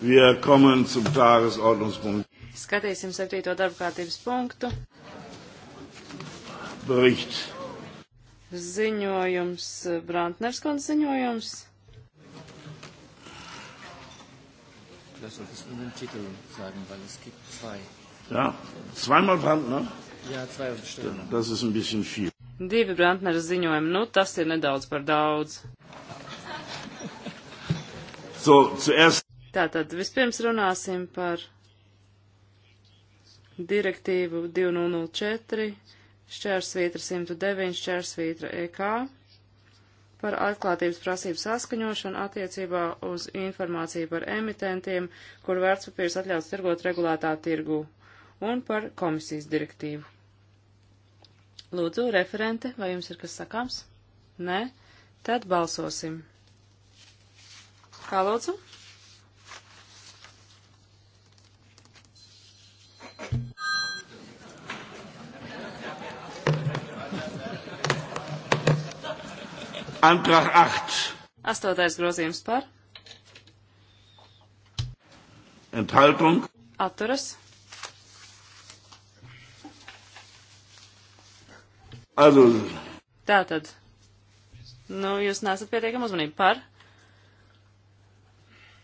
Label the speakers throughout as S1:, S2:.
S1: Wir kommen zum Tagesordnungspunkt. Skatīsim septīto darba kārtības punktu. Bericht. Ziņojums, Brantners kundze ziņojums.
S2: Das solltest du den Titel sagen, weil es gibt zwei. Ja, zweimal Brandner? Ja, zwei
S1: Stellen. Das ist ein bisschen viel. Divi Brantnera ziņojumi, nu tas ir nedaudz par daudz. So, zuerst Tātad vispirms runāsim par direktīvu 2004 šķērsvītra 109 šķērsvītra EK par atklātības prasību saskaņošanu attiecībā uz informāciju par emitentiem, kur vērtspapīrs atļauts tirgot regulētā tirgū, un par komisijas direktīvu. Lūdzu, referente, vai jums ir kas sakāms? Nē? Tad balsosim. Kā lūdzu?
S2: Antrag 8.
S1: Astotais grozījums par. Enthaltung. Atturas. Adul. Tātad. Nu, jūs nesat pietiekami uzmanību par.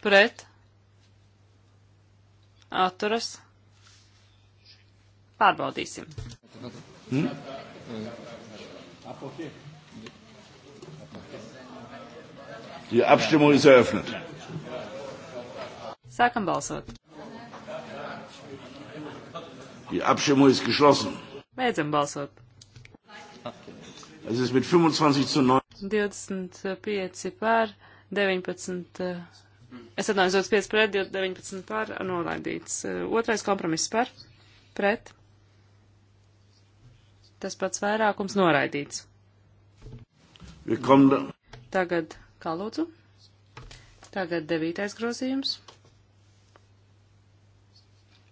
S1: Pret. Atturas. Pārbaudīsim. Hmm? Die Abstimmung ist eröffnet. Sākam balsot. Die Abstimmung ist geschlossen. Beidzam balsot. Es ist mit 25 zu 9. 25 pār, 19. Es atnāju 25 pret, 19 pār, nolaidīts. Otrais kompromiss par, pret, tas pats vairākums noraidīts. Tagad, kā lūdzu? Tagad devītais grozījums.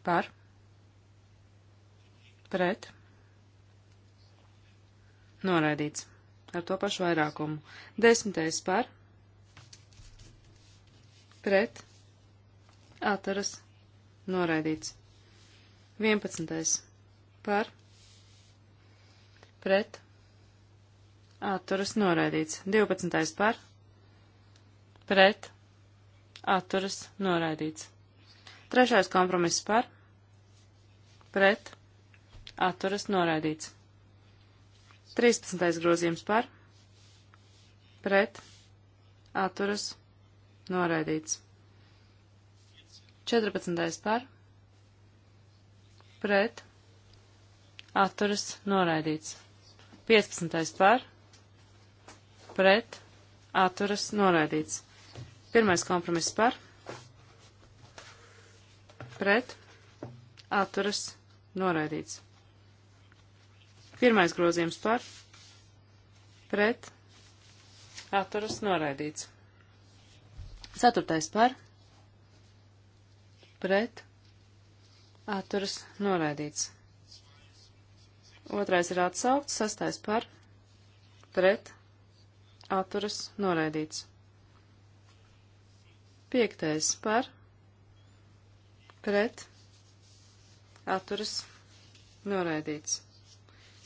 S1: Par. Pret. Noraidīts. Ar to pašu vairākumu. Desmitais par. Pret. Atturas. Noraidīts. Vienpadsmitais par pret atturas noraidīts. 12. par pret atturas noraidīts. Trešais kompromiss par pret atturas noraidīts. 13. grozījums par pret atturas noraidīts. 14. par pret atturas noraidīts. 15. par, pret, atturas, noraidīts. Pirmais kompromiss par, pret, atturas, noraidīts. Pirmais grozījums par, pret, atturas,
S2: noraidīts.
S1: Ceturtais par, pret, atturas, noraidīts. Otrais ir atsaukts, sastais par, pret, atturas, noraidīts. Piektais par, pret, atturas, noraidīts.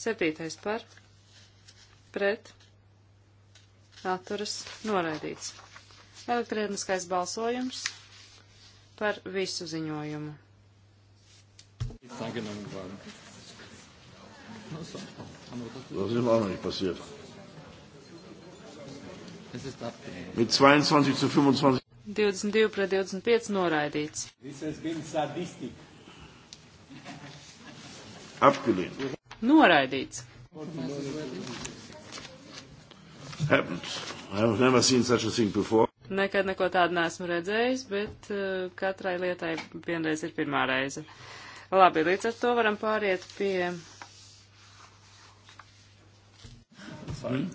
S1: Septītais par, pret, atturas, noraidīts. Elektrēniskais balsojums par visu ziņojumu. Tā,
S2: Das
S3: ist
S1: auch noch nicht passiert.
S2: Äh,
S1: Mit 22 zu 25. 22 pret 25 noraidīts.
S2: Apgelehnt.
S1: Noraidīts.
S2: Happened. I have never
S1: seen such a thing before. Nekad neko tādu neesmu redzējis, bet uh, katrai lietai vienreiz ir pirmā reize. Labi, līdz ar to varam pāriet pie Sorry. Hmm?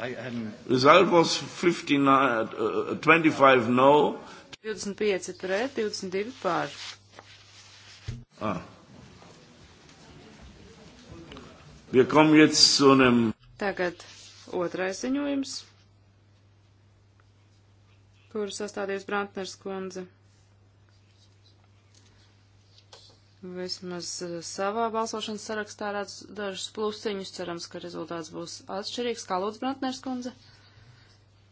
S1: I, I'm... Result was 59, uh, 25 no. 25 pret, 22 pār. Ah. Wir kommen jetzt zu einem. Tagad otrais ziņojums, kuru sastādījis Brantners kundze. Vismaz eh, savā balsošanas sarakstā redz dažus plusiņus, cerams, ka rezultāts būs atšķirīgs. Kā lūdzu, Brantners kundze?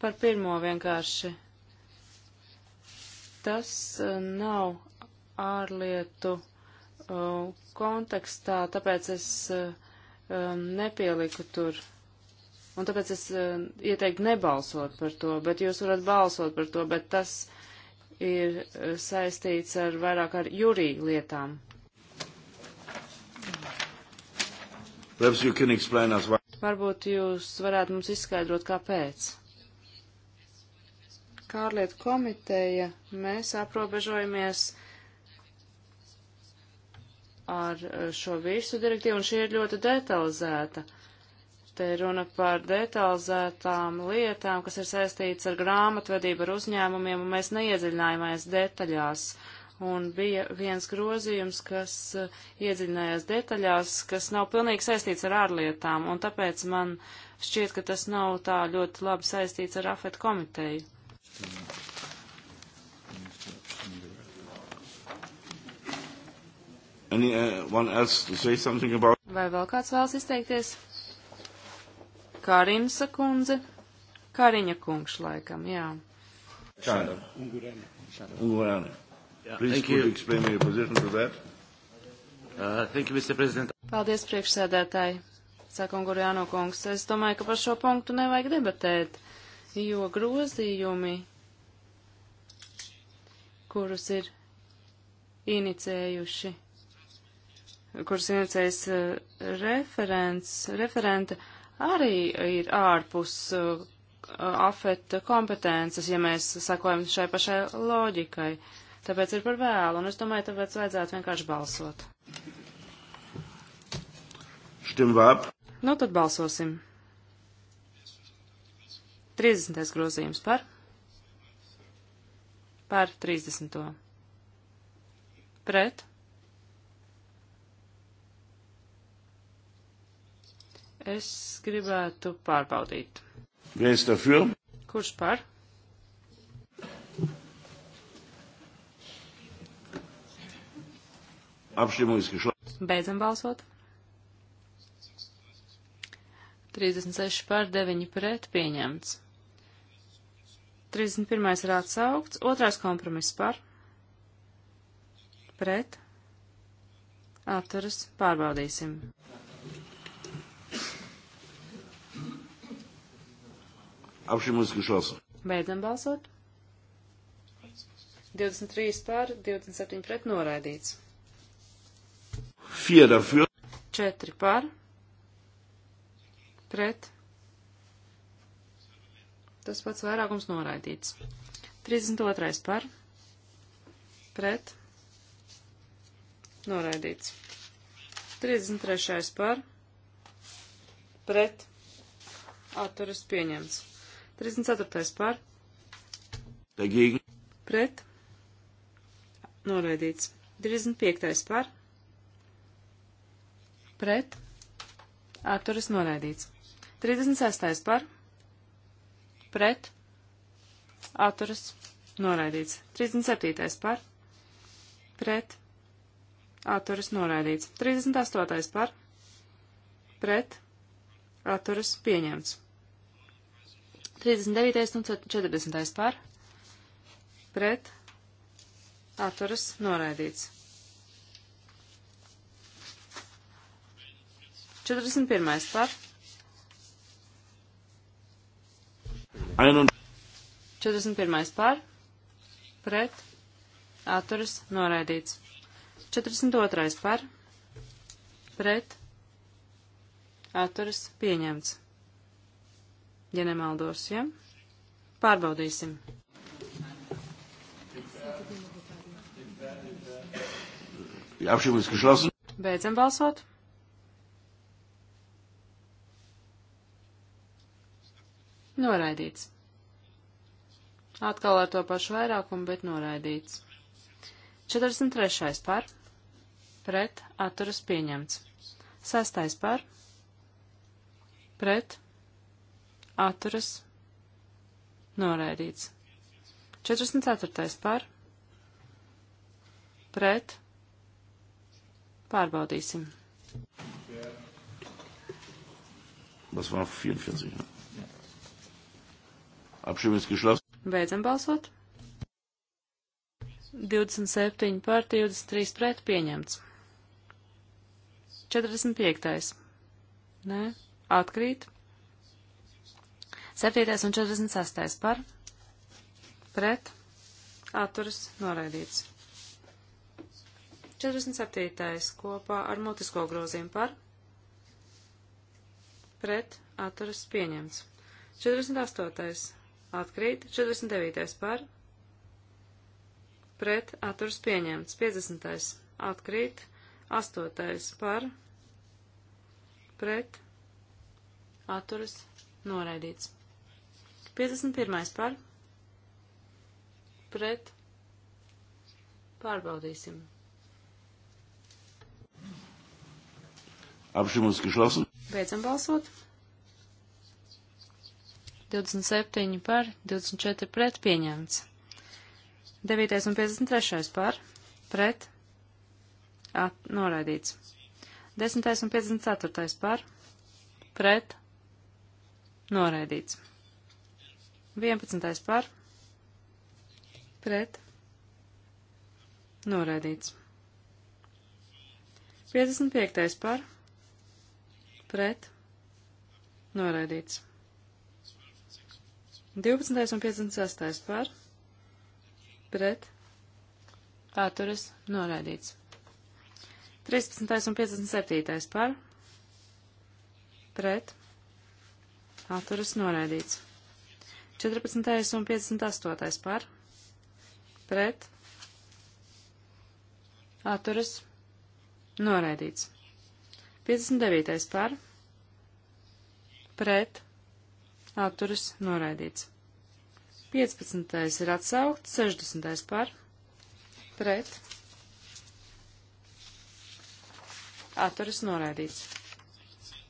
S1: Par pirmo vienkārši. Tas eh, nav ārlietu uh, kontekstā, tāpēc es uh, nepieliku tur. Un tāpēc es uh, ieteiktu nebalsot par to, bet jūs varat balsot par to, bet tas ir saistīts ar vairāk ar jurī lietām. Perhaps you can explain us why. Varbūt jūs varētu mums izskaidrot, kāpēc. Kā ārlietu komiteja mēs aprobežojamies ar eh, šo visu direktīvu, un šī ir ļoti detalizēta. Te ir runa par detalizētām lietām, kas ir saistītas ar grāmatvedību, ar uzņēmumiem, un mēs neiedziļinājāmies detaļās. Uh, un bija viens grozījums, kas eh, iedziļinājās detaļās, kas nav pilnīgi saistīts ar ārlietām, un tāpēc man šķiet, ka tas nav tā ļoti labi saistīts ar AFET komiteju. Any, uh, about... Vai vēl kāds vēlas izteikties? Kārinsa kundze? Kāriņa kungs laikam, jā.
S2: Šāda.
S3: Ungurēna. Ungurēna.
S2: Yeah, Please could you explain your position to that? Uh, thank you, Mr. President.
S1: Paldies, priekšsēdētāji. Saka Ungurjāno kungs. Es domāju, ka par šo punktu nevajag debatēt, jo grozījumi, kurus ir inicējuši, kurus inicējas uh, referents, referente, arī ir ārpus uh, afeta kompetences, ja mēs sakojam šai pašai loģikai. Uh, Tāpēc ir par vēlu, un es domāju, tāpēc vajadzētu vienkārši balsot. Štimvāp. Nu, tad balsosim. 30. grozījums par? Par 30. Pret? Es gribētu pārbaudīt. Viens dafür? Kurš par? Abstimmung ist geschlossen. Beidzam balsot. 36 pār 9 pret pieņemts. 31. ir atsaukts, otrais kompromiss par, pret, atturas, pārbaudīsim. Apšimus gušos. Beidzam balsot. 23 pār, 27 pret noraidīts. 4 dafür. 4 par. Pret. Tas pats vairākums noraidīts. 32 par. Pret. Noraidīts. 33 par. Pret. Atturas pieņemts. 34 par. Dagīgi. Pret. Noraidīts. 35 par pret, atturas noraidīts. 36. par, pret, atturas noraidīts. 37. par, pret, atturas noraidīts. 38. par, pret, atturas pieņemts. 39. un 40. par, pret, atturas noraidīts. 41. par. 41. par. Pret. Atturas noraidīts. 42. par. Pret. Atturas pieņemts. Ja nemaldos, ja? Pārbaudīsim. Beidzam balsot. Noraidīts. Atkal ar to pašu vairākumu, bet noraidīts. 43. par. Pret. Atturas pieņemts. 6. par. Pret. Atturas. Noraidīts. 44. par. Pret. Pārbaudīsim. Das war 44. Ne? Abstimmung ist geschlossen. Beidzam balsot. 27 pār 23 pret pieņemts. 45. Nē, atkrīt. 7. un 46. par pret atturas noraidīts. 47. kopā ar mutisko grozījumu par pret atturas pieņemts. 48 atkrīt, 49. par, pret atturs pieņemts, 50. atkrīt, 8. par, pret atturs noraidīts, 51. par, pret pārbaudīsim. Apšimus Kišlausen. Beidzam balsot. 27 par, 24 pret pieņemts. 9 un 53 par, pret, at, noraidīts. 10 un 54 par, pret, noraidīts. 11 par, pret, noraidīts. 55 par, pret, noraidīts. 12. un 56. par pret atturas noraidīts. 13. un 57. par pret atturas noraidīts. 14. un 58. par pret atturas noraidīts. 59. par pret atturas noraidīts. 15. ir atsaukt, 60. par, pret, atturas noraidīts.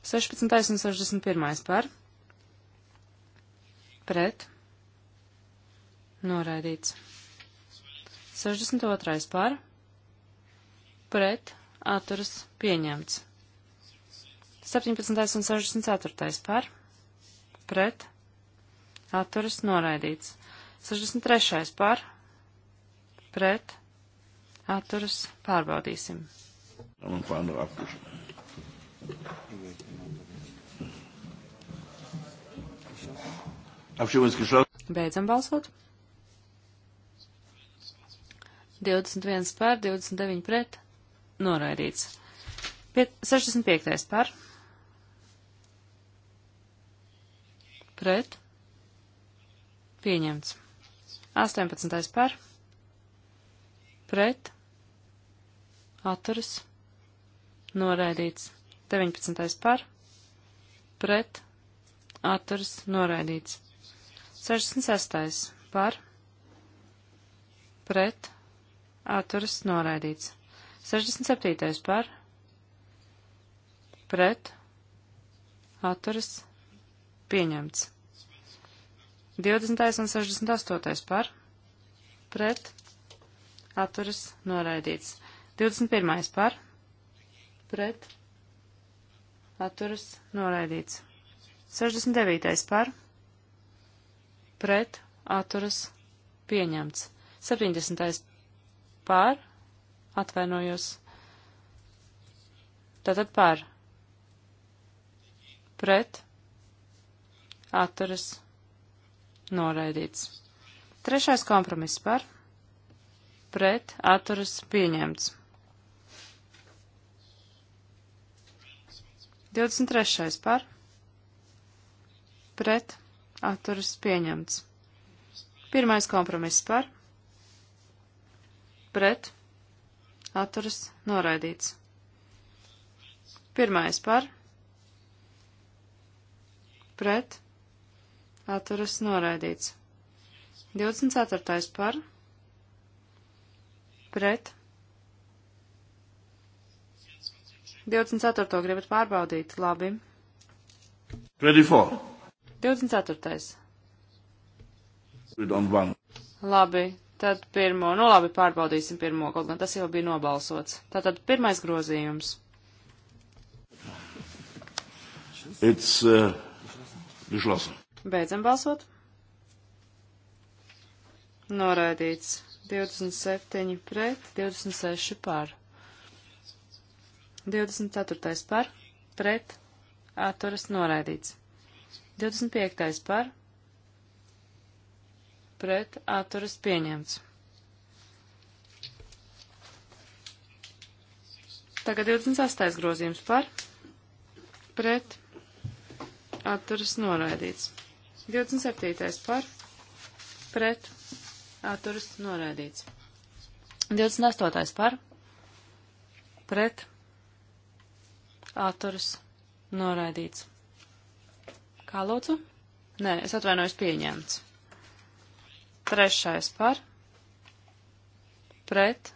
S1: 16. un 61. par, pret, noraidīts. 62. par, pret, atturas pieņemts. 17. un 64. par, pret, pret, atturas noraidīts. 63. par, pret, atturas pārbaudīsim. Un pārnu apkušanu. Apšķirums geschlossen. Beidzam balsot. 21 pār, 29 pret. Noraidīts. Piet, 65 pār. pret, pieņemts. 18. par, pret, atturas, noraidīts. 19. par, pret, atturas, noraidīts. 66. par, pret, atturas, noraidīts. 67. par, pret, atturas, noraidīts. Pieņemts. 20. un 68. par, pret, atturas, noraidīts. 21. par, pret, atturas, noraidīts. 69. par, pret, atturas, pieņemts. 70. par, atvainojos. Tātad par, pret, atturas atturas noraidīts. Trešais kompromiss par pret atturas pieņemts. 23. par pret atturas pieņemts. Pirmais kompromiss par pret atturas noraidīts. Pirmais par pret atturas noraidīts. 24. par, pret, 24. gribat pārbaudīt, labi. 24. 24. Labi, tad pirmo, nu labi, pārbaudīsim pirmo, kaut gan tas jau bija nobalsots. Tātad pirmais grozījums. It's, uh, geschlossen. Beidzam balsot. Noraidīts 27 pret, 26 par. 24. par, pret, atturas noraidīts. 25. par, pret, atturas pieņemts. Tagad 28. grozījums par, pret, atturas noraidīts. 27. par pret atturas noraidīts. 28. par pret atturas noraidīts. Kā lūdzu? Nē, es atvainojos pieņemts. Trešais par pret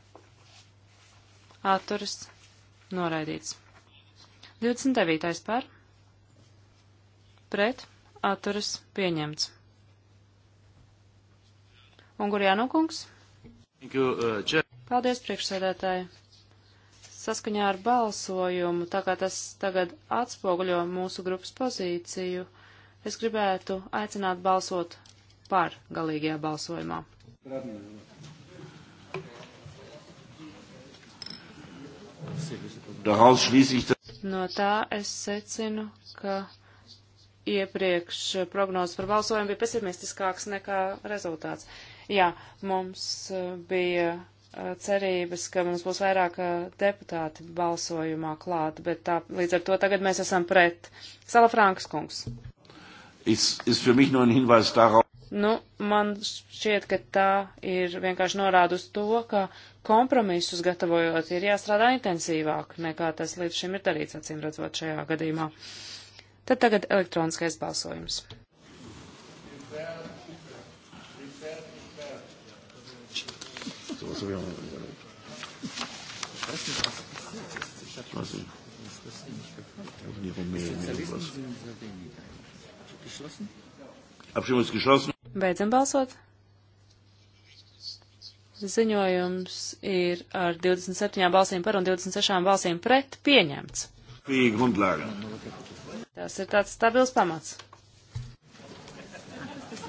S1: atturas noraidīts. 29. par pret atturas noraidīts atturas pieņemts. Ungurjānu kungs.
S2: Uh,
S1: Paldies, priekšsēdētāji. Saskaņā ar balsojumu, tā kā tas tagad atspoguļo mūsu grupas pozīciju, es gribētu aicināt balsot par galīgajā balsojumā. No tā es secinu, ka iepriekš prognozes par balsojumu bija pesimistiskāks nekā rezultāts. Jā, mums eh, bija eh, cerības, ka mums būs vairāk eh, deputāti balsojumā klāt, bet tā, līdz ar to tagad mēs esam pret. Sala Frankas kungs. Is, is Nu, man šķiet, ka tā ir vienkārši norāda uz to, ka kompromisus gatavojot ir jāstrādā intensīvāk nekā tas līdz šim ir darīts, acīm redzot, šajā gadījumā. Uh, Tad tagad elektroniskais balsojums. Beidzam balsot. Ziņojums ir ar 27 balsīm par un 26 balsīm pret pieņemts. Pīk, Tas ir tāds stabils pamats.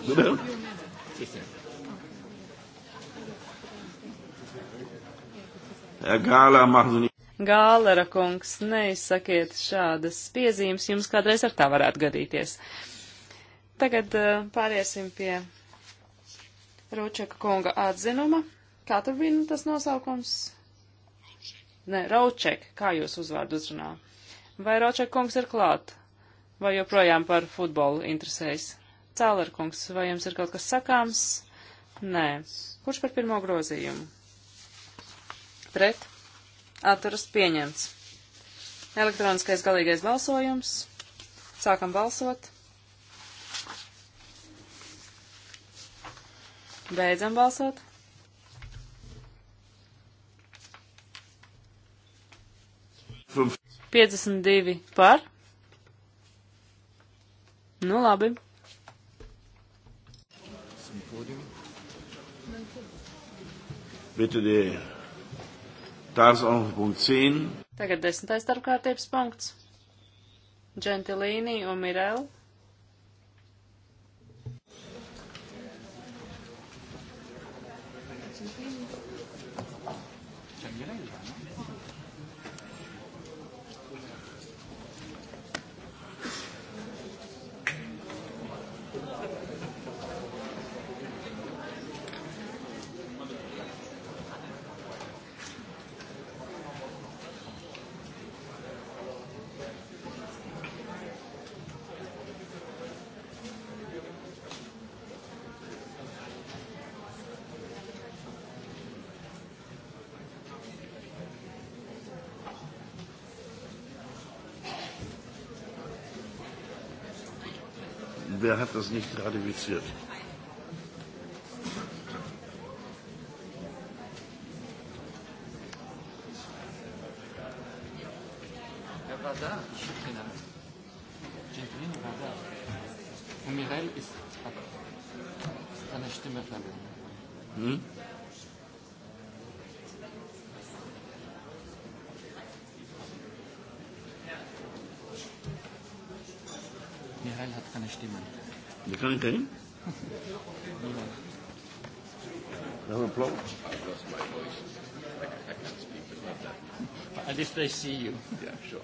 S1: Nu, nu. Gālera kungs, neizsakiet šādas piezīmes, jums kādreiz ar tā varētu gadīties. Tagad uh, pāriesim pie Raučeka kunga atzinuma. Kā tur bija nu, tas nosaukums? Nē, Rauček, kā jūs uzvārdu uzrunā? Vai Rauček kungs ir klāt? vai joprojām par futbolu interesējas? Cēlerkungs, vai jums ir kaut kas sakāms? Nē. Kurš par pirmo grozījumu? Pret. Atturas pieņemts. Elektroniskais galīgais balsojums. Sākam balsot. Beidzam balsot. Piecdesmit divi par, Nu labi. Bitte die Tagesordnungspunkt 10. Tagad desmitais darbkārtības punkts. Džentilīni un Mirel
S2: hat das nicht ratifiziert. can't get in? No applause? I've lost my voice. I, I can't speak, but not that. At least they see you. Yeah, sure.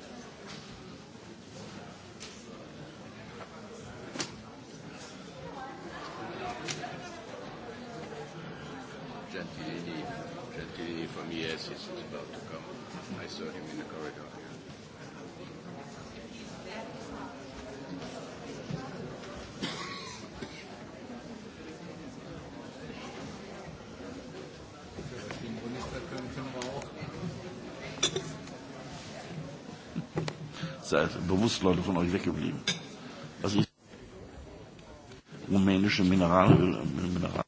S1: da ist bewusst Leute von euch weggeblieben. Was ist rumänische Mineralöl, äh, Mineral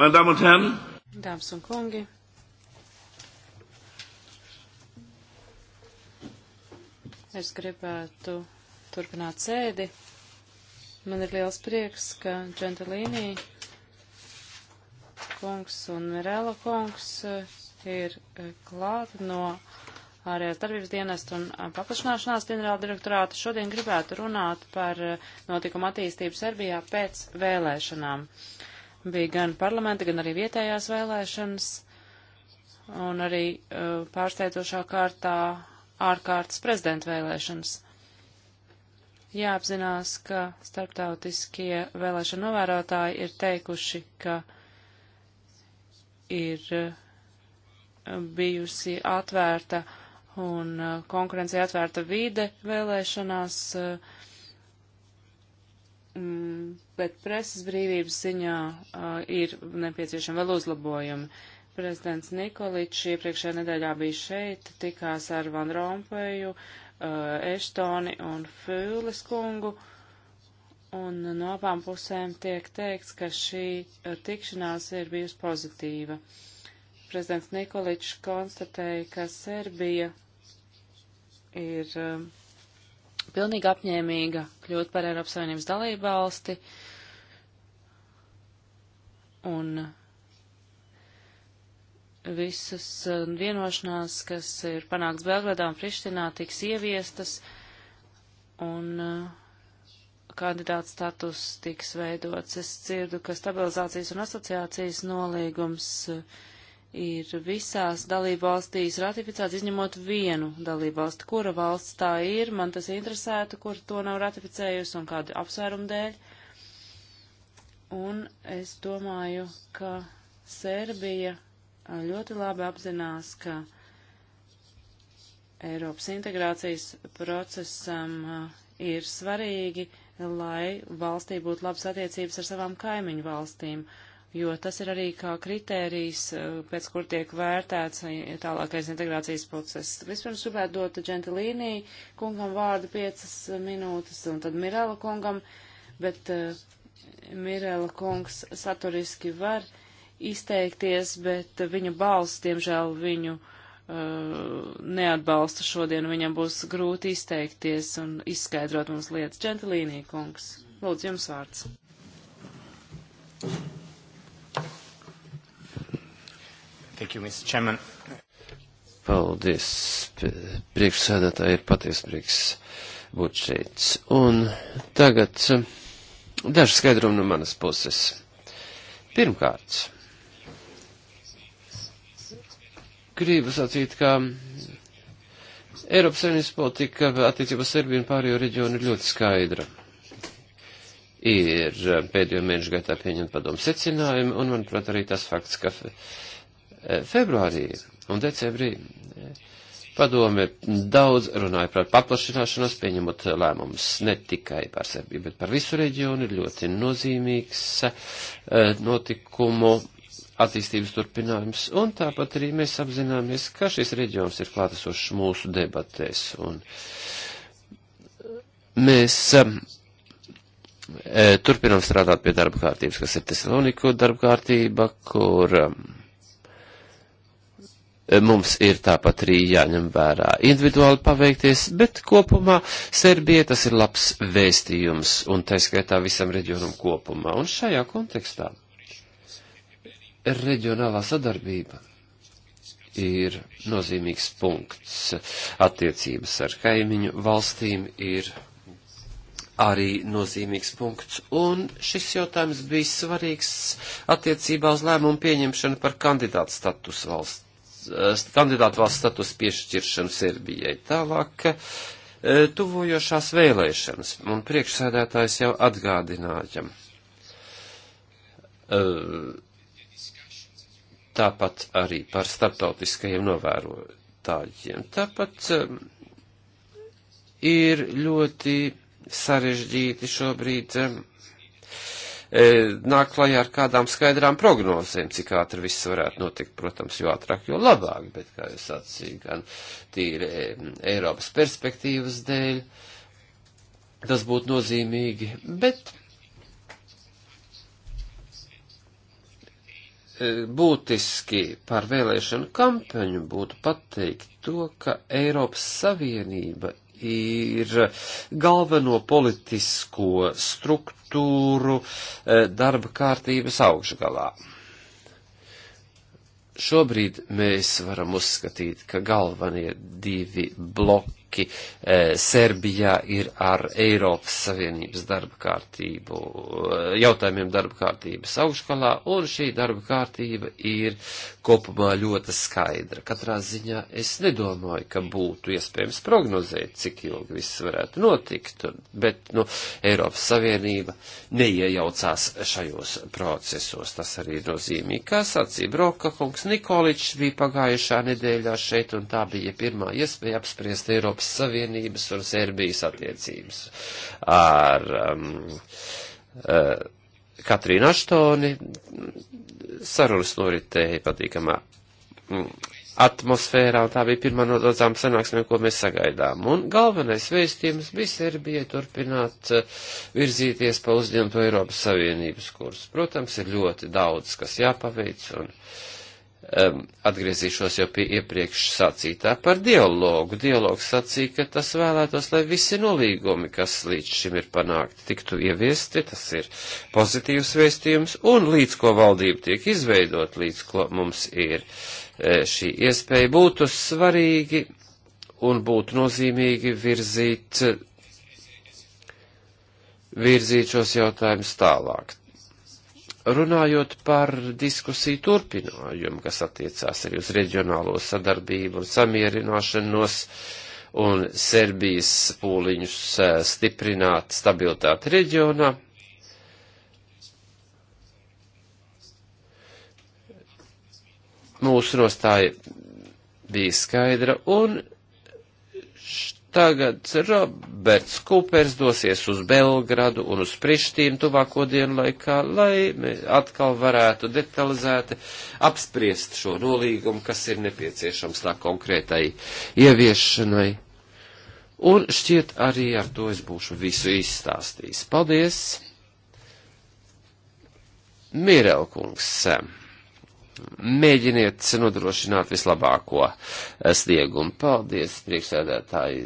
S3: Meine Damen und Herren,
S1: Dāmas un kungi, es gribētu turpināt sēdi. Man ir liels prieks, ka Džentelīnī kungs un Mirela kungs eh, ir eh, klāt no ārējās darbības dienestu un eh, paplašanāšanās ģenerāla direktorāta. Šodien gribētu runāt par notikumu attīstību Serbijā pēc vēlēšanām. Uh, Bija gan parlamenta, gan arī vietējās vēlēšanas un arī uh, pārsteidzošā kārtā ārkārtas prezidenta vēlēšanas. Jāapzinās, ka starptautiskie vēlēšana novērotāji ir teikuši, ka ir uh, bijusi atvērta un uh, konkurencija atvērta vīde vēlēšanās. Uh, Mm, bet preses brīvības ziņā ir nepieciešami vēl uzlabojumi. Prezidents Nikoličs iepriekšējā nedēļā bija šeit, tikās ar Van Rompēju, Eštoni un Fūles kungu. Un no abām pusēm tiek teikts, ka šī tikšanās ir bijusi pozitīva. Prezidents Nikoličs konstatēja, ka Serbija ir pilnīgi apņēmīga kļūt par Eiropas Savienības dalību valsti un visas um, vienošanās, kas ir panākts Belgradā un Prištinā, tiks ieviestas un uh, kandidāts status tiks veidots. Es dzirdu, ka stabilizācijas un asociācijas nolīgums uh, ir visās dalībvalstīs ratificēts, izņemot vienu dalībvalsti. Kura valsts tā ir, man tas interesētu, kur to nav ratificējusi un kādu apsvērumu dēļ. Un es domāju, ka Serbija ļoti labi apzinās, ka Eiropas integrācijas procesam ir svarīgi, lai valstī būtu labas attiecības ar savām kaimiņu valstīm. Uh, jo tas ir arī kā kritērijs, eh, pēc kur tiek vērtēts tālākais integrācijas process. Vispirms gribētu dot Džentilīnī kungam vārdu piecas minūtes un tad Mirela kungam, bet uh, Mirela kungs saturiski var izteikties, bet viņa balss, diemžēl, viņu uh, neatbalsta šodien, viņam būs grūti izteikties un izskaidrot mums lietas. Džentilīnī kungs, lūdzu, jums vārds. Thank you.
S3: Thank you, Mr. Chairman.
S2: Paldies, priekšsēdētāji, ir paties prieks būt šeit. Un tagad daži skaidrumi no manas puses. Pirmkārt, gribu sacīt, ka Eiropas Savienības politika attiecībā Serbiju un pārējo reģionu ir ļoti skaidra. Ir pēdējo mēnešu gaitā pieņemt padomu secinājumi, un, manuprāt, arī tas fakts, ka Februārī un decembrī padome daudz runāja par paplašināšanos, pieņemot lēmumus ne tikai par Serbiju, bet par visu reģionu. Ir ļoti nozīmīgs eh, notikumu attīstības turpinājums, un tāpat arī mēs apzināmies, ka šis reģions ir klātesošs mūsu debatēs, un mēs eh, eh, turpinām strādāt pie darba kārtības, kas ir Tesaloniku darba kārtība, kur mums ir tāpat arī jāņem vērā individuāli paveikties, bet kopumā Serbija tas ir labs vēstījums un tā skaitā visam reģionam kopumā. Un šajā kontekstā reģionālā sadarbība ir nozīmīgs punkts. Attiecības ar kaimiņu valstīm ir arī nozīmīgs punkts, un šis jautājums bija svarīgs attiecībā uz lēmumu pieņemšanu par kandidātu statusu valsts kandidātu valsts status piešķiršanu Serbijai. Tālāk, e, tuvojošās vēlēšanas, un priekšsēdētājs jau atgādināja. E, tāpat arī par starptautiskajiem novērotājiem. Tāpat e, ir ļoti sarežģīti šobrīd E, nāk klajā ar kādām skaidrām prognozēm, cik ātri viss varētu notikt, protams, jo ātrāk, jo labāk, bet, kā jūs atsīju, gan tīri e, Eiropas perspektīvas dēļ, tas būtu nozīmīgi, bet e, būtiski par vēlēšanu kampaņu būtu pateikt to, ka Eiropas Savienība ir galveno politisko struktūru eh, darba kārtības augšgalā. Šobrīd mēs varam uzskatīt, ka galvenie divi bloki cilvēki e, Serbijā ir ar Eiropas Savienības darba kārtību, e, jautājumiem darba kārtības augškalā, un šī darba kārtība ir kopumā ļoti skaidra. Katrā ziņā es nedomāju, ka būtu iespējams prognozēt, cik ilgi viss varētu notikt, bet, nu, Eiropas Savienība neiejaucās šajos procesos. Tas arī ir nozīmīgi, kā sacīja Broka kungs Nikoličs bija pagājušā nedēļā šeit, un tā bija pirmā iespēja apspriest Eiropas Eiropas Savienības un Serbijas attiecības ar um, uh, Katrīnu Aštoni. Sarunas noritēja patīkamā mm, atmosfērā, un tā bija pirmā no daudzām sanāksmēm, ko mēs sagaidām. Un galvenais vēstījums bija Serbijai turpināt uh, virzīties pa uzņemto Eiropas Savienības kursu. Protams, ir ļoti daudz, kas jāpaveic, un uh, um, atgriezīšos jau pie iepriekš sacītā par dialogu. Dialogs sacīja, ka tas vēlētos, lai visi nolīgumi, kas līdz šim ir panākti, tiktu ieviesti, tas ir pozitīvs vēstījums, un līdz ko valdība tiek izveidot, līdz ko mums ir e, šī iespēja, būtu svarīgi un būtu nozīmīgi virzīt, virzīt šos jautājumus tālāk. Runājot par diskusiju turpinājumu, kas attiecās arī uz reģionālo sadarbību un samierināšanos un Serbijas pūliņus eh, stiprināt stabilitāti reģionā, mūsu nostāja bija skaidra, un Tagad Roberts Kupers dosies uz Belgradu un uz Prištīnu tuvāko dienu laikā, lai atkal varētu detalizēti apspriest šo nolīgumu, kas ir nepieciešams tā konkrētai ieviešanai. Un šķiet arī ar to es būšu visu izstāstījis. Paldies! Mirelkungs! mēģiniet nodrošināt vislabāko eh, sniegumu. Paldies, priekšsēdētāji.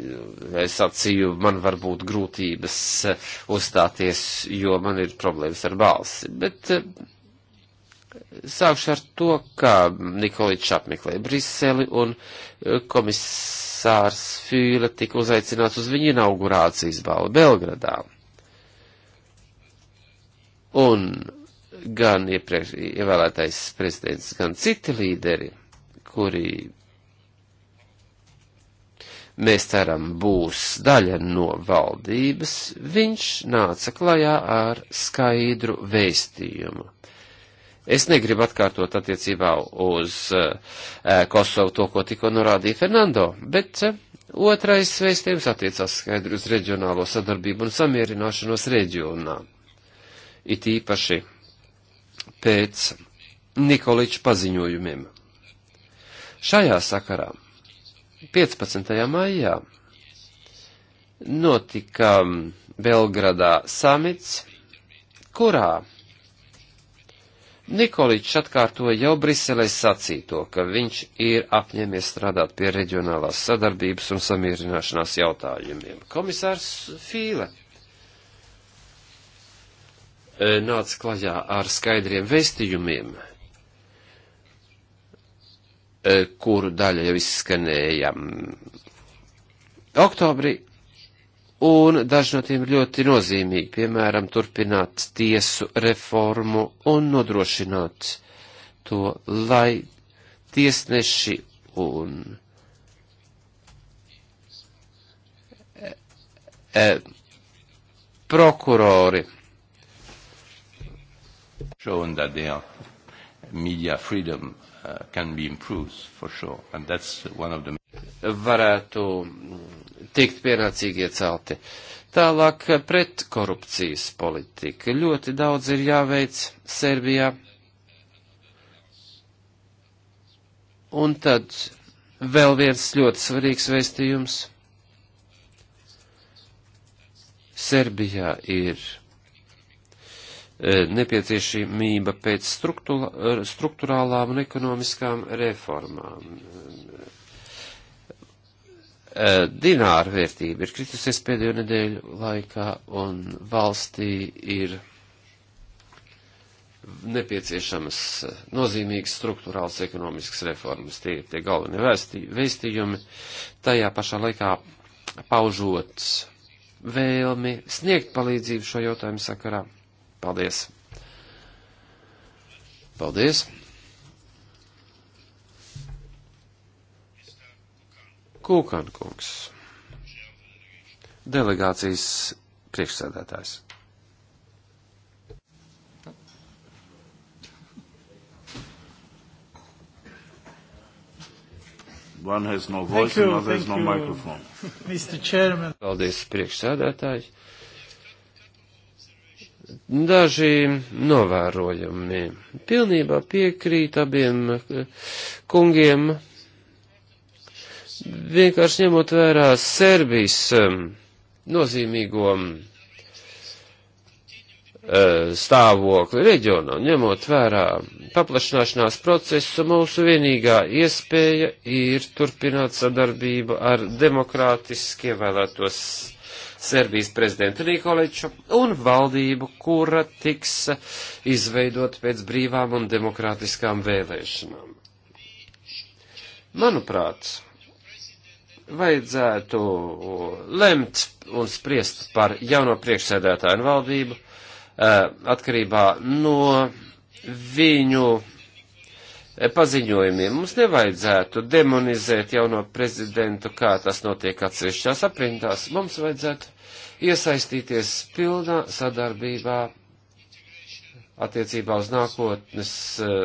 S2: Es atsīju, man var būt grūtības eh, uzstāties, jo man ir problēmas ar balsi. Bet eh, sākšu ar to, kā Nikolīčs apmeklēja Briseli un komisārs Fīle tika uzaicināts uz viņa inaugurācijas balvu Belgradā. Un gan iepriekš ievēlētais prezidents, gan citi līderi, kuri mēs ceram būs daļa no valdības, viņš nāca klajā ar skaidru vēstījumu. Es negribu atkārtot attiecībā uz eh, Kosovu to, ko tikko norādīja Fernando, bet eh, otrais vēstījums attiecās skaidri uz reģionālo sadarbību un samierināšanos reģionā. It īpaši pēc Nikoliča paziņojumiem. Šajā sakarā 15. maijā notika Belgradā samits, kurā Nikoličs atkārtoja jau Briselē sacīto, ka viņš ir apņēmies strādāt pie reģionālās sadarbības un samierināšanās jautājumiem. Komisārs Fīle E, nāca klajā ar skaidriem vēstījumiem, e, kuru daļa jau izskanēja oktobrī, un daži no tiem ir ļoti nozīmīgi, piemēram, turpināt tiesu reformu un nodrošināt to, lai tiesneši un e, e, prokurori Shown that they are media freedom uh, can be improved for sure, and that's one of the. Varētu tikt pienācīgi iecelti. Tālāk uh, pret korupcijas politika. Ļoti daudz ir jāveic Serbijā. Un tad vēl viens ļoti svarīgs vēstījums. Serbijā ir E, nepieciešamība pēc e, struktūrālām un ekonomiskām reformām. E, Dināra vērtība ir kritusies pēdējo nedēļu laikā, un valstī ir nepieciešamas nozīmīgas struktūrāls ekonomiskas reformas. Tie ir tie galvenie vēstī, vēstījumi, tajā pašā laikā paužot vēlmi sniegt palīdzību šo jautājumu sakarā Paldies! Paldies! Kūkan kungs, delegācijas priekšsēdētājs. One has no voice, thank you, another has no you, microphone. Mr. Chairman. Paldies, priekšsēdētāji daži novērojumi. Pilnībā piekrīt abiem eh, kungiem, vienkārši ņemot vērā Serbijas eh, nozīmīgo eh, stāvokli reģionā, ņemot vērā paplašināšanās procesu, mūsu vienīgā iespēja ir turpināt sadarbību ar demokrātiski ievēlētos Serbijas prezidentu Nikoliču un valdību, kura tiks izveidot pēc brīvām un demokrātiskām vēlēšanām. Manuprāt, vajadzētu lemt un spriest par jauno priekšsēdētāju un valdību eh, atkarībā no viņu E, paziņojumiem. Mums nevajadzētu demonizēt jauno prezidentu, kā tas notiek atsevišķās aprindās. Mums vajadzētu iesaistīties pilnā sadarbībā attiecībā uz nākotnes uh,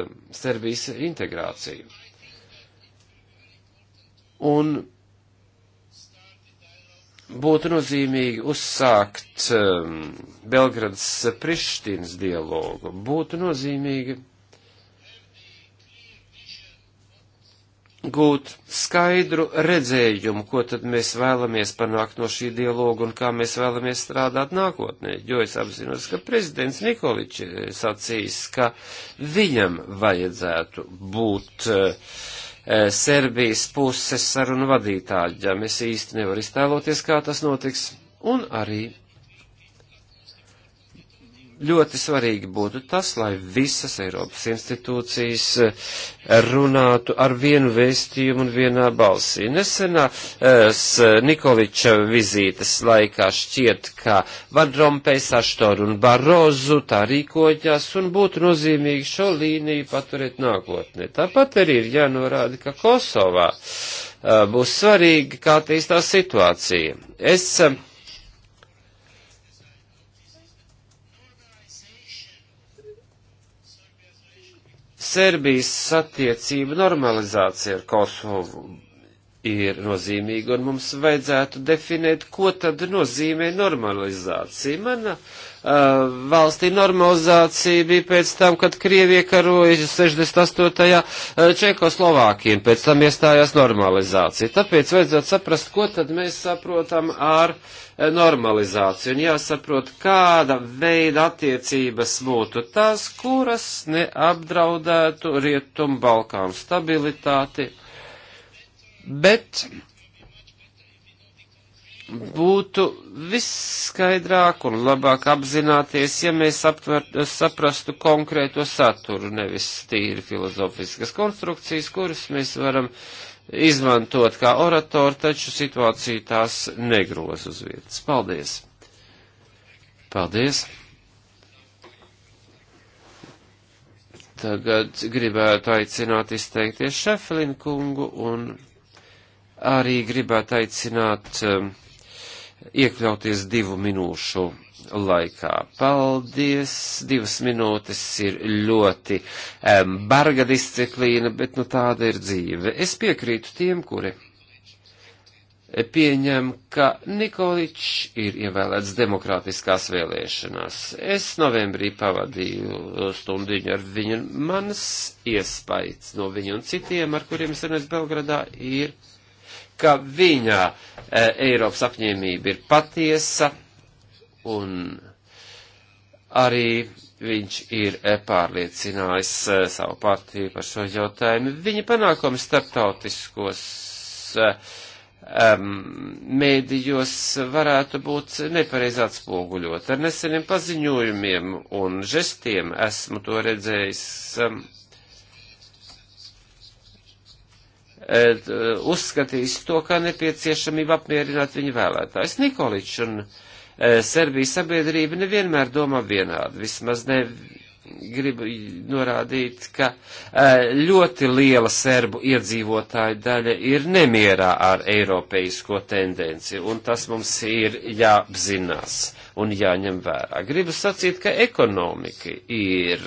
S2: Serbijas integrāciju. Un būtu nozīmīgi uzsākt um, e, Belgradas Prištinas dialogu, būtu nozīmīgi gūt skaidru redzējumu, ko tad mēs vēlamies panākt no šī dialoga un kā mēs vēlamies strādāt nākotnē. Jo es apzinos, ka prezidents Nikoličs eh, sacīs, ka viņam vajadzētu būt uh, Serbijas puses sarunu vadītājam. Es īsti nevaru iztēloties, kā tas notiks. Un arī ļoti svarīgi būtu tas, lai visas Eiropas institūcijas eh, runātu ar vienu vēstījumu un vienā balsī. Nesenā eh, Nikoliča vizītes laikā šķiet, ka Vadrompejs, Aštor un Barozu tā rīkojas un būtu nozīmīgi šo līniju paturēt nākotnē. Tāpat arī ir jānorāda, ka Kosovā eh, būs svarīgi, kā attīstās situācija. Es Serbijas attiecību normalizācija ar Kosovu ir nozīmīga, un mums vajadzētu definēt, ko tad nozīmē normalizācija. Mana uh, valstī normalizācija bija pēc tam, kad Krievija karoja 68. Uh, Čekoslovākija, un pēc tam iestājās normalizācija. Tāpēc vajadzētu saprast, ko tad mēs saprotam ar uh, normalizāciju un jāsaprot, kāda veida attiecības būtu tās, kuras neapdraudētu Rietumu Balkānu stabilitāti, bet būtu visskaidrāk un labāk apzināties, ja mēs aptver, saprastu konkrēto saturu, nevis tīri filozofiskas konstrukcijas, kuras mēs varam uh, izmantot kā oratoru, taču situācija tās negroz uz vietas. Paldies! Paldies! Tagad gribētu aicināt izteikties Šeflin kungu un arī gribētu aicināt um, iekļauties divu minūšu laikā. Paldies! Divas minūtes ir ļoti um, barga disciplīna, bet nu tāda ir dzīve. Es piekrītu tiem, kuri pieņem, ka Nikoličs ir ievēlēts demokrātiskās vēlēšanās. Es novembrī pavadīju stundiņu ar viņu. Manas iespējas no viņa un citiem, ar kuriem es runāju Belgradā, ir, ka viņa e, Eiropas apņēmība ir patiesa un arī viņš ir eh, pārliecinājis eh, savu partiju par šo jautājumu. Viņa panākumi starptautiskos um, mēdījos varētu būt nepareizi atspoguļot. Ar neseniem paziņojumiem un žestiem esmu to redzējis. Um, uzskatījis to, kā nepieciešamību apmierināt viņa vēlētājs Nikoličs un uh, Eh, Serbijas sabiedrība nevienmēr domā vienādi, vismaz ne gribu norādīt, ka eh, ļoti liela serbu iedzīvotāju daļa ir nemierā ar eiropeisko tendenci, un tas mums ir jāapzinās un jāņem vērā. Gribu sacīt, ka ekonomika ir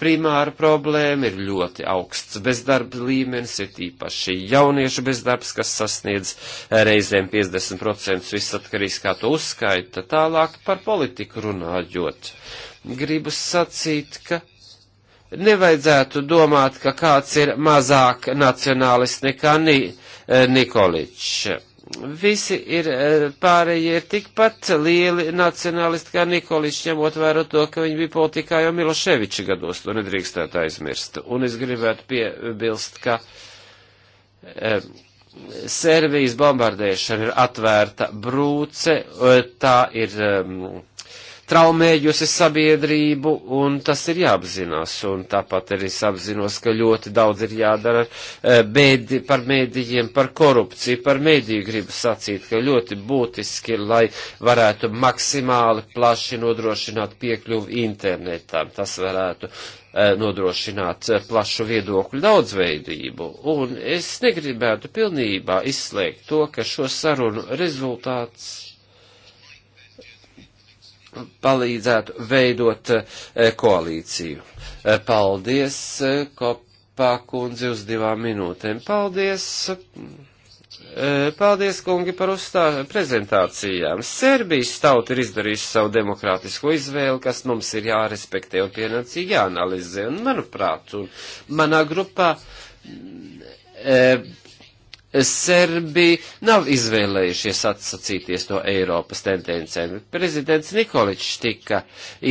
S2: primāra problēma, ir ļoti augsts bezdarba līmenis, ir īpaši jauniešu bezdarbs, kas sasniedz reizēm 50%, viss atkarīgs, kā to uzskaita, tālāk par politiku runājot. Gribu sacīt, ka nevajadzētu domāt, ka kāds ir mazāk nacionālists nekā Ni eh, Nikoličs visi ir, eh, pārējie ir tikpat lieli nacionālisti kā Nikolišs, ņemot vērā to, ka viņi bija politikā jau Miloševiča gados, to nedrīkstētu aizmirst. Un es gribētu piebilst, ka e, eh, Servijas bombardēšana ir atvērta brūce, eh, tā ir. E, traumējusi sabiedrību, un tas ir jāapzinās, un tāpat arī es apzinos, ka ļoti daudz ir jādara bēdi, eh, par mēdījiem, par korupciju, par mēdīju gribu sacīt, ka ļoti būtiski ir, lai varētu maksimāli plaši nodrošināt piekļuvi internetam. Tas varētu eh, nodrošināt eh, plašu viedokļu daudzveidību, un es negribētu pilnībā izslēgt to, ka šo sarunu rezultāts palīdzētu veidot eh, koalīciju. Eh, paldies, eh, kopā kundzi uz divām minūtēm. Paldies! Paldies, kungi, par uzstā prezentācijām. Serbijas tauta ir izdarījusi savu demokrātisko izvēli, kas mums ir jārespektē un pienācīgi jāanalizē. Un, manuprāt, un manā grupā e, Serbi nav izvēlējušies atsacīties no Eiropas tendencēm. Prezidents Nikoličs tika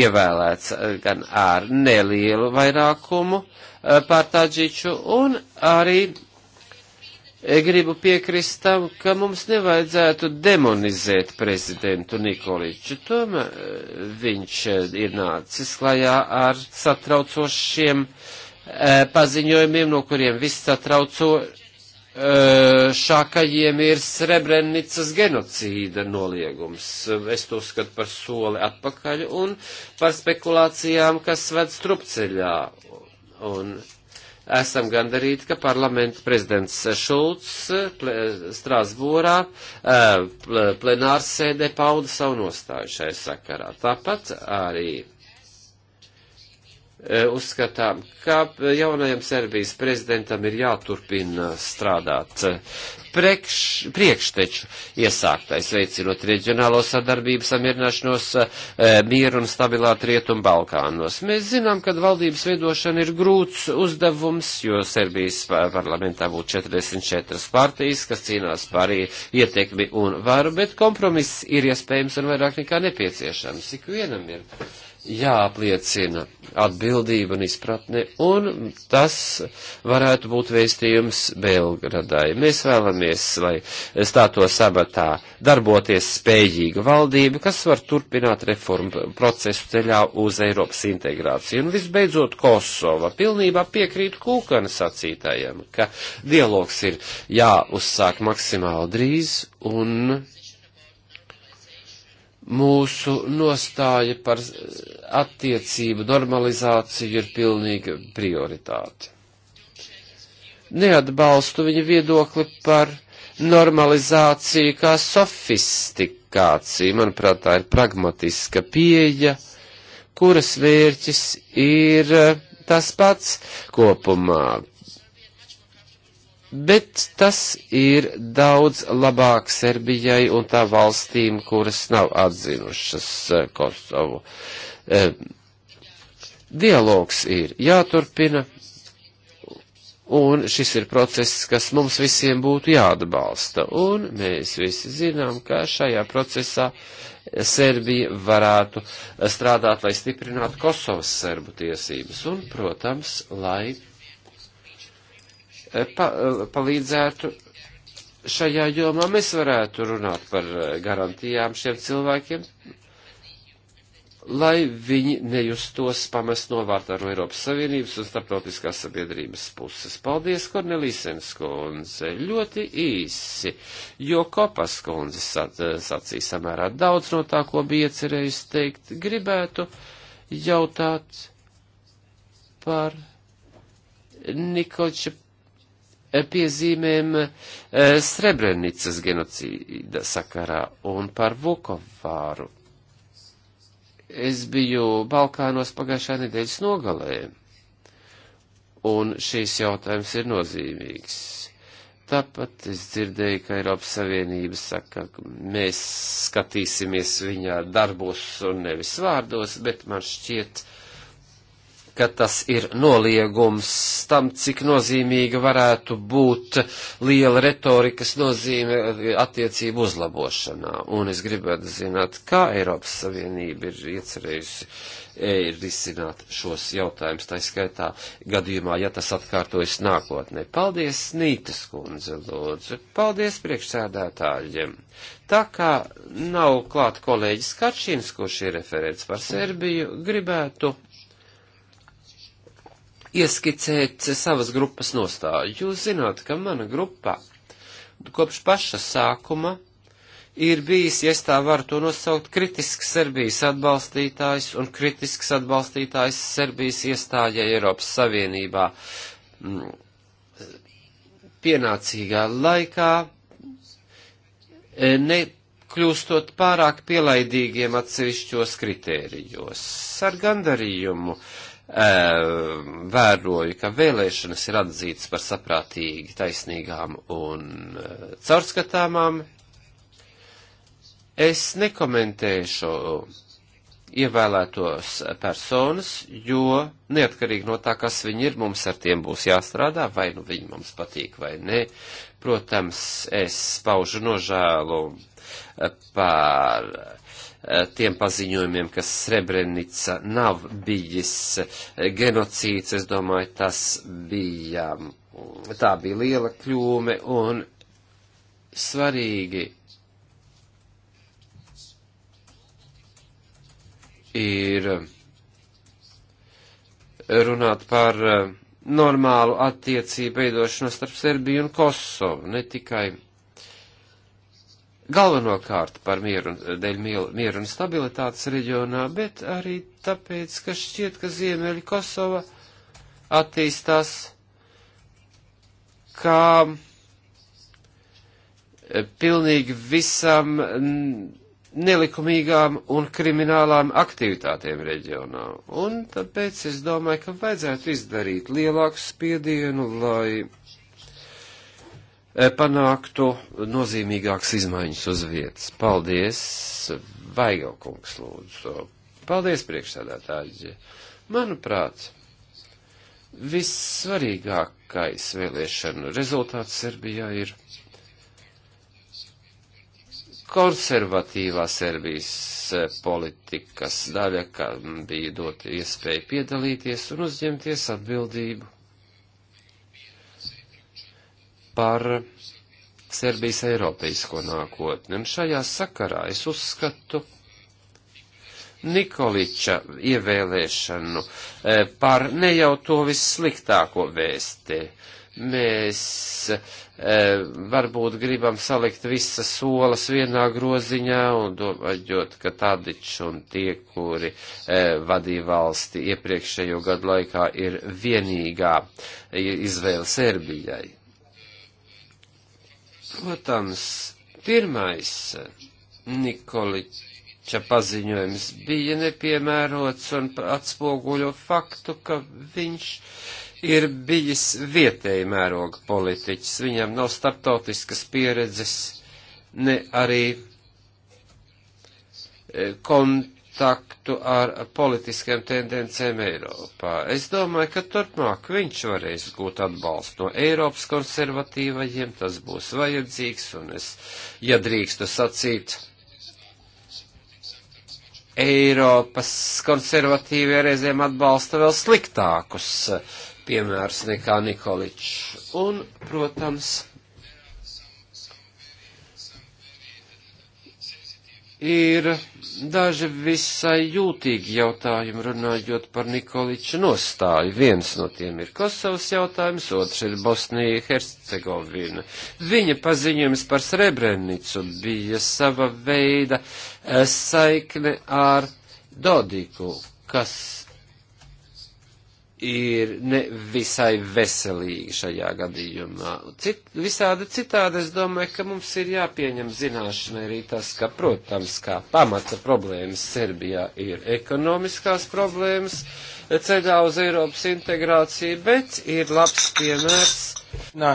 S2: ievēlēts eh, gan ar nelielu vairākumu eh, pār Tadžiču un arī eh, gribu piekrist tam, ka mums nevajadzētu demonizēt prezidentu Nikoliču. Tomēr viņš ir nācis klajā ar satraucošiem paziņojumiem, no kuriem viss satraucoši Eh, šākajiem ir Srebrenicas genocīda noliegums. Es to skatu par soli atpakaļ un par spekulācijām, kas ved strupceļā. Un esam gandarīti, ka parlamenta prezidents Šulcs eh, Strasbūrā eh, plenārsēdē pauda savu nostāju šai sakarā. Tāpat arī E, uzskatām, ka jaunajam Serbijas prezidentam ir jāturpina strādāt Prekš, priekšteču iesāktais, veicinot reģionālo sadarbību, samierināšanos, e, mieru un stabilātu rietumu Balkānos. Mēs zinām, ka valdības veidošana ir grūts uzdevums, jo Serbijas parlamentā būtu 44 partijas, kas cīnās par ietekmi un varu, bet kompromiss ir iespējams un vairāk nekā nepieciešams. Ik vienam ir jāapliecina atbildība un izpratne, un tas varētu būt vēstījums Belgradai. Mēs vēlamies, lai stāto sabatā darboties spējīga valdība, kas var turpināt reformu procesu ceļā uz Eiropas integrāciju. Un visbeidzot, Kosova pilnībā piekrīt Kūkana sacītājiem, ka dialogs ir jāuzsāk maksimāli drīz un mūsu nostāja par attiecību normalizāciju ir pilnīga prioritāte. Neatbalstu viņa viedokli par normalizāciju kā sofistikāciju. Manuprāt, tā ir pragmatiska pieeja, kuras mērķis ir tas pats kopumā bet tas ir daudz labāk Serbijai un tā valstīm, kuras nav atzinušas eh, Kosovu. E, dialogs ir jāturpina, un šis ir process, kas mums visiem būtu jāatbalsta, un mēs visi zinām, ka šajā procesā Serbija varētu strādāt, lai stiprinātu Kosovas serbu tiesības, un, protams, lai Eh, pa, eh, palīdzētu šajā jomā. Mēs varētu runāt par eh, garantijām šiem cilvēkiem, lai viņi nejustos pamest novārtā no Eiropas Savienības un starptautiskās sabiedrības puses. Paldies, Kornelīsens kundze, ļoti īsi, jo Kopas kundze sac, sacīja samērā daudz no tā, ko bija iecerējusi teikt. Gribētu jautāt par Nikoča piezīmēm eh, Srebrenicas genocīda sakarā un par Vukovāru. Es biju Balkānos pagājušā nedēļas nogalē, un šīs jautājums ir nozīmīgs. Tāpat es dzirdēju, ka Eiropas Savienība saka, ka mēs skatīsimies viņā darbos un nevis vārdos, bet man šķiet, uh, ka tas ir noliegums tam, cik nozīmīga varētu būt liela retorikas nozīme attiecību uzlabošanā. Un es gribētu zināt, kā Eiropas Savienība ir iecerējusi e, ir risināt šos jautājumus, tā skaitā gadījumā, ja tas atkārtojas nākotnē. Paldies, Nītas kundze, lūdzu. Paldies priekšsēdētājiem. Tā kā nav klāt kolēģis Kačins, kurš ir referents par Serbiju, gribētu ieskicēt savas grupas nostāju. Jūs zināt, ka mana grupa kopš paša sākuma ir bijis, ja tā var to nosaukt, kritisks Serbijas atbalstītājs un kritisks atbalstītājs Serbijas iestājai Eiropas Savienībā mm, pienācīgā laikā, eh, nekļūstot pārāk pielaidīgiem atsevišķos kritērijos. Ar gandarījumu uh, Ehm, vēroju, ka vēlēšanas ir atzītas par saprātīgi taisnīgām un eh, caurskatāmām. Es nekomentēšu ievēlētos personas, jo neatkarīgi no tā, kas viņi ir, mums ar tiem būs jāstrādā, vai nu viņi mums patīk vai nē. Protams, es paužu nožēlu eh, par Eh, tiem paziņojumiem, ka Srebrenica nav bijis eh, genocīds. Es domāju, tas bija, mm, tā bija liela kļūme un svarīgi ir runāt par eh, normālu attiecību veidošanos starp Serbiju un Kosovu, ne tikai galvenokārt par mieru, dēļ mieru un stabilitātes reģionā, bet arī tāpēc, ka šķiet, ka Ziemeļa Kosova attīstās kā e, pilnīgi visam nelikumīgām un kriminālām aktivitātēm reģionā. Un tāpēc es domāju, ka vajadzētu izdarīt lielāku spiedienu, lai E, panāktu nozīmīgākas izmaiņas uz vietas. Paldies, Vaigalkungs, lūdzu. Paldies, priekšsēdētāji. Manuprāt, vissvarīgākais vēlēšanu rezultāts Serbijā ir konservatīvā Serbijas e, politikas daļa, kam bija dot iespēju piedalīties un uzņemties atbildību par Serbijas Eiropeisko nākotni. Un šajā sakarā es uzskatu Nikoliča ievēlēšanu e, par ne jau to vissliktāko vēsti. Mēs e, varbūt gribam salikt visas solas vienā groziņā un domājot, ka tādiņš un tie, kuri e, vadīja valsti iepriekšējo gadu laikā, ir vienīgā izvēle Serbijai. Protams, pirmais eh, Nikoliča paziņojums bija nepiemērots un atspoguļo faktu, ka viņš ir bijis vietēji mēroga politiķis. Viņam nav starptautiskas pieredzes, ne arī eh, kont kontaktu ar politiskiem tendencēm Eiropā. Es domāju, ka turpmāk viņš varēs gūt atbalstu no Eiropas konservatīvajiem, tas būs vajadzīgs, un es, ja drīkstu sacīt, Eiropas konservatīvie reizēm atbalsta vēl sliktākus piemērus nekā Nikoličs. Un, protams, ir daži visai jūtīgi jautājumi runājot par Nikoliča nostāju. Viens no tiem ir Kosovas jautājums, otrs ir Bosnija Hercegovina. Viņa paziņojums par Srebrenicu bija sava veida eh, saikne ar Dodiku, kas ir ne visai veselīgi šajā gadījumā. Cit, visādi citādi es domāju, ka mums ir jāpieņem zināšanai arī tas, ka, protams, kā pamata problēmas Serbijā ir ekonomiskās problēmas ceļā uz Eiropas integrāciju, bet ir labs piemērs. No,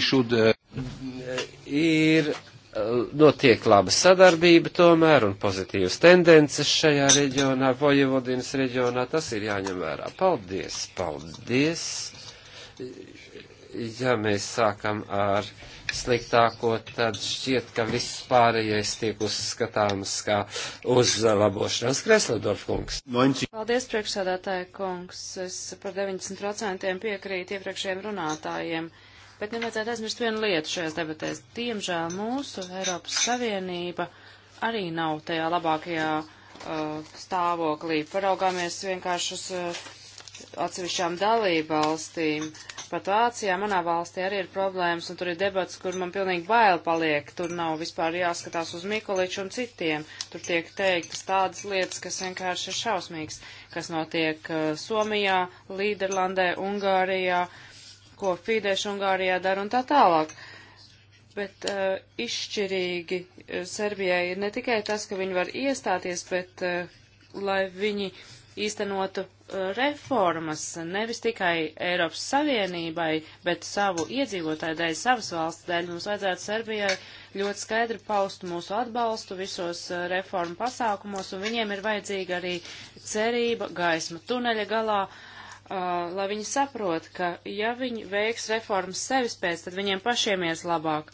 S2: should, uh... Ir Eh, notiek laba sadarbība tomēr un pozitīvas tendences šajā reģionā, Vojevodinas reģionā, tas ir jāņem vērā. Paldies, paldies! Ja mēs sākam ar sliktāko, tad šķiet, ka viss pārējais tiek uzskatāms kā uzlabošanās. Kreslodorf kungs.
S1: Paldies, priekšsādātāja kungs. Es par 90% piekrītu iepriekšējiem runātājiem. Uh, Bet nevajadzētu nu aizmirst vienu lietu šajās debatēs. Diemžēl mūsu Eiropas Savienība arī nav tajā labākajā uh, stāvoklī. Paraugāmies vienkārši uz uh, atsevišķām dalību valstīm. Pat Vācijā, manā valstī arī ir problēmas, un tur ir debats, kur man pilnīgi bail paliek. Tur nav vispār jāskatās uz Mikoliču un citiem. Tur tiek teiktas tādas lietas, kas vienkārši ir šausmīgas, kas notiek uh, Somijā, Līderlandē, Ungārijā. Uh, ko Fīdēš Ungārijā dara un tā tālāk. Bet uh, izšķirīgi eh, Serbijai ir ne tikai tas, ka viņi var iestāties, bet uh, lai viņi īstenotu uh, reformas nevis tikai Eiropas Savienībai, bet savu iedzīvotāju dēļ, savas valsts dēļ. Mums vajadzētu Serbijai ļoti skaidri paust mūsu atbalstu visos uh, reformu pasākumos, un viņiem ir vajadzīga arī cerība gaisma tuneļa galā. Uh, Uh, lai viņi saprot, ka ja viņi veiks reformas sevis pēc, tad viņiem pašiem ies labāk,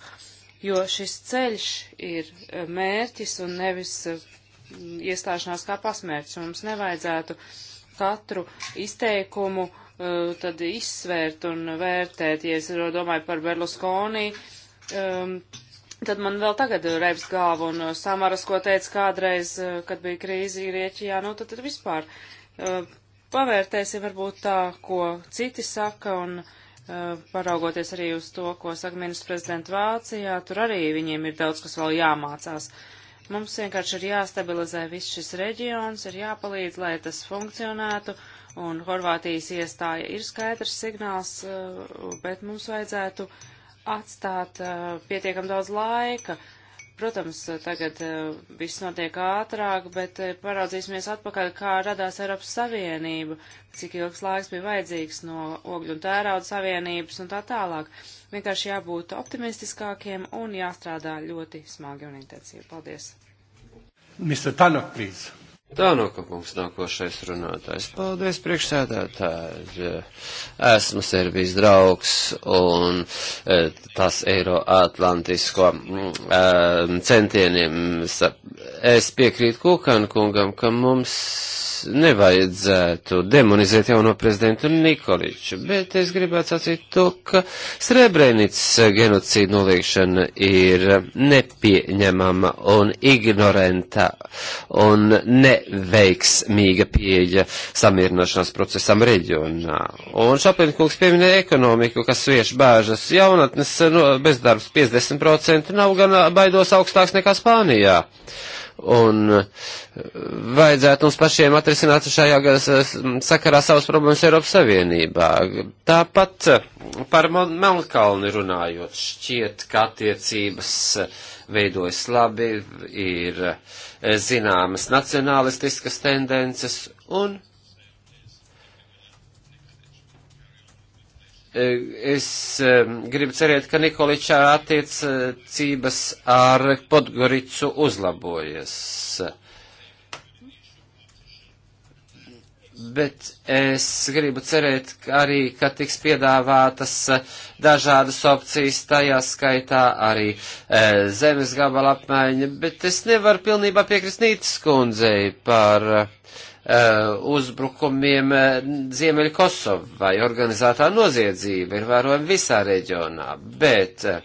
S1: jo šis ceļš ir uh, mērķis un nevis uh, iestāšanās kā pasmērķis. Mums nevajadzētu katru izteikumu tad izsvērt un vērtēt, ja es domāju par Berlusconi. Um, Tad man vēl tagad reips galva un samaras, ko teica kādreiz, kad bija krīze Grieķijā, nu tad, tad vispār pavērtēsim varbūt tā, ko citi saka, un uh, paraugoties arī uz to, ko saka ministrs prezidents Vācijā, tur arī viņiem ir daudz, kas vēl jāmācās. Mums vienkārši ir jāstabilizē viss šis reģions, ir jāpalīdz, lai tas funkcionētu, un Horvātijas iestāja ir skaidrs signāls, uh, bet mums vajadzētu atstāt uh, pietiekam daudz laika, uh, Protams, tagad eh, viss notiek ātrāk, bet eh, paraudzīsimies atpakaļ, kā radās Eiropas Savienība, cik ilgs laiks bija vajadzīgs no ogļu un tērauda savienības un tā tālāk. Vienkārši jābūt optimistiskākiem un jāstrādā ļoti smagi un intensīvi. Paldies!
S2: Mr. Tanok, please. Tā no nu, ka kungs nākošais runātājs. Paldies, priekšsēdētāji. Esmu Serbijas draugs un e, tas Eiroatlantisko e, centieniem. Es piekrītu Kukan kungam, ka mums nevajadzētu demonizēt jauno prezidentu Nikoliču, bet es gribētu sacīt to, ka Srebrenicas genocīda noliekšana ir nepieņemama un ignorenta un neveiksmīga pieeja samierināšanās procesam reģionā. Un Šapenkungs pieminēja ekonomiku, kas svieš bāžas jaunatnes no, bezdarbs 50% nav gan baidos augstāks nekā Spānijā. Uh, Un eh, vajadzētu mums pašiem atrisināt šajā sakarā savas problēmas Eiropas Savienībā. Tāpat eh, par Melnkalni runājot, šķiet, ka attiecības eh, veidojas labi, ir zināmas nacionalistiskas tendences un Eh, es eh, gribu cerēt, ka Nikoličā attiecības ar Podgoricu uzlabojas. Bet es gribu cerēt arī, ka tiks piedāvātas dažādas opcijas, tajā skaitā arī e, zemes gabala apmaiņa, bet es nevaru pilnībā piekrist Nītas kundzei par e, Uh, uzbrukumiem uh, Ziemeļa Kosovai. Organizētā noziedzība ir vērojama visā reģionā, bet uh,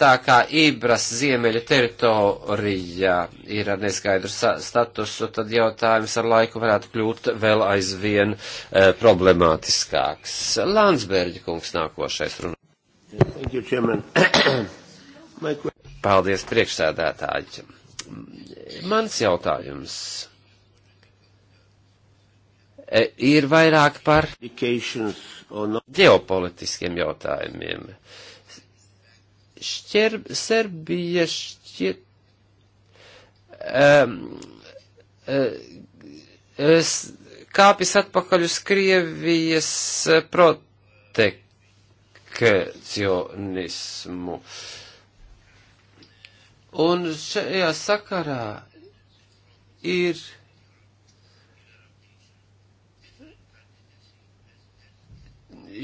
S2: tā kā Ibras Ziemeļa teritorija ir ar neskaidru statusu, tad jautājums ar laiku varētu kļūt vēl aizvien problemātiskāks. Landsbergi kungs nākošais runā. Paldies priekšsēdētāji. Mans jautājums E, ir vairāk par ģeopolitiskiem jautājumiem. Šķer, Serbija šķiet. Um, uh, e, kāpjas atpakaļ uz Krievijas protekcionismu. Un šajā sakarā ir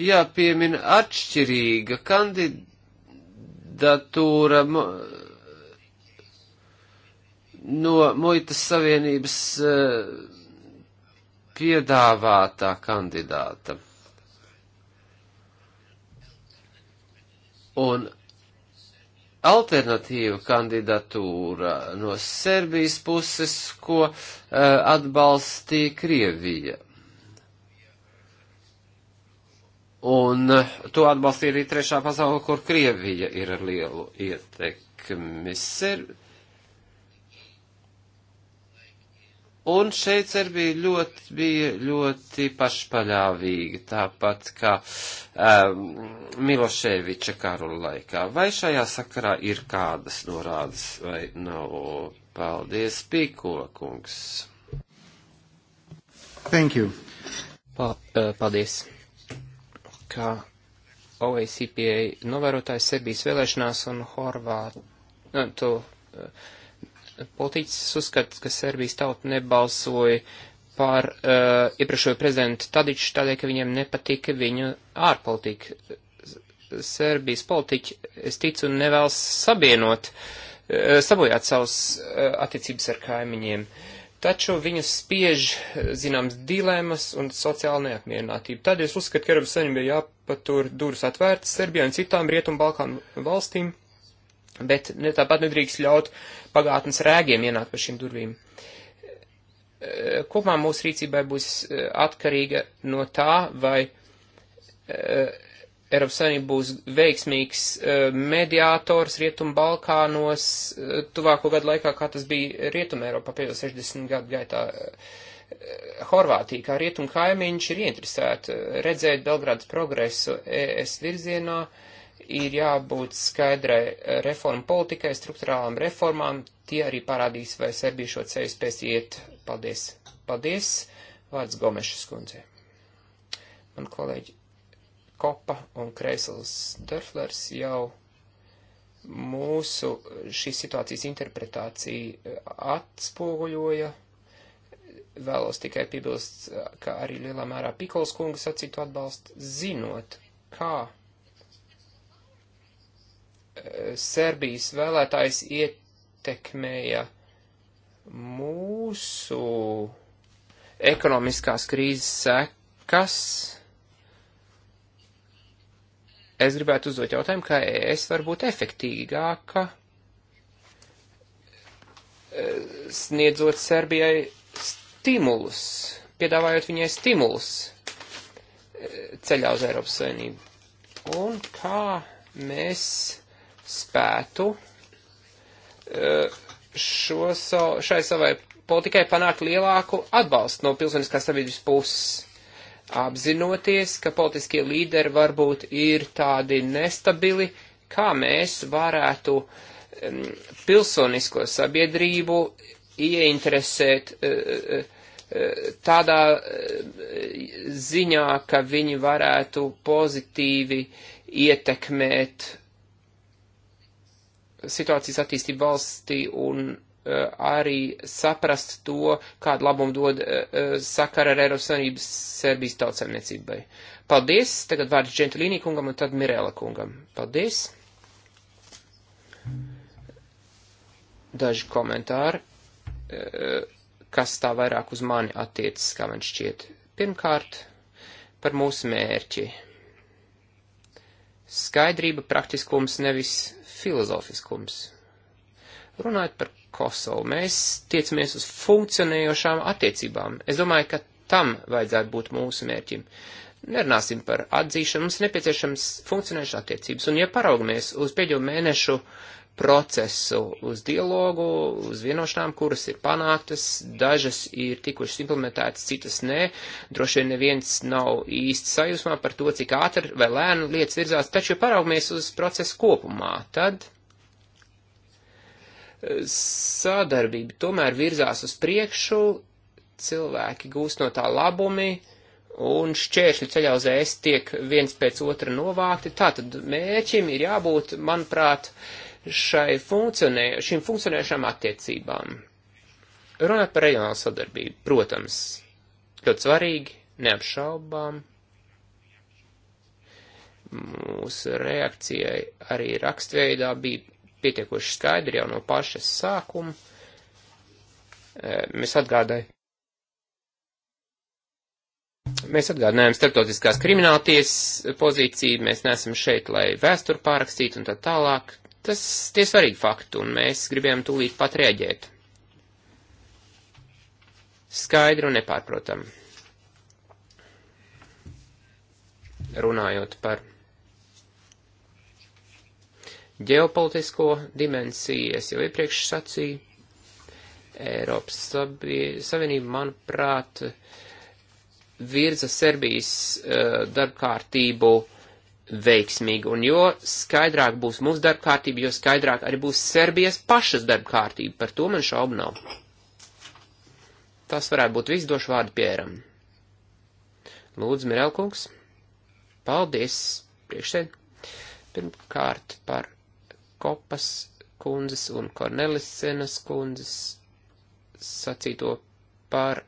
S2: jāpiemina atšķirīga kandidatūra no Muitas Savienības eh, piedāvātā kandidāta. Un alternatīva kandidatūra no Serbijas puses, ko uh, atbalstīja Krievija. Un to atbalstīja arī trešā pasaule, kur Krievija ir ar lielu ietekmi. Ser... Un šeit Serbija ļoti, bija ļoti pašpaļāvīga, tāpat kā um, Miloševiča karu laikā. Vai šajā sakarā ir kādas norādes vai nav? Paldies, Pīkola kungs.
S3: Thank you. Pa, eh, paldies kā OACPA novērotājs Serbijas vēlēšanās un Horvātu nu, eh, politiķis uzskata, ka Serbijas tauta nebalsoja par uh, iepriekšējo prezidentu Tadiču, tādēļ, ka viņiem nepatika viņu ārpolitika. Serbijas politiķi, es ticu, nevēlas sabienot, uh, sabojāt savus uh, attiecības ar kaimiņiem. Uh, taču viņus spiež, zināms, dilemmas un sociāla neapmierinātība. Tādēļ es uzskatu, ka Eiropas Savienībai jāpatur durvis atvērtas Serbijai un citām Rietumu Balkānu valstīm, bet ne, tāpat nedrīkst ļaut pagātnes rēgiem ienākt pa šīm durvīm. Kopumā mūsu rīcībai būs eh, atkarīga no tā, vai eh, Eiropas Savienība būs veiksmīgs uh, mediātors Rietumu Balkānos uh, tuvāko gadu laikā, kā tas bija Rietumu Eiropā pēdējo 60 gadu gaitā. Uh, Horvātija, kā rietumu kaimiņš, ir ieinteresēta redzēt Belgrādas progresu ES virzienā, ir jābūt skaidrai reformu politikai, struktūrālām reformām, tie arī parādīs, vai Serbija šo ceļu spēs iet. Paldies! Paldies! Vārds Gomešas kundzei. Man kolēģi Kopa un Kreisels Dörflers jau mūsu šīs situācijas interpretāciju eh, atspoguļoja. Vēlos tikai piebilst, ka arī lielā mērā Pikols kunga sacītu atbalstu, zinot, kā eh, Serbijas vēlētājs ietekmēja mūsu ekonomiskās krīzes sekas Es gribētu uzdot jautājumu, kā ES var būt efektīgāka e, sniedzot Serbijai stimulus, piedāvājot viņai stimulus e, ceļā uz Eiropas Savienību. Un kā mēs spētu e, šo, šai savai politikai panākt lielāku atbalstu no pilsoniskās sabiedrības puses apzinoties, ka politiskie līderi varbūt ir tādi nestabili, kā mēs varētu um, pilsonisko sabiedrību ieinteresēt uh, uh, uh tādā uh, ziņā, ka viņi varētu pozitīvi ietekmēt situācijas attīstību valstī un Eh, arī saprast to, kādu labumu dod eh, eh, sakara ar Eiropas Savienības Serbijas tautsemniecībai. Paldies! Tagad vārds Džentlīnī kungam un tad Mirēla kungam. Paldies! Daži komentāri, kas tā vairāk uz mani attiecas, kā man šķiet. Pirmkārt, par mūsu mērķi. Skaidrība, praktiskums, nevis filozofiskums. Runājot par Kosovu. Mēs tiecamies uz funkcionējošām attiecībām. Es domāju, ka tam vajadzētu būt mūsu mērķim. Nerunāsim par atzīšanu, mums nepieciešams funkcionējušas attiecības. Un ja paraugamies uz pēdējo mēnešu procesu, uz dialogu, uz vienošanām, kuras ir panāktas, dažas ir tikušas implementētas, citas nē, droši vien neviens nav īsti sajūsmā par to, cik ātri vai lēni lietas virzās, taču ja paraugamies uz procesu kopumā, tad sadarbība tomēr virzās uz priekšu, cilvēki gūst no tā labumi, un šķēršļi ceļā uz ēst tiek viens pēc otra novākti. Tātad mērķim ir jābūt, manuprāt, šai funkcionē, šīm funkcionējušām attiecībām. Runāt par reģionālu sadarbību, protams, ļoti svarīgi, neapšaubām. Mūsu reakcijai arī rakstveidā bija pietiekoši skaidri jau no paša sākuma. Mēs atgādājam. Mēs atgādinājām starptautiskās krimināltiesas pozīciju, mēs neesam šeit, lai vēsturi pārakstītu un tā tālāk. Tas tie svarīgi fakti, un mēs gribējām tūlīt pat rēģēt. Skaidru un nepārprotam. Runājot par ģeopolitisko dimensiju, es jau iepriekš sacīju, Eiropas Savienība, manuprāt, virza Serbijas uh, darbkārtību veiksmīgi, un jo skaidrāk būs mūsu darbkārtība, jo skaidrāk arī būs Serbijas pašas darbkārtība, par to man šaubu nav. Tas varētu būt viss došu vārdu pieeram. Lūdzu, Mirelkungs, paldies priekšsēd. Pirmkārt par Kopas kundzes un Kornelisenas kundzes sacīto par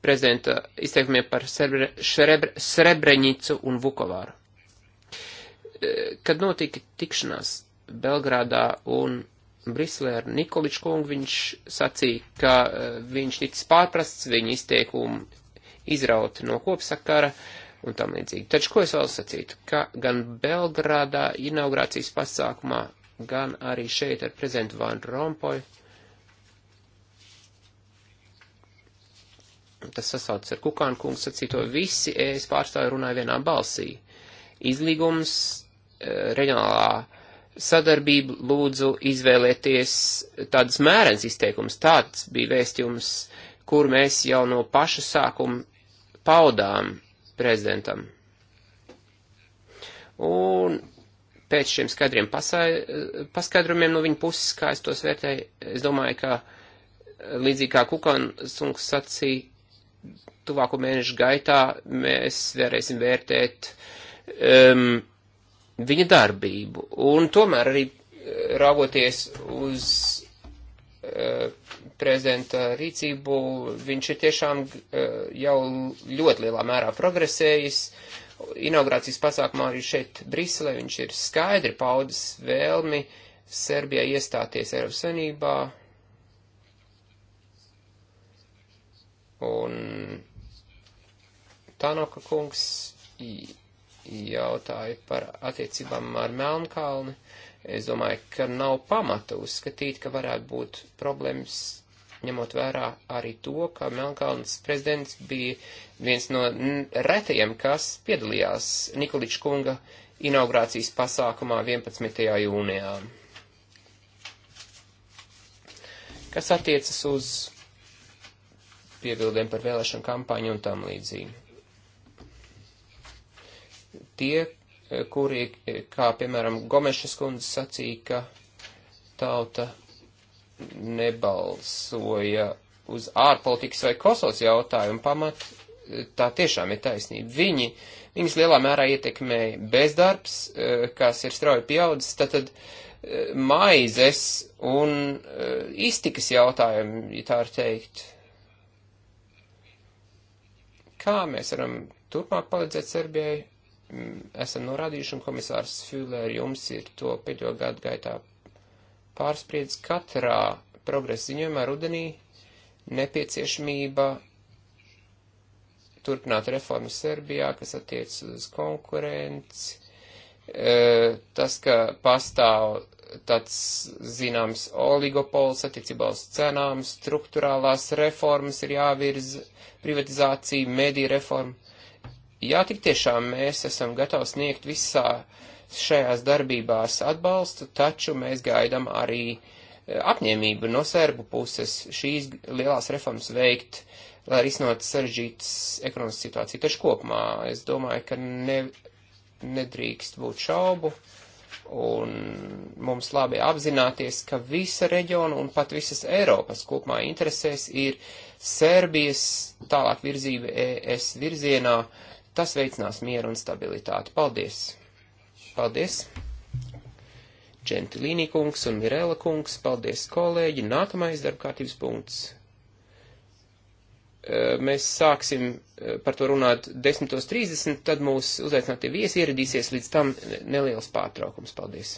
S3: prezidenta izteikumiem par Srebre, Srebre, Srebrenicu un Vukovāru. E, kad notika tikšanās Belgrādā un Briselē ar Nikoliču kungu, viņš sacīja, ka e, viņš ticis pārprasts, viņa izteikumi izrauti no kopsakara un tam līdzīgi. Taču ko es vēl sacītu? Ka gan Belgrādā inaugurācijas pasākumā gan arī šeit ar prezidentu Van Rompuy. Tas sasaucas ar Kukānu kungu sacīto, visi es pārstāju runāju vienā balsī. Izlīgums, eh, reģionālā sadarbība, lūdzu izvēlēties tādas mērens izteikums. Tāds bija vēstījums, kur mēs jau no paša sākuma paudām prezidentam. Un pēc šiem skaidriem pasai, paskaidrumiem no viņa puses, kā es tos vērtēju, es domāju, ka eh, līdzīgi kā Kukansungs sacīja, tuvāko mēnešu gaitā mēs varēsim vērtēt um, viņa darbību. Un tomēr arī eh, raugoties uz uh, prezidenta rīcību, viņš ir tiešām uh, jau ļoti lielā mērā progresējis. Uh, inaugurācijas pasākumā arī šeit Briselē viņš ir skaidri paudis vēlmi Serbijā iestāties Eiropas Savienībā. Un Tanoka kungs jautāja par attiecībām ar Melnkalni. Es domāju, ka nav pamata uzskatīt, ka varētu būt problēmas ņemot vērā arī to, ka Melnkalnas prezidents bija viens no retajiem, kas piedalījās Nikoliča kunga inaugurācijas pasākumā 11. jūnijā. Kas attiecas uz piebildēm par vēlēšanu kampaņu un tam līdzīgi. Tie, kuri, kā piemēram Gomešas kundze sacīja, ka tauta nebalsoja uz ārpolitikas vai Kosovas jautājumu pamat, tā tiešām ir taisnība. Viņi, viņas lielā mērā ietekmēja bezdarbs, eh, kas ir strauji pieaudzis, tad, tad eh, maizes un eh, iztikas jautājumi, ja tā ir teikt. Kā mēs varam turpmāk palīdzēt Serbijai? Mm, esam norādījuši, un komisārs Füller jums ir to pēdējo gadu gaitā pārspriedz katrā progresa ziņojumā rudenī nepieciešamība turpināt reformas Serbijā, kas attiec uz konkurenci, e, tas, ka pastāv tāds zināms oligopols attiecībā uz cenām, struktūrālās reformas ir jāvirza, privatizācija, mediju reforma. Jā, tik tiešām mēs esam gatavi sniegt visā uh, šajās darbībās atbalstu, taču mēs gaidām arī e, apņēmību no serbu puses šīs lielās reformas veikt, lai arī iznot sarežģītas ekonomiskas situācijas. Taču kopumā es domāju, ka ne, nedrīkst būt šaubu, un mums labi apzināties, ka visa reģiona un pat visas Eiropas kopumā interesēs ir Serbijas tālāk virzība ES virzienā, tas veicinās mieru un stabilitāti. Paldies! Paldies! Džentilīni kungs un Mirela kungs, paldies kolēģi. Nākamais darbkārtības punkts. Mēs sāksim par to runāt 10.30, tad mūs uzaicinātie viesi ieradīsies, līdz tam neliels pārtraukums. Paldies!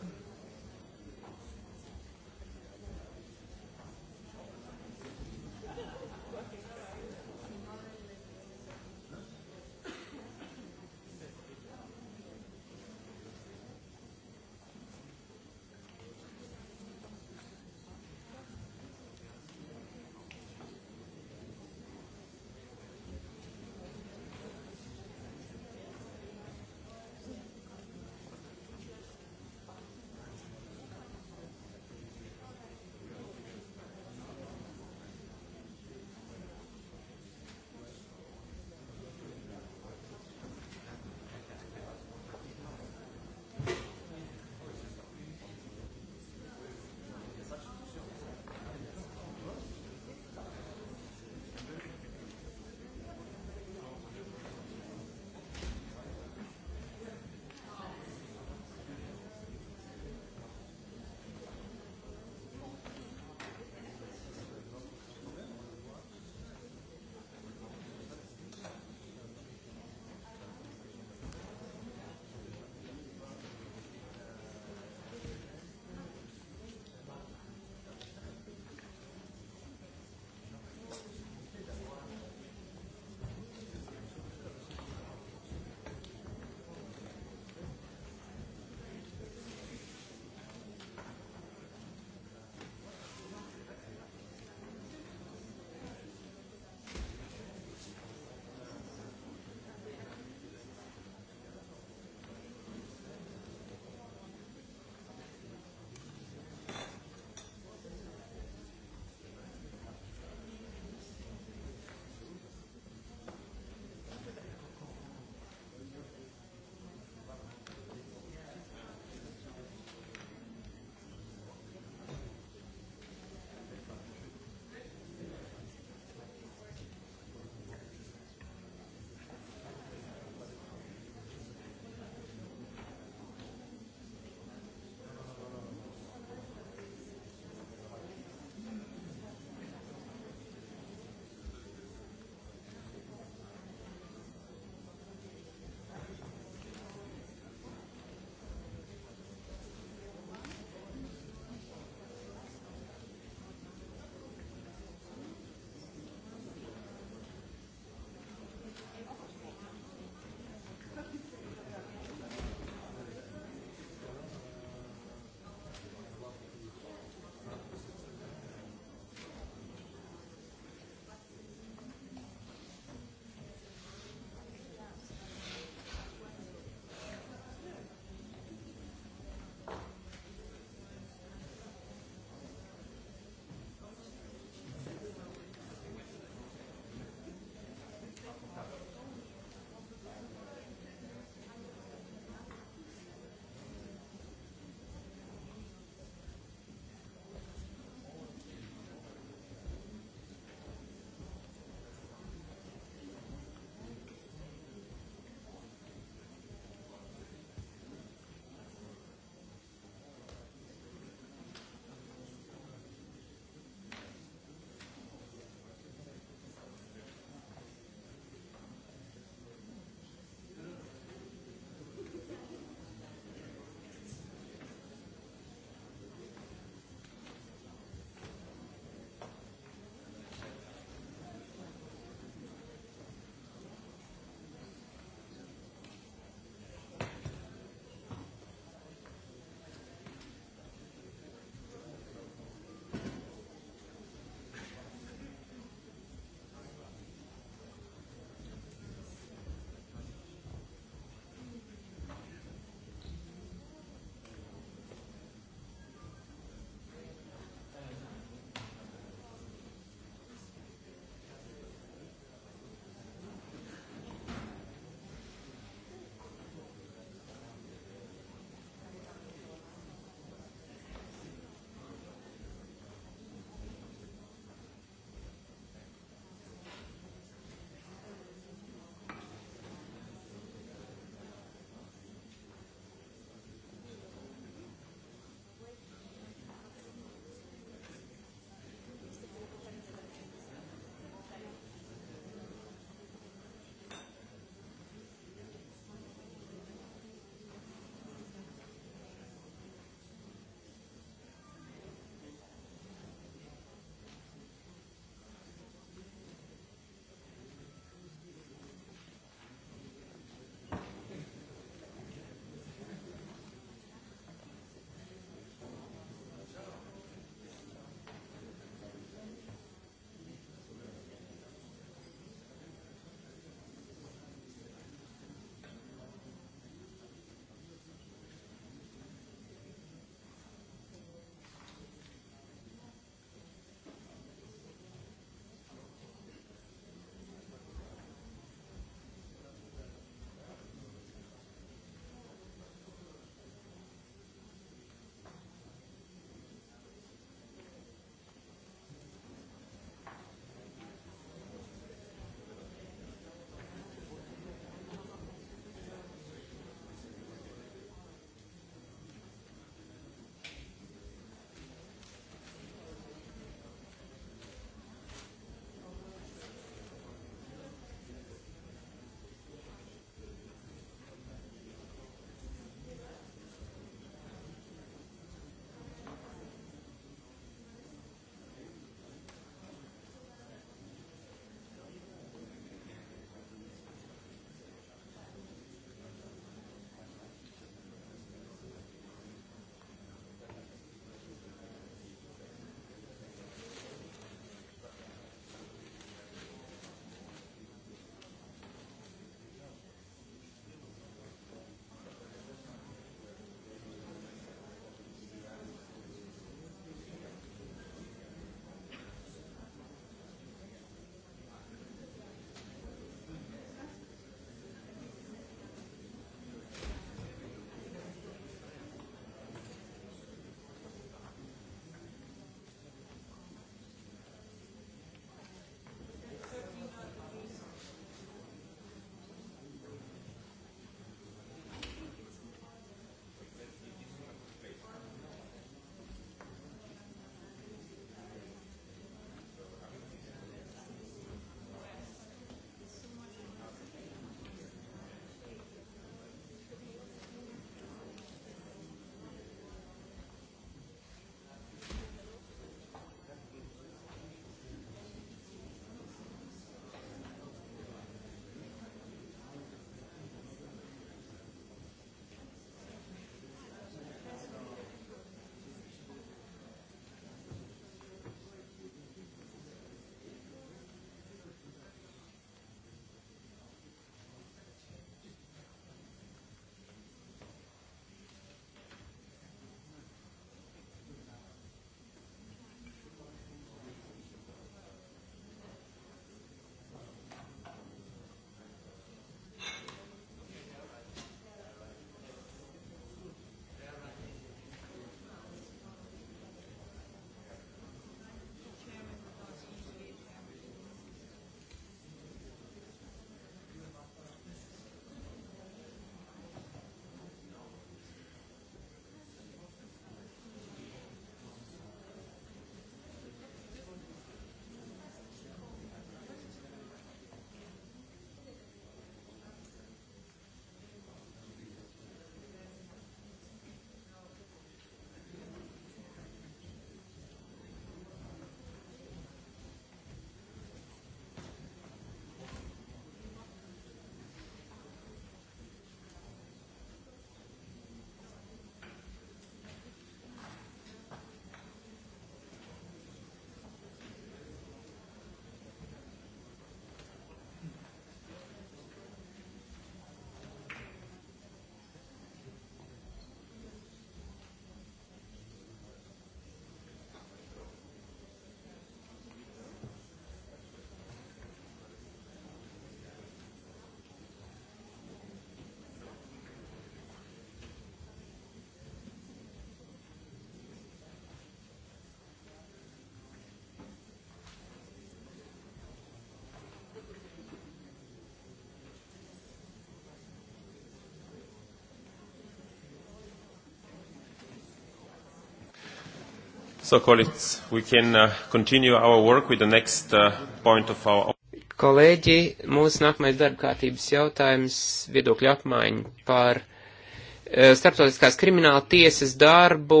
S3: So, colleagues, we can uh, continue our work with the next uh, point of our. Kolēģi, mūsu nākamais darba kārtības jautājums - viedokļu apmaiņa par uh, starptautiskās krimināla tiesas darbu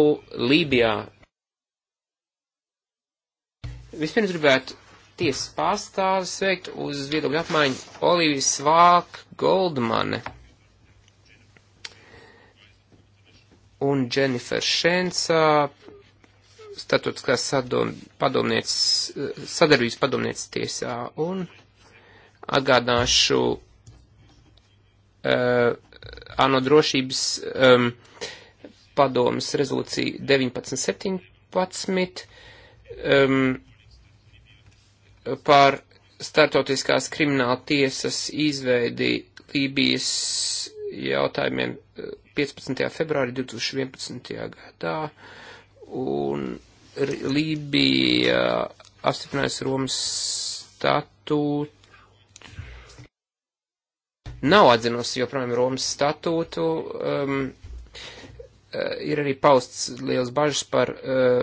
S3: Lībijā. Vispirms gribētu tiesas pārstāvi sveikt uz viedokļu apmaiņu Oliviju Svāk Goldmane un Jennifer Šensā statutiskās eh, sadarbības padomnieces tiesā un atgādināšu uh, ANO drošības um, padomas rezolūciju 1917 um, ehm, par startautiskās krimināla tiesas izveidi Lībijas jautājumiem 15. februāri 2011. gadā. Uh, un Lībija apstiprinājusi Romas statūtu. Nav atzinusi joprojām Romas statūtu. Um, uh, ir arī pausts liels bažas par uh,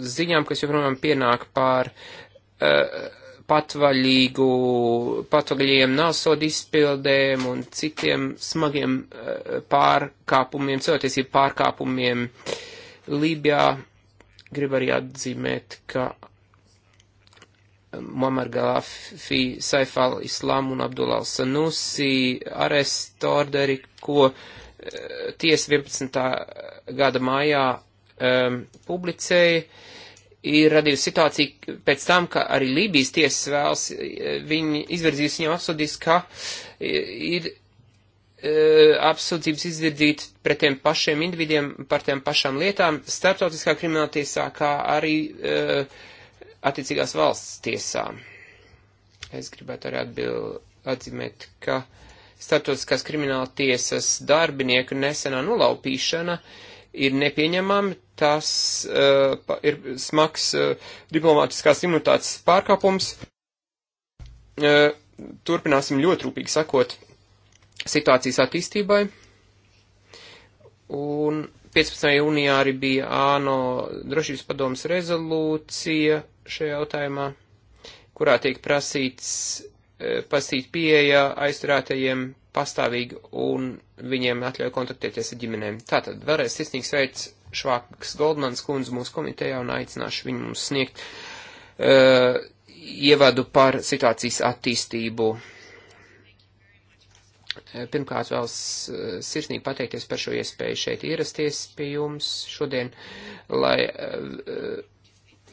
S3: ziņām, kas joprojām pienāk pār uh, patvaļīgu, patvaļīgiem nāsodu izpildēm un citiem smagiem uh, pārkāpumiem, cilvēktiesību pārkāpumiem. Uh, Lībijā grib arī atzīmēt, ka um, Muammar Gaddafi, Saif al-Islam un Abdullah al-Sanusi arestu orderi, ko uh, tiesa 11. gada mājā um, publicēja, ir radījusi situāciju pēc tam, ka arī Lībijas tiesas vēlas, uh, viņi izverzījusi viņam apsūdīs, ka uh, ir Eh, apsūdzības izvirdīt pret tiem pašiem individiem par tiem pašām lietām starptautiskā krimināla tiesā, kā arī e, attiecīgās valsts tiesā. Es gribētu arī atbild, atzīmēt, ka starptautiskās krimināla tiesas darbinieku nesenā nolaupīšana ir nepieņemama, tas e, ir smags e, diplomātiskās imunitātes pārkāpums. E, turpināsim ļoti rūpīgi sakot situācijas attīstībai. Un 15. jūnijā arī bija ANO drošības padomas rezolūcija šajā jautājumā, kurā tiek prasīts e, pasīt pieeja aizturētajiem pastāvīgi un viņiem atļauj kontaktēties ar ģimenēm. Tātad vēlreiz sirsnīgs veids Švāks Goldmans kundze mūsu komitejā un aicināšu viņu mums sniegt uh, ievadu par situācijas attīstību Pirmkārt, vēl sirsnīgi pateikties par šo iespēju šeit ierasties pie jums šodien, lai eh,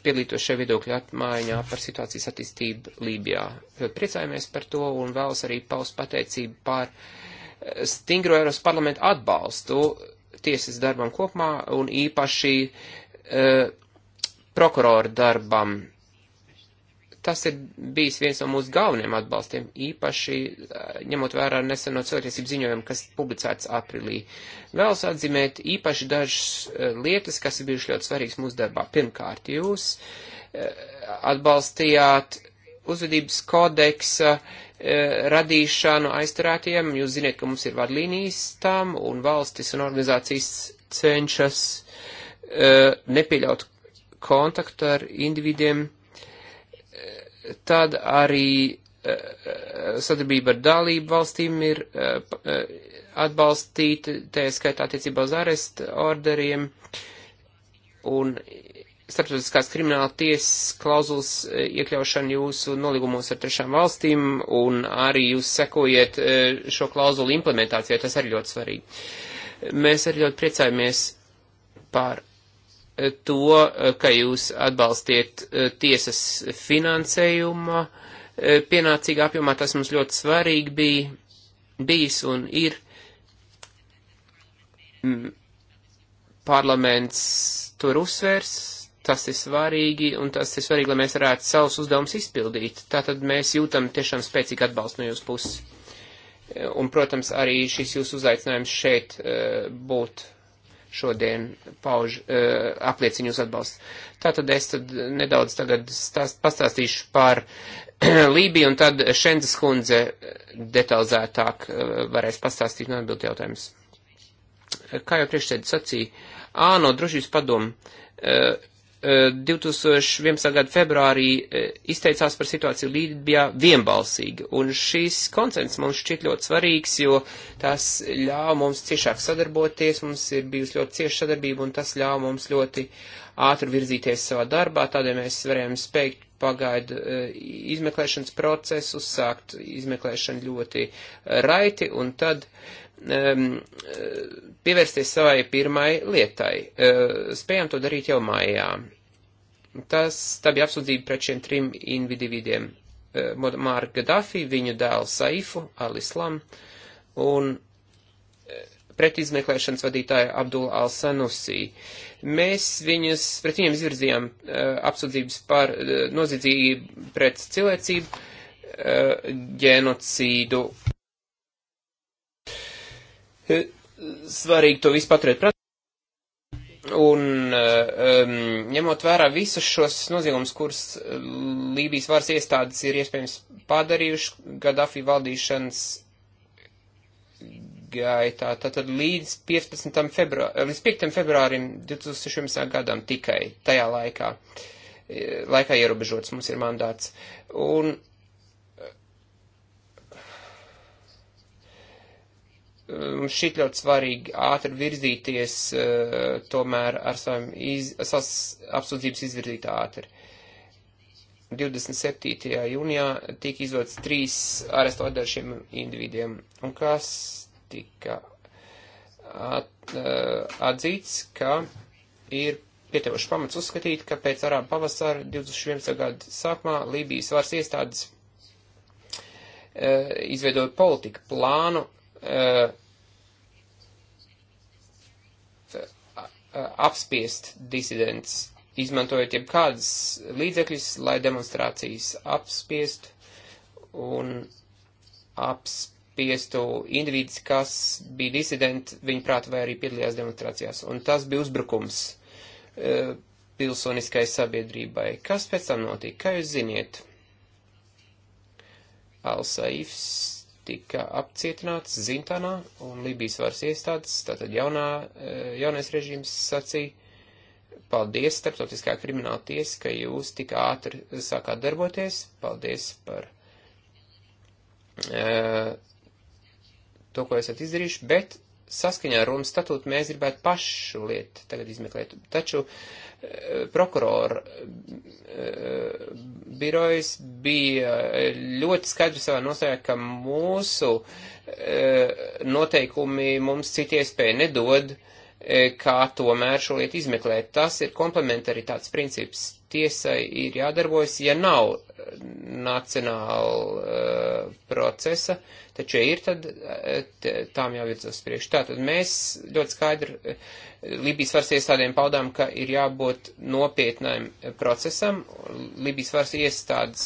S3: piedalītos šajā viedokļu apmaiņā par situācijas attīstību Lībijā. Priecājamies par to un vēlas arī paust pateicību par eh, stingro Eiropas parlamentu atbalstu tiesas darbam kopumā un īpaši uh, prokuroru darbam Tas ir bijis viens no mūsu galvenajiem atbalstiem, īpaši ņemot vērā neseno cilvēktiesību ziņojumu, kas publicēts aprīlī. Vēlos atzīmēt īpaši dažas lietas, kas ir bijušas ļoti svarīgas mūsu darbā. Pirmkārt, jūs atbalstījāt uzvedības kodeksa radīšanu aizturētiem. Jūs ziniet, ka mums ir vadlīnijas tam, un valstis un organizācijas cenšas nepieļaut kontaktu ar individiem tad arī eh, eh, sadarbība ar dalību valstīm ir eh, atbalstīta, tā skaitā attiecībā uz arestu orderiem, un starptautiskās krimināla tiesas klauzulas iekļaušana jūsu nolīgumos ar trešām valstīm, un arī jūs sekojiet šo klauzulu implementācijai, tas arī ļoti svarīgi. Mēs arī ļoti priecājamies par to, ka jūs atbalstiet eh, tiesas finansējuma eh, pienācīgā apjomā. Tas mums ļoti svarīgi bija, bijis un ir. Parlaments tur uzsvērs, tas ir svarīgi, un tas ir svarīgi, lai mēs varētu savus uzdevumus izpildīt. Tātad mēs jūtam tiešām spēcīgu atbalstu no jūsu puses. Un, protams, arī šis jūsu uzaicinājums šeit eh, būt šodien pauž, uh, eh, apliecina jūs atbalstu. Tātad es tad nedaudz tagad stāst, pastāstīšu par Lībiju, un tad Šendas kundze detalizētāk uh, varēs pastāstīt un atbild jautājumus. Kā jau priekšsēdē sacīja, ā, no drošības padomu. Uh, eh, 2011. Eh, gada februārī eh, izteicās par situāciju Lībijā vienbalsīgi, un šīs koncents mums šķiet ļoti svarīgs, jo tas ļāva mums ciešāk sadarboties, mums ir bijusi ļoti cieša sadarbība, un tas ļāva mums ļoti ātri virzīties savā darbā, tādēļ mēs varējām spēkt pagaidu eh, izmeklēšanas procesu, sākt izmeklēšanu ļoti raiti, un tad Um, pievērsties savai pirmai lietai. Uh, spējām to darīt jau mājā. Tas, tā bija apsūdzība pret šiem trim individiem. Uh, Māra Gaddafi, viņu dēlu Saifu, Alislam un uh, pretizmeklēšanas vadītāja Abdula Al-Sanusī. Mēs viņus, pret viņiem izvirzījām uh, apsūdzības par uh, noziedzību pret cilvēcību, uh, genocīdu. E, svarīgi to visu paturēt prātā. Un um, ņemot vērā visus šos noziegumus, kurus e, Lībijas varas iestādes ir iespējams padarījuši Gaddafi valdīšanas gaitā, tātad līdz, 15. Februā, līdz 5. februārim 2016. gadam tikai tajā laikā, laikā ierobežots mums ir mandāts. Un mums šķiet ļoti svarīgi ātri virzīties uh, tomēr ar saviem iz, savas apsūdzības izvirzīt ātri. 27. jūnijā tika izdots trīs arestu orderi šiem individiem, un kas tika at, uh, atzīts, ka ir pietiekoši pamats uzskatīt, ka pēc arābu pavasara 2011. gada sākumā Lībijas varas iestādes uh, izveidoja politiku plānu Uh, Uh, apspiest disidents, izmantojot jebkādas līdzekļus, lai demonstrācijas apspiest un apspiestu individus, kas bija disidenti, viņa prāta vai arī piedalījās demonstrācijās. Un tas bija uzbrukums e, pilsoniskai sabiedrībai. Kas pēc tam notika? Kā jūs ziniet? Al-Saifs tika apcietināts Zintanā, un Libijas varas iestādes, tātad jaunā, e, jaunais režīms sacīja, paldies starptautiskā krimināla tiesa, ka jūs tik ātri sākāt darboties, paldies par uh, to, ko esat izdarījuši, bet saskaņā ar Romas statūtu mēs gribētu pašu lietu tagad izmeklēt. Taču uh, prokurora eh, birojas bija ļoti skaidri savā nostājā, ka mūsu eh, noteikumi mums citu iespēju nedod uh, E, kā tomēr šo lietu izmeklēt. Tas ir komplementaritātes princips. Tiesai ir jādarbojas, ja nav nacionāla uh, procesa, taču ja ir, tad e, t, tām jāvirzās priekš. Tātad mēs ļoti skaidri uh, Libijas varas iestādēm paudām, ka ir jābūt nopietnēm procesam. Libijas varas iestādes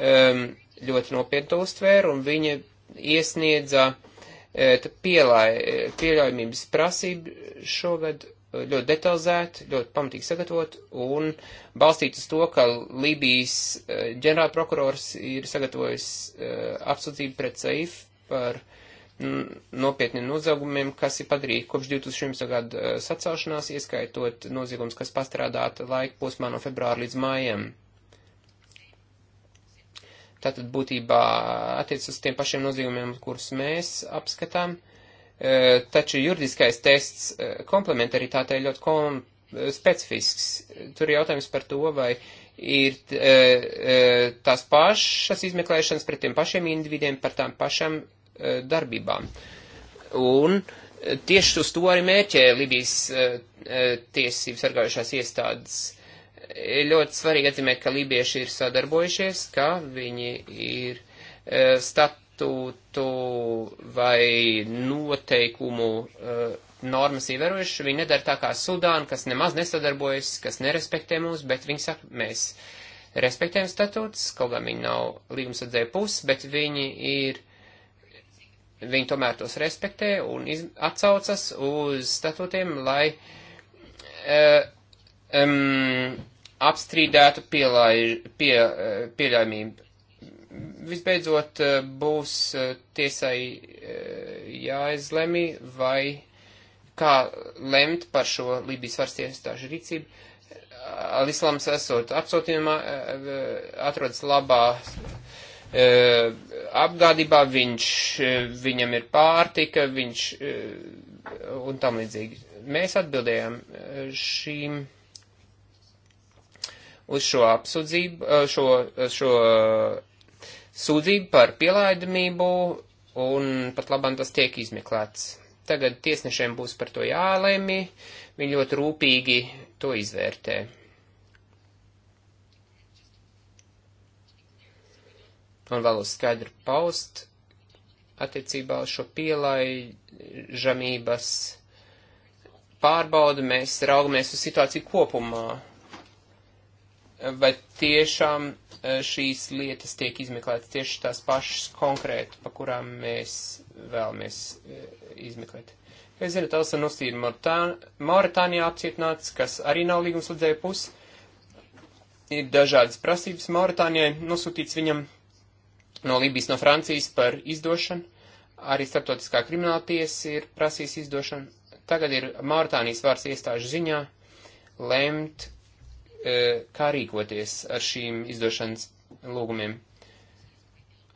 S3: um, ļoti nopietni to uztvēra un viņa iesniedza uh, pielai, pieļaujamības prasību šogad ļoti detalizēti, ļoti pamatīgi sagatavot un balstīt uz to, ka Lībijas e, ģenerālprokurors ir sagatavojis e, apsūdzību pret Saif par nopietniem noziegumiem, kas ir padarīti kopš 2011. gada e, sacelšanās, ieskaitot noziegums, kas pastrādāta laika posmā no februāra līdz mājiem. Tātad būtībā attiec uz tiem pašiem nozīmumiem, kurus mēs apskatām, e, taču juridiskais tests e, komplementaritātei ļoti kom e, specifisks. Tur ir jautājums par to, vai ir tās pašas izmeklēšanas pret tiem pašiem individiem par tām pašām darbībām. Un tieši uz to arī mērķē Libijas tiesības sargājušās iestādes ļoti svarīgi atzīmēt, ka lībieši ir sadarbojušies, ka viņi ir e, statūtu vai noteikumu e, normas ievērojuši. Viņi nedara tā kā Sudāna, kas nemaz nesadarbojas, kas nerespektē mūs, bet viņi saka, mēs respektējam statūtus, kaut gan viņi nav līgumsadzēja puses, bet viņi ir, viņi tomēr tos respektē un iz, atsaucas uz statūtiem, lai uh, um, apstrīdētu pielai, pie, eh, pieļaimību. Visbeidzot, eh, būs eh, tiesai jāizlemj, vai kā lemt par šo Lībijas varas tiesastāžu rīcību. Alislams esot apsūtījumā, atrodas labā apgādībā, viņš, viņam ir pārtika, viņš un tam līdzīgi. Mēs atbildējām šīm uz šo apsūdzību, eh, šo, šo eh, sūdzību par pielaidamību, un pat labam tas tiek izmeklēts. Tagad tiesnešiem būs par to jālēmi, viņi ļoti rūpīgi to izvērtē. Un vēlos skaidri paust attiecībā uz šo pielaižamības pārbaudu, mēs raugamies uz situāciju kopumā vai tiešām e, šīs lietas tiek izmeklētas tieši tās pašas konkrēti, pa kurām mēs vēlamies e, izmeklēt. Jūs zināt, Elsa Nustīra Mauritānijā apcietināts, kas arī nav līgumslēdzēja puses. Ir dažādas prasības Mauritānijai nosūtīts viņam no Libijas, no Francijas par izdošanu. Arī starptautiskā krimināla tiesa ir prasījusi izdošanu. Tagad ir Mauritānijas vārds iestāžu ziņā lemt, kā rīkoties ar šīm izdošanas lūgumiem.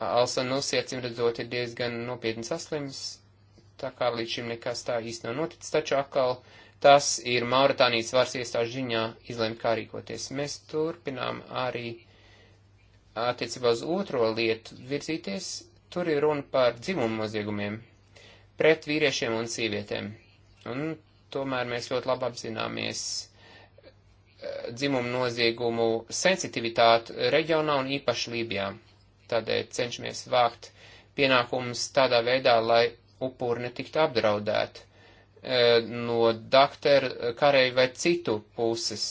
S3: Alsa Nusija, cim redzot, ir diezgan nopietni saslims, tā kā līdz šim nekas tā īsti nav noticis, taču atkal tas ir Mauritānijas varas iestāžu ziņā izlemt, kā rīkoties. Mēs turpinām arī attiecībā uz otro lietu virzīties, tur ir runa par dzimumu noziegumiem pret vīriešiem un sievietēm. Un tomēr mēs ļoti labi apzināmies, dzimumu noziegumu sensitivitāti reģionā un īpaši Lībijā. Tādēļ cenšamies vākt pienākumus tādā veidā, lai upuri netiktu apdraudēti e, no dakteru, kareju vai citu puses.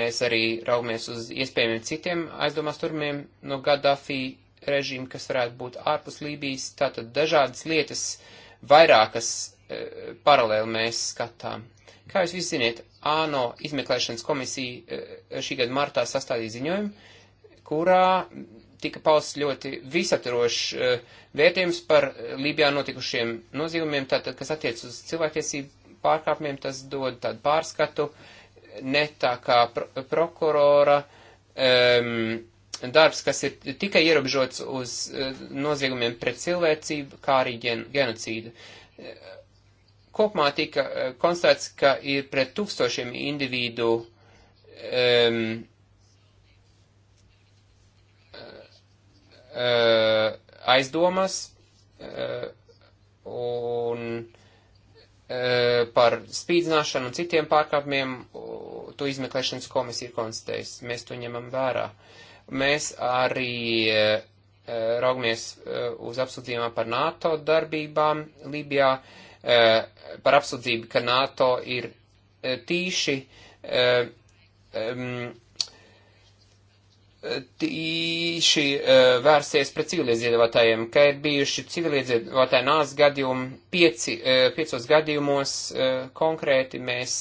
S3: Mēs arī raugamies uz iespējamiem citiem aizdomās turmiem no Gaddafi režīmu, kas varētu būt ārpus Lībijas. Tātad dažādas lietas, vairākas e, paralēli mēs skatām. Kā jūs visi ziniet, ANO izmeklēšanas komisija eh, šī gada martā sastādīja ziņojumu, kurā tika pausts ļoti visaturošs eh, vērtējums par eh, Lībijā notikušiem nozīmumiem, tātad, kas attiec uz cilvēktiesību pārkāpumiem, tas dod tādu pārskatu, ne tā kā pro prokurora um, darbs, kas ir tikai ierobežots uz noziegumiem pret cilvēcību, kā arī gen genocīdu. Kopumā tika eh, konstatēts, ka ir pret tūkstošiem individu um, uh, aizdomas uh, un uh, par spīdzināšanu un citiem pārkāpumiem uh, to izmeklēšanas komisija ir konstatējusi. Mēs to ņemam vērā. Mēs arī uh, raugamies uh, uz apsūdzījumā par NATO darbībām Libijā. Uh, Eh, par apsūdzību, ka NATO ir eh, tīši eh, tīši vērsties pret civiliedzīvotājiem, ka ir bijuši civiliedzīvotāji nāz gadījumi, pieci, piecos gadījumos konkrēti mēs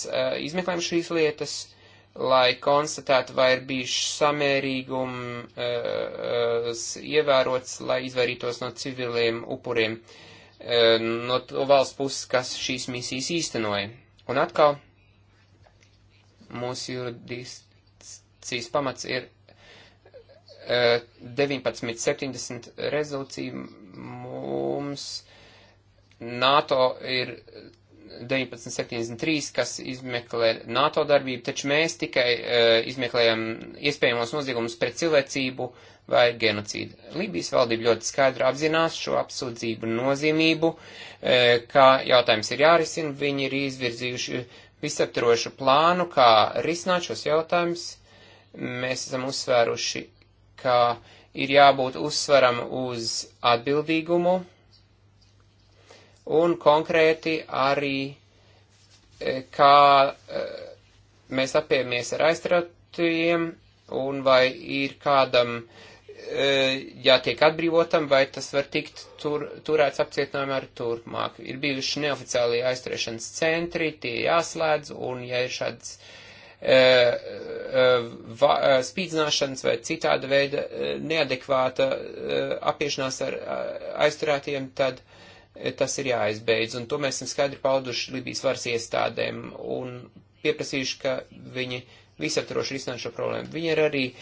S3: izmeklējam šīs lietas, lai konstatētu, vai ir bijuši samērīgums ievērots, lai izvairītos no civiliem upuriem. Uh, E, no to valsts puses, kas šīs misijas īstenoja. Un atkal mūsu juridiscijas pamats ir 1970 e, rezolūcija mums NATO ir 1973, kas izmeklē NATO darbību, taču mēs tikai uh, izmeklējam iespējamos noziegumus pret cilvēcību vai genocīdu. Lībijas valdība ļoti skaidri apzinās šo apsūdzību nozīmību, uh, e, kā jautājums ir jārisina. Viņi ir izvirzījuši visaptarošu plānu, kā risināt šos jautājumus. Mēs esam uzsvēruši, ka ir jābūt uzsvaram uz atbildīgumu un konkrēti arī, e, kā e, mēs apiemies ar aizturētajiem un vai ir kādam e, jātiek atbrīvotam, vai tas var tikt tur, turēts apcietinājumā arī turpmāk. Ir bijuši neoficiālie aizturēšanas centri, tie jāslēdz, un ja ir šāds spīdzināšanas vai citāda veida neadekvāta apiešanās ar aizturētiem, tad uh, tas ir jāizbeidz, un to mēs esam skaidri pauduši Libijas varas iestādēm un pieprasījuši, ka viņi visaptaroši risinātu šo problēmu. Viņi ir arī e,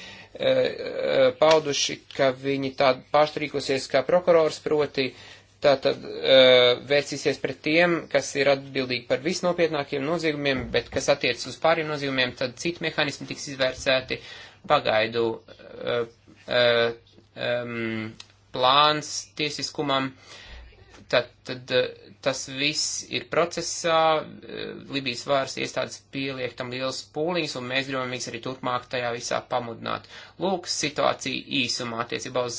S3: e pauduši, ka viņi tādu pārstrīkosies kā prokurors, proti tātad e, vērsīsies pret tiem, kas ir atbildīgi par visnopietnākiem noziegumiem, bet kas attiec uz pāriem noziegumiem, tad citi mehānismi tiks izvērcēti pagaidu e, e, e plāns tiesiskumam. E, Tad, tad eh, tas viss ir procesā, eh, Libijas vāras iestādes pieliek tam liels pūliņus, un mēs gribam viņus arī turpmāk tajā visā pamudināt. Lūk, situācija īsumā attiecībā uz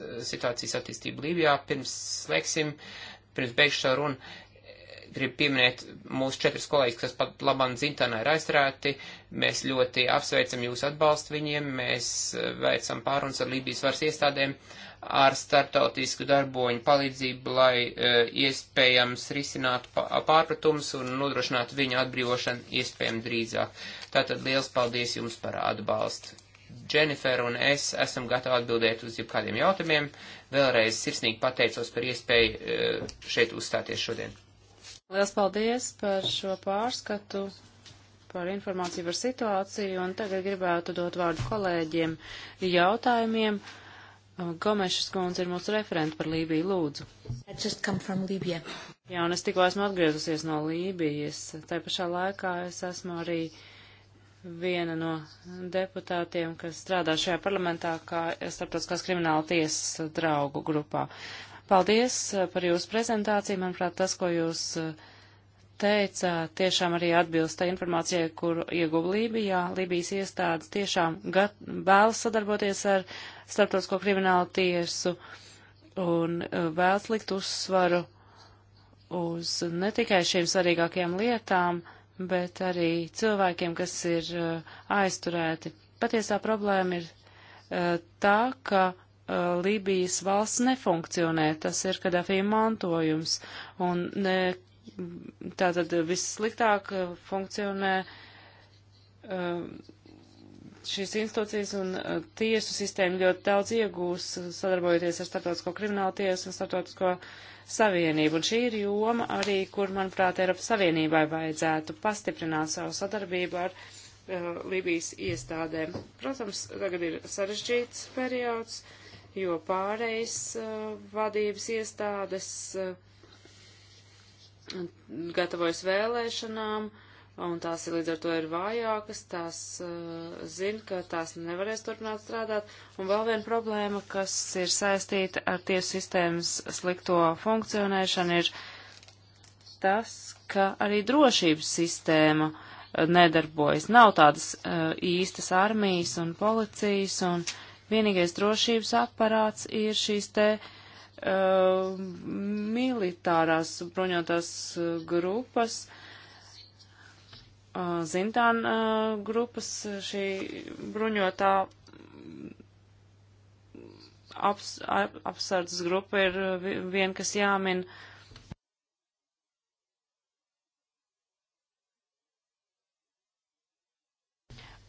S3: eh, situācijas attīstību Libijā. Pirms slēgsim, pirms beigšu šo runu, gribu pieminēt mūsu četrus kolēģus, kas pat labam dzimtenē ir aizturēti. Mēs ļoti apsveicam jūsu atbalstu viņiem, mēs veicam pārunas ar Lībijas varas iestādēm. Uh, ar startautisku darboņu palīdzību, lai e, iespējams risinātu pārpratumus un nodrošinātu viņu atbrīvošanu iespējami drīzāk. Tātad liels paldies jums par atbalstu. Jennifer un es esam gatavi atbildēt uz jebkādiem jautājumiem. Vēlreiz sirsnīgi pateicos par iespēju e, šeit uzstāties šodien.
S1: Liels paldies par šo pārskatu, par informāciju par situāciju, un tagad gribētu dot vārdu kolēģiem jautājumiem. Uh, Gomešas kundze ir mūsu referenta par Lībiju lūdzu. Jā, un es tikko esmu atgriezusies no Lībijas. Tā pašā laikā es esmu arī viena no deputātiem, kas strādā šajā parlamentā kā starptautiskās krimināla tiesas draugu grupā. Paldies uh, par jūsu prezentāciju. Manuprāt, tas, ko jūs uh, teicāt, tiešām arī atbilsta informācijai, kur ieguva Lībijā. Lībijas iestādes tiešām gat, vēlas sadarboties ar starptautisko kriminālu tiesu un e, vēlas likt uzsvaru uz ne tikai šīm svarīgākajām lietām, bet arī cilvēkiem, kas ir e, aizturēti. Patiesā problēma ir e, tā, ka Lībijas valsts nefunkcionē, tas ir Kadafī mantojums, un ne tātad vissliktāk eh, funkcionē eh, šīs institūcijas un eh, tiesu sistēma ļoti daudz iegūs, sadarbojoties ar starptautisko kriminālu tiesu un starptautisko savienību. Un šī ir joma arī, kur, manuprāt, Eiropas Savienībai vajadzētu pastiprināt savu sadarbību ar uh, Libijas iestādēm. Protams, tagad ir sarežģīts periods, jo pārējais uh, vadības iestādes uh, gatavojas vēlēšanām, un tās ir līdz ar to ir vājākas, tās uh, zina, ka tās nevarēs turpināt strādāt. Un vēl viena problēma, kas ir saistīta ar tiesu sistēmas slikto funkcionēšanu, ir tas, ka arī drošības sistēma uh, nedarbojas. Nav tādas uh, īstas armijas un policijas, un vienīgais drošības aparāts ir šīs te uh, uh, militārās bruņotās uh, grupas, uh, Zintāna uh, grupas, uh, šī bruņotā mm, aps, ap, apsardzes grupa ir uh, viena, kas jāmin.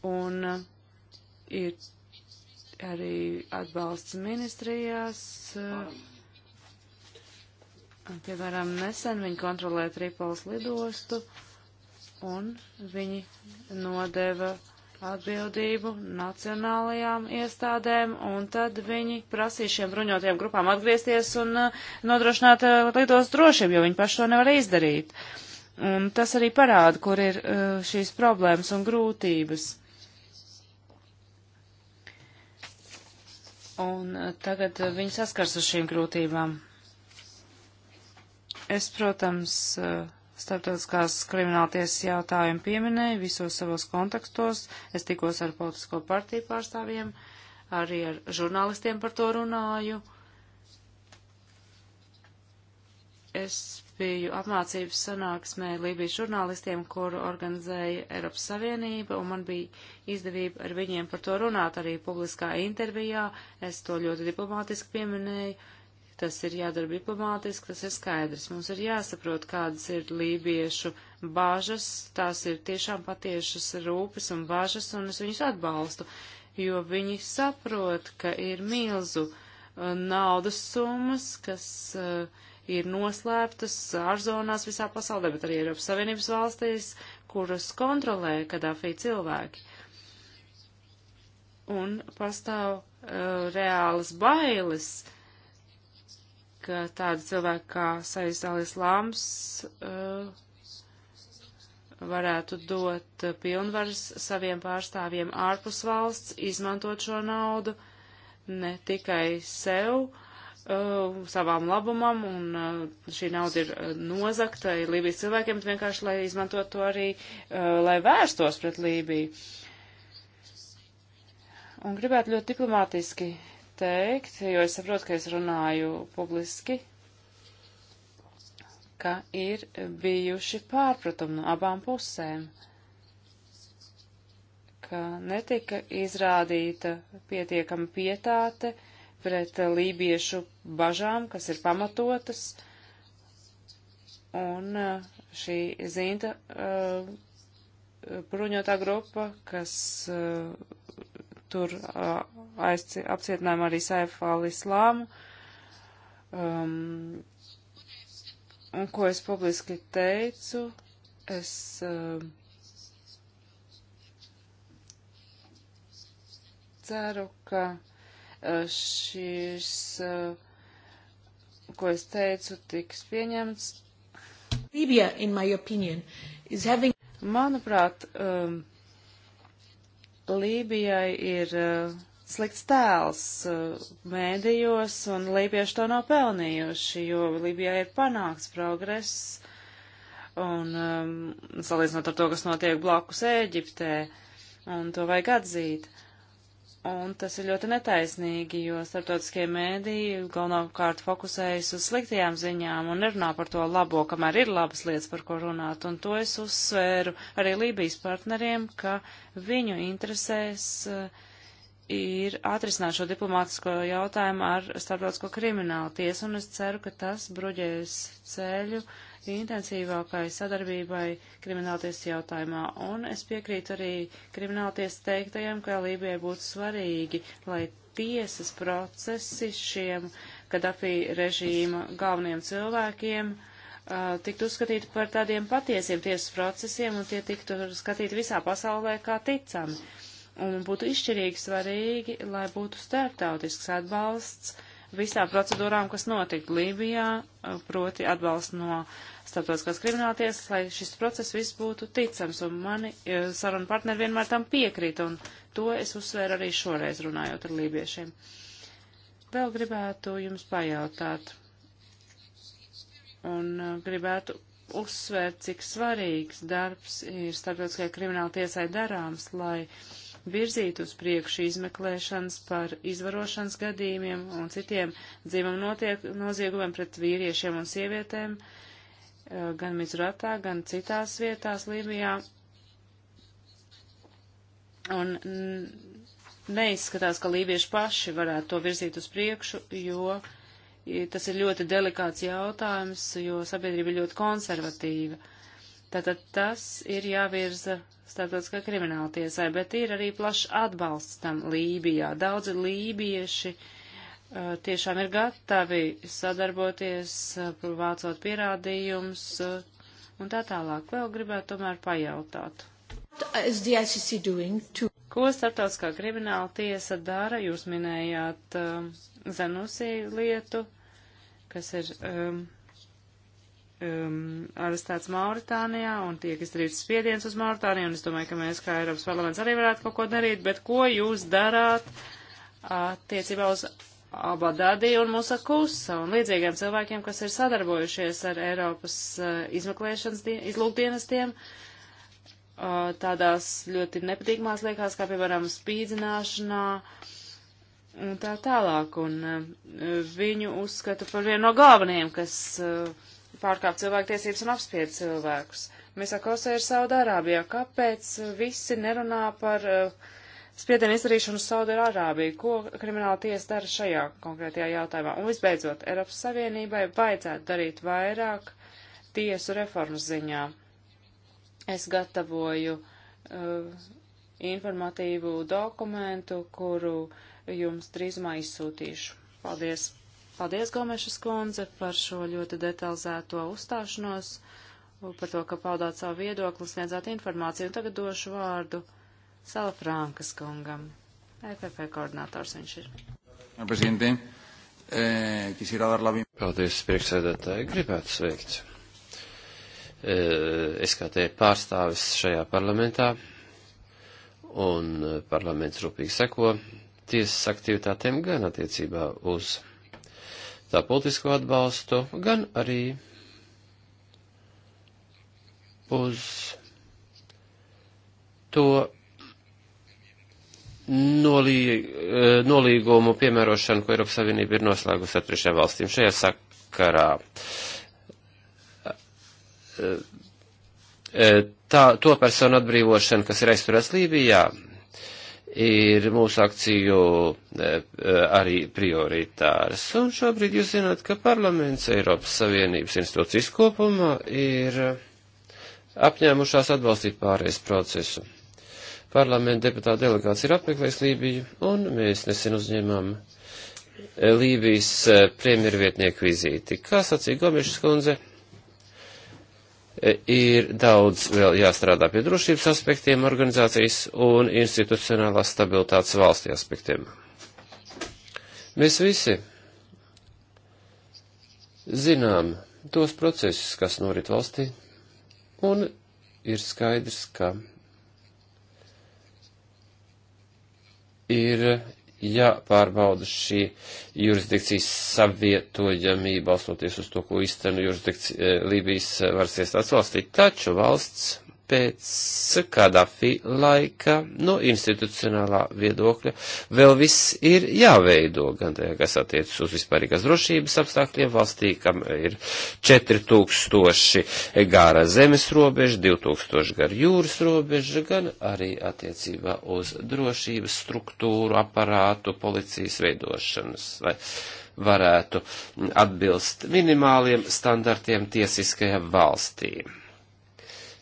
S1: Un uh, ir arī atbalsts ministrijās. Uh, Piemēram, nesen viņi kontrolēja Tripolis lidostu un viņi nodeva atbildību nacionālajām iestādēm, un tad viņi prasīja šiem bruņotajām grupām atgriezties un uh, nodrošināt uh, lidos drošību, jo viņi paši to nevar izdarīt. Un tas arī parāda, kur ir uh, šīs problēmas un grūtības. Un tagad viņi saskars ar šīm grūtībām. Es, protams, eh, starptautiskās krimināltiesas jautājumu pieminēju visos savos kontaktos. Es tikos ar politisko partiju pārstāvjiem, arī ar žurnālistiem par to runāju. Es biju apmācības sanāksmē Lībijas žurnālistiem, kuru organizēja Eiropas Savienība, un man bija izdevība ar viņiem par to runāt arī publiskā intervijā. Es to ļoti diplomātiski pieminēju Tas ir jādara diplomātiski, tas ir skaidrs. Mums ir jāsaprot, kādas ir lībiešu bāžas, tās ir tiešām patiešas rūpes un bāžas, un es viņus atbalstu, jo viņi saprot, ka ir milzu uh, naudas summas, kas uh, ir noslēptas ārzonās visā pasaulē, bet arī Eiropas Savienības valstīs, kuras kontrolē Kadāfī cilvēki. Un pastāv uh, reālas bailes, uh, ka tādi cilvēki kā Saisālis Lams uh, varētu dot pilnvaras saviem pārstāvjiem ārpus valsts, izmantot šo naudu ne tikai sev, uh, savām labumam, un uh, šī nauda ir nozakta ir Lībijas cilvēkiem, bet vienkārši, lai izmantot to arī, lai vērstos pret Lībiju. Un gribētu ļoti diplomātiski teikt, jo es saprotu, ka es runāju publiski, ka ir bijuši pārpratumi no abām pusēm, ka netika izrādīta pietiekama pietāte pret lībiešu bažām, kas ir pamatotas, un uh, šī zinta uh, bruņotā grupa, kas uh, tur apcietinājumā arī Saif al-Islāmu. Um, un ko es publiski teicu, es uh, ceru, ka uh, šis, uh, ko es teicu, tiks pieņemts.
S3: Libija, in my opinion, is
S1: having. Manuprāt, um, uh, Lībijai ir uh, slikts tēls uh, mēdījos, un lībieši to nav pelnījuši, jo Lībijai ir panākts progress, un um, salīdzinot ar to, kas notiek blakus Ēģiptē, un to vajag atzīt. Uh, Un tas ir ļoti netaisnīgi, jo starptautiskie mēdīji galvenokārt fokusējas uz sliktajām ziņām un nerunā par to labo, kamēr ir labas lietas, par ko runāt. Un to es uzsvēru arī Lībijas partneriem, ka viņu interesēs eh, ir atrisināt šo diplomātisko jautājumu ar starptautisko kriminālu tiesu, un es ceru, ka tas bruģēs ceļu uh, intensīvākai sadarbībai kriminālties jautājumā, un es piekrītu arī kriminālties teiktajam, ka Lībijai būtu svarīgi, lai tiesas procesi šiem Kadafī režīma galveniem cilvēkiem uh, tiktu uzskatīti par tādiem patiesiem tiesas procesiem, un tie tiktu skatīti visā pasaulē kā ticami. Un būtu izšķirīgi svarīgi, lai būtu starptautisks atbalsts visām procedūrām, kas notika Lībijā, eh, proti atbalstu no starptautiskās krimināltiesas, lai šis process viss būtu ticams, un mani eh, sarunu partneri vienmēr tam piekrīt, un to es uzsvēru arī šoreiz runājot ar lībiešiem. Vēl gribētu jums pajautāt, un eh, gribētu uzsvērt, cik svarīgs darbs ir starptautiskajai krimināltiesai darāms, lai uh, virzīt uz priekšu izmeklēšanas par izvarošanas gadījumiem un citiem dzimumu noziegumiem pret vīriešiem un sievietēm, eh, gan Mizratā, gan citās vietās Lībijā. Un neizskatās, ka lībieši paši varētu to virzīt uz priekšu, jo tas ir ļoti delikāts jautājums, jo sabiedrība ir ļoti konservatīva. Uh, Tātad tas ir jāvirza starptautiskā krimināla tiesai, bet ir arī plašs atbalsts tam Lībijā. Daudzi lībieši uh, tiešām ir gatavi sadarboties, uh, vācot pierādījumus uh, un tā tālāk. Vēl gribētu tomēr pajautāt. Ko starptautiskā krimināla tiesa dara? Jūs minējāt um, Zanusī lietu, kas ir. Um, um, arestēts Mauritānijā un tiek izdarīts spiediens uz Mauritāniju, un es domāju, ka mēs kā Eiropas parlaments arī varētu kaut ko darīt, bet ko jūs darāt attiecībā uz Abadadī un Musakusa un līdzīgiem cilvēkiem, kas ir sadarbojušies ar Eiropas uh, izmeklēšanas izlūkdienestiem? Uh, tādās ļoti nepatīkamās liekās, kā piemēram spīdzināšanā, uh, un tā tālāk, un uh, viņu uzskatu par vienu no galvenajiem, kas uh, pārkāpt cilvēktiesības un apspied cilvēkus. Misakose ir Saudārābija. Kāpēc visi nerunā par uh, spiedienu izdarīšanu Saudārābiju? Ko krimināla tiesa dara šajā konkrētajā jautājumā? Un visbeidzot, Eiropas Savienībai vajadzētu darīt vairāk tiesu reformas ziņā. Es gatavoju uh, informatīvu dokumentu, kuru jums drīzumā izsūtīšu. Paldies! Paldies, Gomešas kundze, par šo ļoti detalizēto uzstāšanos, par to, ka paudāt savu viedokli, sniedzāt informāciju. Un tagad došu vārdu Sala Frankas kungam. EPP koordinators viņš ir.
S2: E, Paldies, priekšsēdētāji. Gribētu sveikt e, SKT pārstāvis šajā parlamentā, un e, parlaments rūpīgi seko tiesas aktivitātēm gan attiecībā uz tā politisko atbalstu, gan arī uz to nolī, e, nolīgumu piemērošanu, ko Eiropas Savienība ir noslēgusi ar trešajām valstīm šajā sakarā. E, e, tā, to personu atbrīvošana, kas ir aizturēts Lībijā, ir mūsu akciju e, e, arī prioritāras. Un šobrīd jūs zināt, ka parlaments Eiropas Savienības institūcijas kopumā ir apņēmušās atbalstīt pārējais procesu. Parlamenta deputāta delegāts ir apmeklējis Lībiju, un mēs nesen uzņēmām e, Lībijas premjervietnieku vizīti. Kā sacīja Gomešas kundze? E, ir daudz vēl jāstrādā pie drošības aspektiem organizācijas un institucionālās stabilitātes valstī aspektiem. Mēs visi zinām tos procesus, kas norit valstī, un ir skaidrs, ka ir jāpārbauda šī jurisdikcijas savietojamība, balstoties uz to, ko iztenu eh, Lībijas eh, varas iestādes valstī. Taču valsts pēc Kadafi laika, no institucionālā viedokļa, vēl viss ir jāveido, gan tajā, kas attiecas uz vispārīgās drošības apstākļiem valstī, kam ir 4000 gāra zemes robeža, 2000 gar jūras robeža, gan arī attiecībā uz drošības struktūru, aparātu, policijas veidošanas. Vai varētu atbilst minimāliem standartiem tiesiskajām valstīm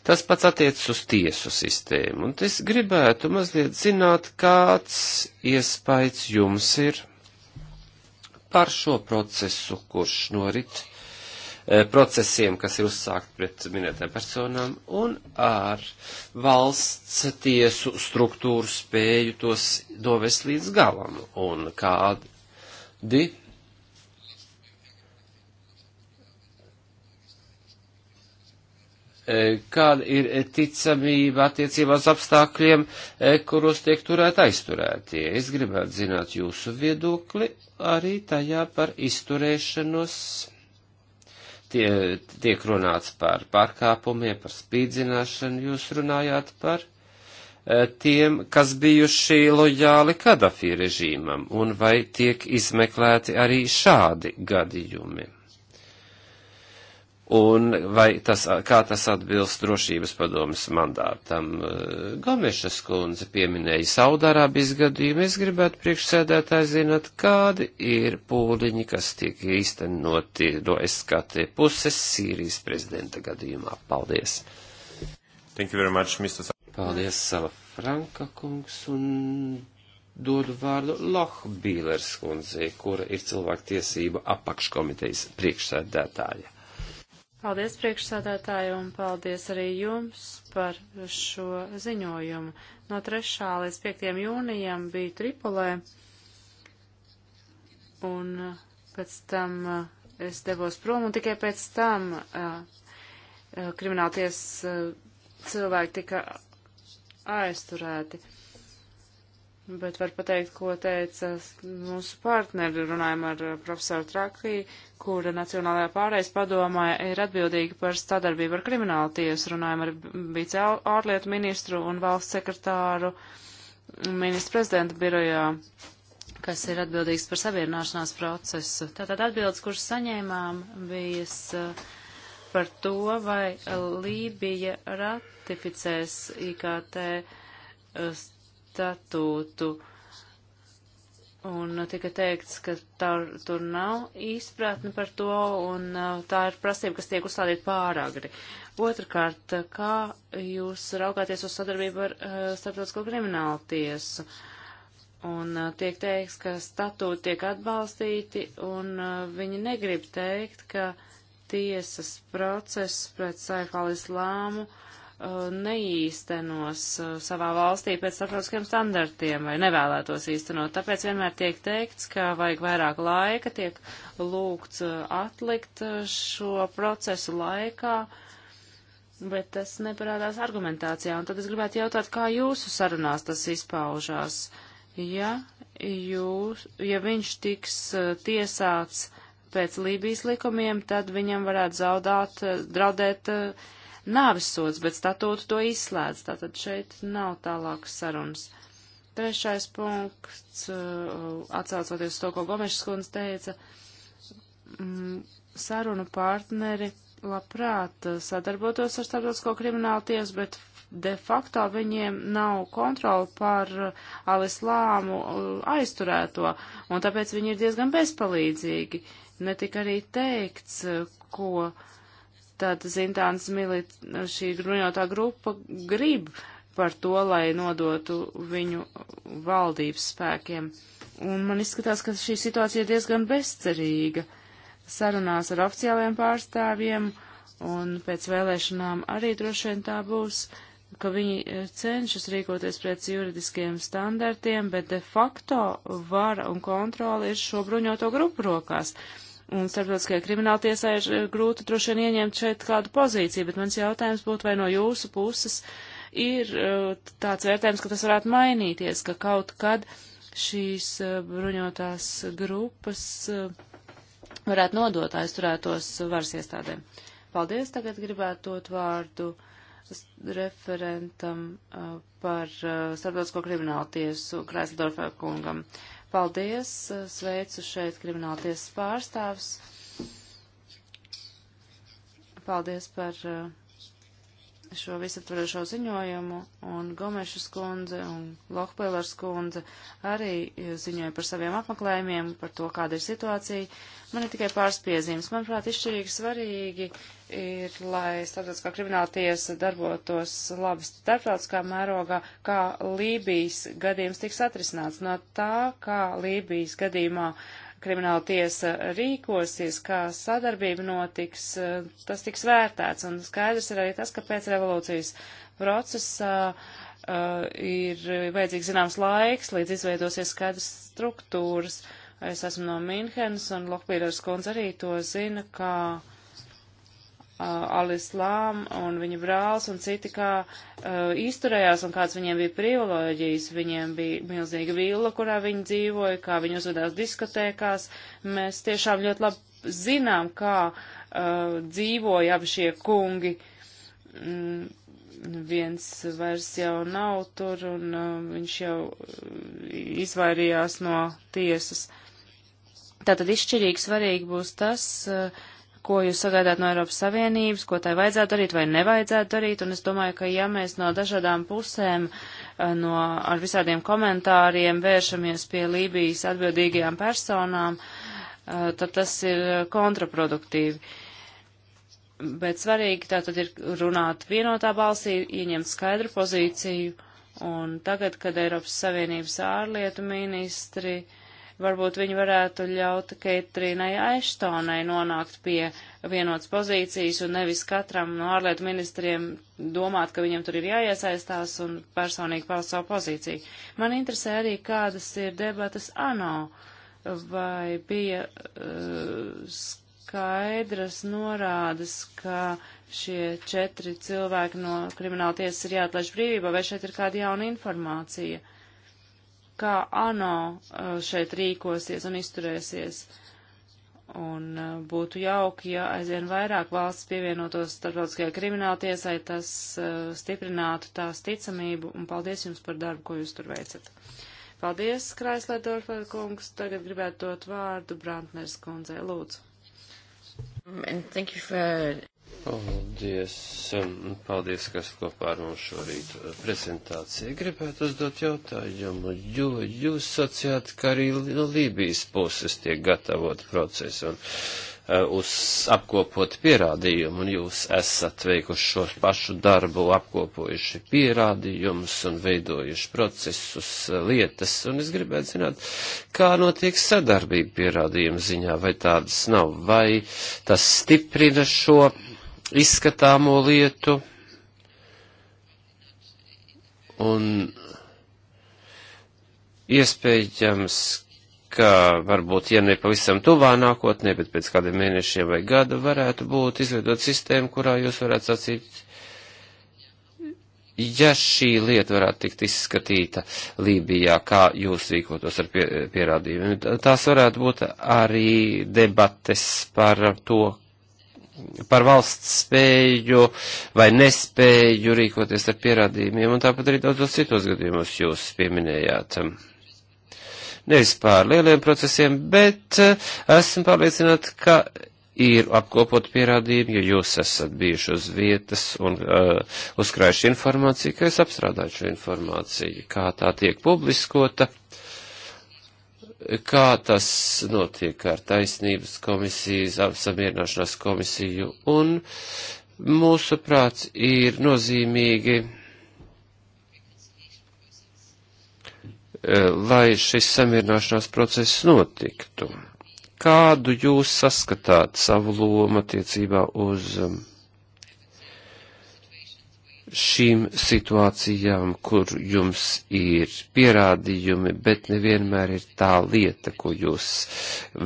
S2: Tas pats attiecas uz tiesu sistēmu, un es gribētu mazliet zināt, kāds iespējas jums ir par šo procesu, kurš norit eh, procesiem, kas ir uzsākt pret minētām personām, un ar valsts tiesu struktūru spēju tos dovest līdz galam, un kādi E, kāda ir ticamība attiecībā uz apstākļiem, e, kuros tiek turēt aizturētie. Es gribētu zināt jūsu viedokli arī tajā par izturēšanos. Tie, tiek runāts par pārkāpumiem, par spīdzināšanu, jūs runājāt par e, tiem, kas bijuši lojāli Kadafī režīmam, un vai tiek izmeklēti arī šādi gadījumi un vai tas, kā tas atbilst drošības padomas mandātam. Gomešas kundze pieminēja Saudārābijas gadījumu. Es gribētu priekšsēdētāji zināt, kādi ir pūliņi, kas tiek īstenoti no SKT puses Sīrijas prezidenta gadījumā. Paldies! Thank you very much, Mr. Paldies, Sava Franka kungs, un dodu vārdu Lohbīlers kundzei, kura ir cilvēktiesība apakškomitejas priekšsēdētāja.
S1: Paldies priekšsādātāju un paldies arī jums par šo ziņojumu. No 3. līdz 5. jūnijam biju Tripolē un uh, pēc tam uh, es devos prom un tikai pēc tam uh, kriminālties cilvēki tika aizturēti bet var pateikt, ko teica mūsu partneri, runājam ar uh, profesoru Trakī, kura Nacionālajā pārējais padomā ir atbildīga par sadarbību ar kriminālu tiesu, runājam ar vice ārlietu ministru un valsts sekretāru ministru prezidenta birojā, kas ir atbildīgs par savienāšanās procesu. Tātad atbildes, kuras saņēmām, bijis uh, par to, vai Lībija ratificēs IKT uh, statūtu. Un tika teikts, ka tā, tur nav izpratni par to, un uh, tā ir prasība, kas tiek uzstādīta pāragri. Otrakārt, kā jūs raugāties uz sadarbību ar uh, starptautisko kriminālu tiesu? Un uh, tiek teiks, ka statūti tiek atbalstīti, un uh, viņi negrib teikt, ka tiesas process pret Saifal Islāmu uh, Uh, neīstenos uh, savā valstī pēc starptautiskiem standartiem vai nevēlētos īstenot. Tāpēc vienmēr tiek teikts, ka vajag vairāk laika, tiek lūgts uh, atlikt šo procesu laikā, bet tas neparādās argumentācijā. Un tad es gribētu jautāt, kā jūsu sarunās tas izpaužās, ja, jūs, ja viņš tiks tiesāts pēc Lībijas likumiem, tad viņam varētu zaudāt, draudēt uh, nāvisots, bet statūtu to izslēdz, tātad šeit nav tālākas sarunas. Trešais punkts, uh, atsaucoties to, ko Gomešs kundze teica, mm, sarunu partneri labprāt uh, sadarbotos ar starptautisko kriminālu tiesu, bet de facto viņiem nav kontroli pār uh, alislāmu aizturēto, un tāpēc viņi ir diezgan bezpalīdzīgi. Netika arī teikts, ko uh, Tātad Zintāns milit, šī bruņotā grupa grib par to, lai nodotu viņu valdības spēkiem. Un man izskatās, ka šī situācija ir diezgan bezcerīga. Sarunās ar oficiāliem pārstāvjiem un pēc vēlēšanām arī droši vien tā būs, ka viņi eh, cenšas rīkoties pēc juridiskiem standartiem, bet de facto vara un kontrola ir šo bruņoto grupu rokās. Un starptautiskajai krimināltiesai ir eh, grūti droši vien ieņemt šeit kādu pozīciju, bet mans jautājums būtu, vai no jūsu puses ir eh, tāds vērtējums, ka tas varētu mainīties, ka kaut kad šīs eh, bruņotās grupas varētu nodot aizturētos varas iestādēm. Paldies, tagad gribētu dot vārdu referentam par starptautisko kriminālu tiesu Kraisldorfē kungam. Paldies, sveicu šeit krimināltiesas pārstāvs. Paldies par uh, šo visaptvarošo ziņojumu, un Gomešas kundze un Lohpēlers kundze arī ziņoja par saviem apmeklējumiem, par to, kāda ir situācija. Man ir tikai pāris piezīmes. Manuprāt, izšķirīgi svarīgi ir, lai starptautiskā krimināla tiesa darbotos labi starptautiskā mērogā, kā Lībijas gadījums tiks atrisināts. No tā, kā Lībijas gadījumā uh, krimināla tiesa rīkosies, kā sadarbība notiks, eh, tas tiks vērtēts. Un skaidrs ir arī tas, ka pēc revolūcijas procesā eh, ir vajadzīgs zināms laiks, līdz izveidosies skaidrs struktūras. Es esmu no Minhenes, un Lokpīders kundze arī to zina, kā. Ka Uh, Alislām un viņa brālis un citi kā uh, izturējās un kāds viņiem bija privileģijas. Viņiem bija milzīga villa, kurā viņi dzīvoja, kā viņi uzvedās diskotēkās. Mēs tiešām ļoti labi zinām, kā uh, dzīvoja abi šie kungi. Mm, viens vairs jau nav tur un uh, viņš jau uh, izvairījās no tiesas. Tātad izšķirīgi svarīgi būs tas, uh, ko jūs sagaidāt no Eiropas Savienības, ko tai vajadzētu darīt vai nevajadzētu darīt, un es domāju, ka ja mēs no dažādām pusēm, eh, no, ar visādiem komentāriem vēršamies pie Lībijas atbildīgajām personām, eh, tad tas ir kontraproduktīvi. Bet svarīgi tā tad ir runāt vienotā balsī, ieņemt skaidru pozīciju, un tagad, kad Eiropas Savienības ārlietu ministri uh, Varbūt viņi varētu ļaut Keitrīnai Aštonai nonākt pie vienotas pozīcijas un nevis katram no ārlietu ministriem domāt, ka viņam tur ir jāiesaistās un personīgi paust savu pozīciju. Man interesē arī, kādas ir debatas ANO, vai bija uh, skaidras norādes, ka šie četri cilvēki no krimināla tiesas ir jāatlaiž brīvībā, vai šeit ir kāda jauna informācija. Uh, kā ANO eh, šeit rīkosies un izturēsies. Un eh, būtu jauki, ja aizvien vairāk valsts pievienotos starptautiskajai krimināltiesai, tas eh, stiprinātu tās ticamību, un paldies jums par darbu, ko jūs tur veicat. Paldies, Kraislē Dorfer kungs. Tagad gribētu dot vārdu Brantners kundzei. Lūdzu. For...
S2: Paldies, paldies, kas kopā ar mums šorīt eh, prezentācija. Gribētu uzdot jautājumu, jo jūs sacījāt, ka arī no Lībijas puses tiek gatavot procesu un uh, uz apkopot pierādījumu, un jūs esat veikuši šo pašu darbu, apkopojuši pierādījumus un veidojuši procesus, eh, lietas, un es gribētu zināt, kā notiek sadarbība pierādījumu ziņā, vai tādas nav, vai tas stiprina šo izskatāmo lietu. Un iespējams, ka varbūt, ja ne pavisam tuvā nākotnē, bet pēc kādiem mēnešiem vai gada varētu būt izveidot sistēmu, kurā jūs varētu sacīt, ja šī lieta varētu tikt izskatīta Lībijā, kā jūs rīkotos ar pie, pierādījumiem. Tās varētu būt arī debates par to, par valsts spēju vai nespēju rīkoties ar pierādījumiem, un tāpat arī daudzos citos gadījumos jūs pieminējāt. Nevis pār lieliem procesiem, bet eh, esmu pārliecināta, ka ir apkopot pierādījumi, jo jūs esat bijuši uz vietas un uh, uzkrājuši informāciju, ka es apstrādāju šo informāciju, kā tā tiek publiskota. Uh, kā tas notiek ar taisnības komisijas, samierināšanās komisiju, un mūsuprāt ir nozīmīgi, eh, lai šis samierināšanās process notiktu. Kādu jūs saskatāt savu lomu attiecībā uz um, šīm situācijām, kur jums ir pierādījumi, bet nevienmēr ir tā lieta, ko jūs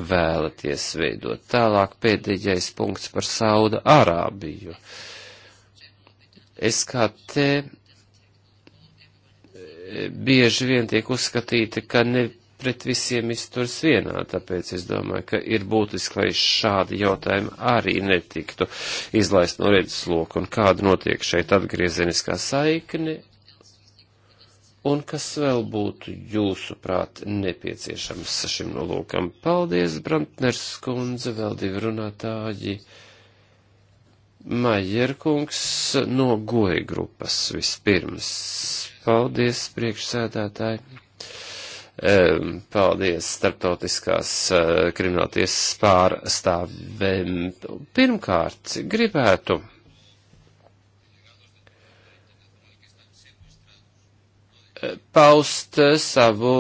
S2: vēlaties veidot. Tālāk pēdējais punkts par Sauda Arābiju. SKT e, bieži vien tiek uzskatīta, ka ne pret visiem izturs vienā, tāpēc es domāju, ka ir būtiski, lai šādi jautājumi arī netiktu izlaist no redzes loku, un kāda notiek šeit atgriezeniskā saikne, un kas vēl būtu jūsuprāt nepieciešams šim nolūkam. Paldies, Brantners kundze, vēl divi runātāji. Majerkungs no goja grupas vispirms. Paldies, priekšsēdētāji paldies starptautiskās eh, krimināltiesas pārstāvēm. Pirmkārt, gribētu paust savu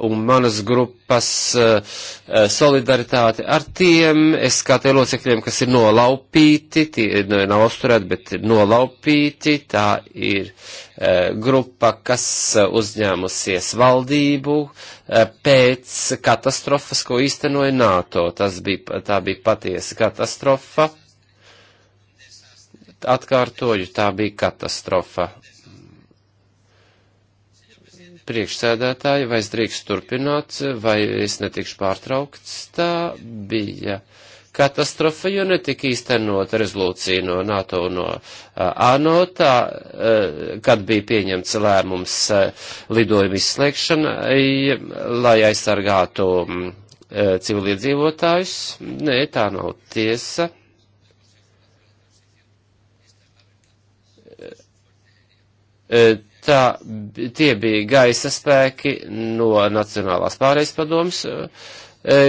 S2: un manas grupas eh, eh, solidaritāte ar tiem SKT locekļiem, kas ir nolaupīti, tie nav uzturēti, bet ir nolaupīti. Tā ir eh, grupa, kas uzņēmusies valdību pēc katastrofas, ko īstenoja NATO. Tas bija, tā bija patiesa katastrofa. Atkārtoju, tā bija katastrofa priekšsēdētāji, vai es drīkst turpināt, vai es netikšu pārtraukts. Tā bija katastrofa, jo netika īstenot rezolūcija no NATO un no ANO, tā, kad bija pieņemts lēmums lidojuma izslēgšanai, lai aizsargātu civiliedzīvotājus. Nē, tā nav tiesa tā, tie bija gaisa spēki no Nacionālās pārējais padomas. E,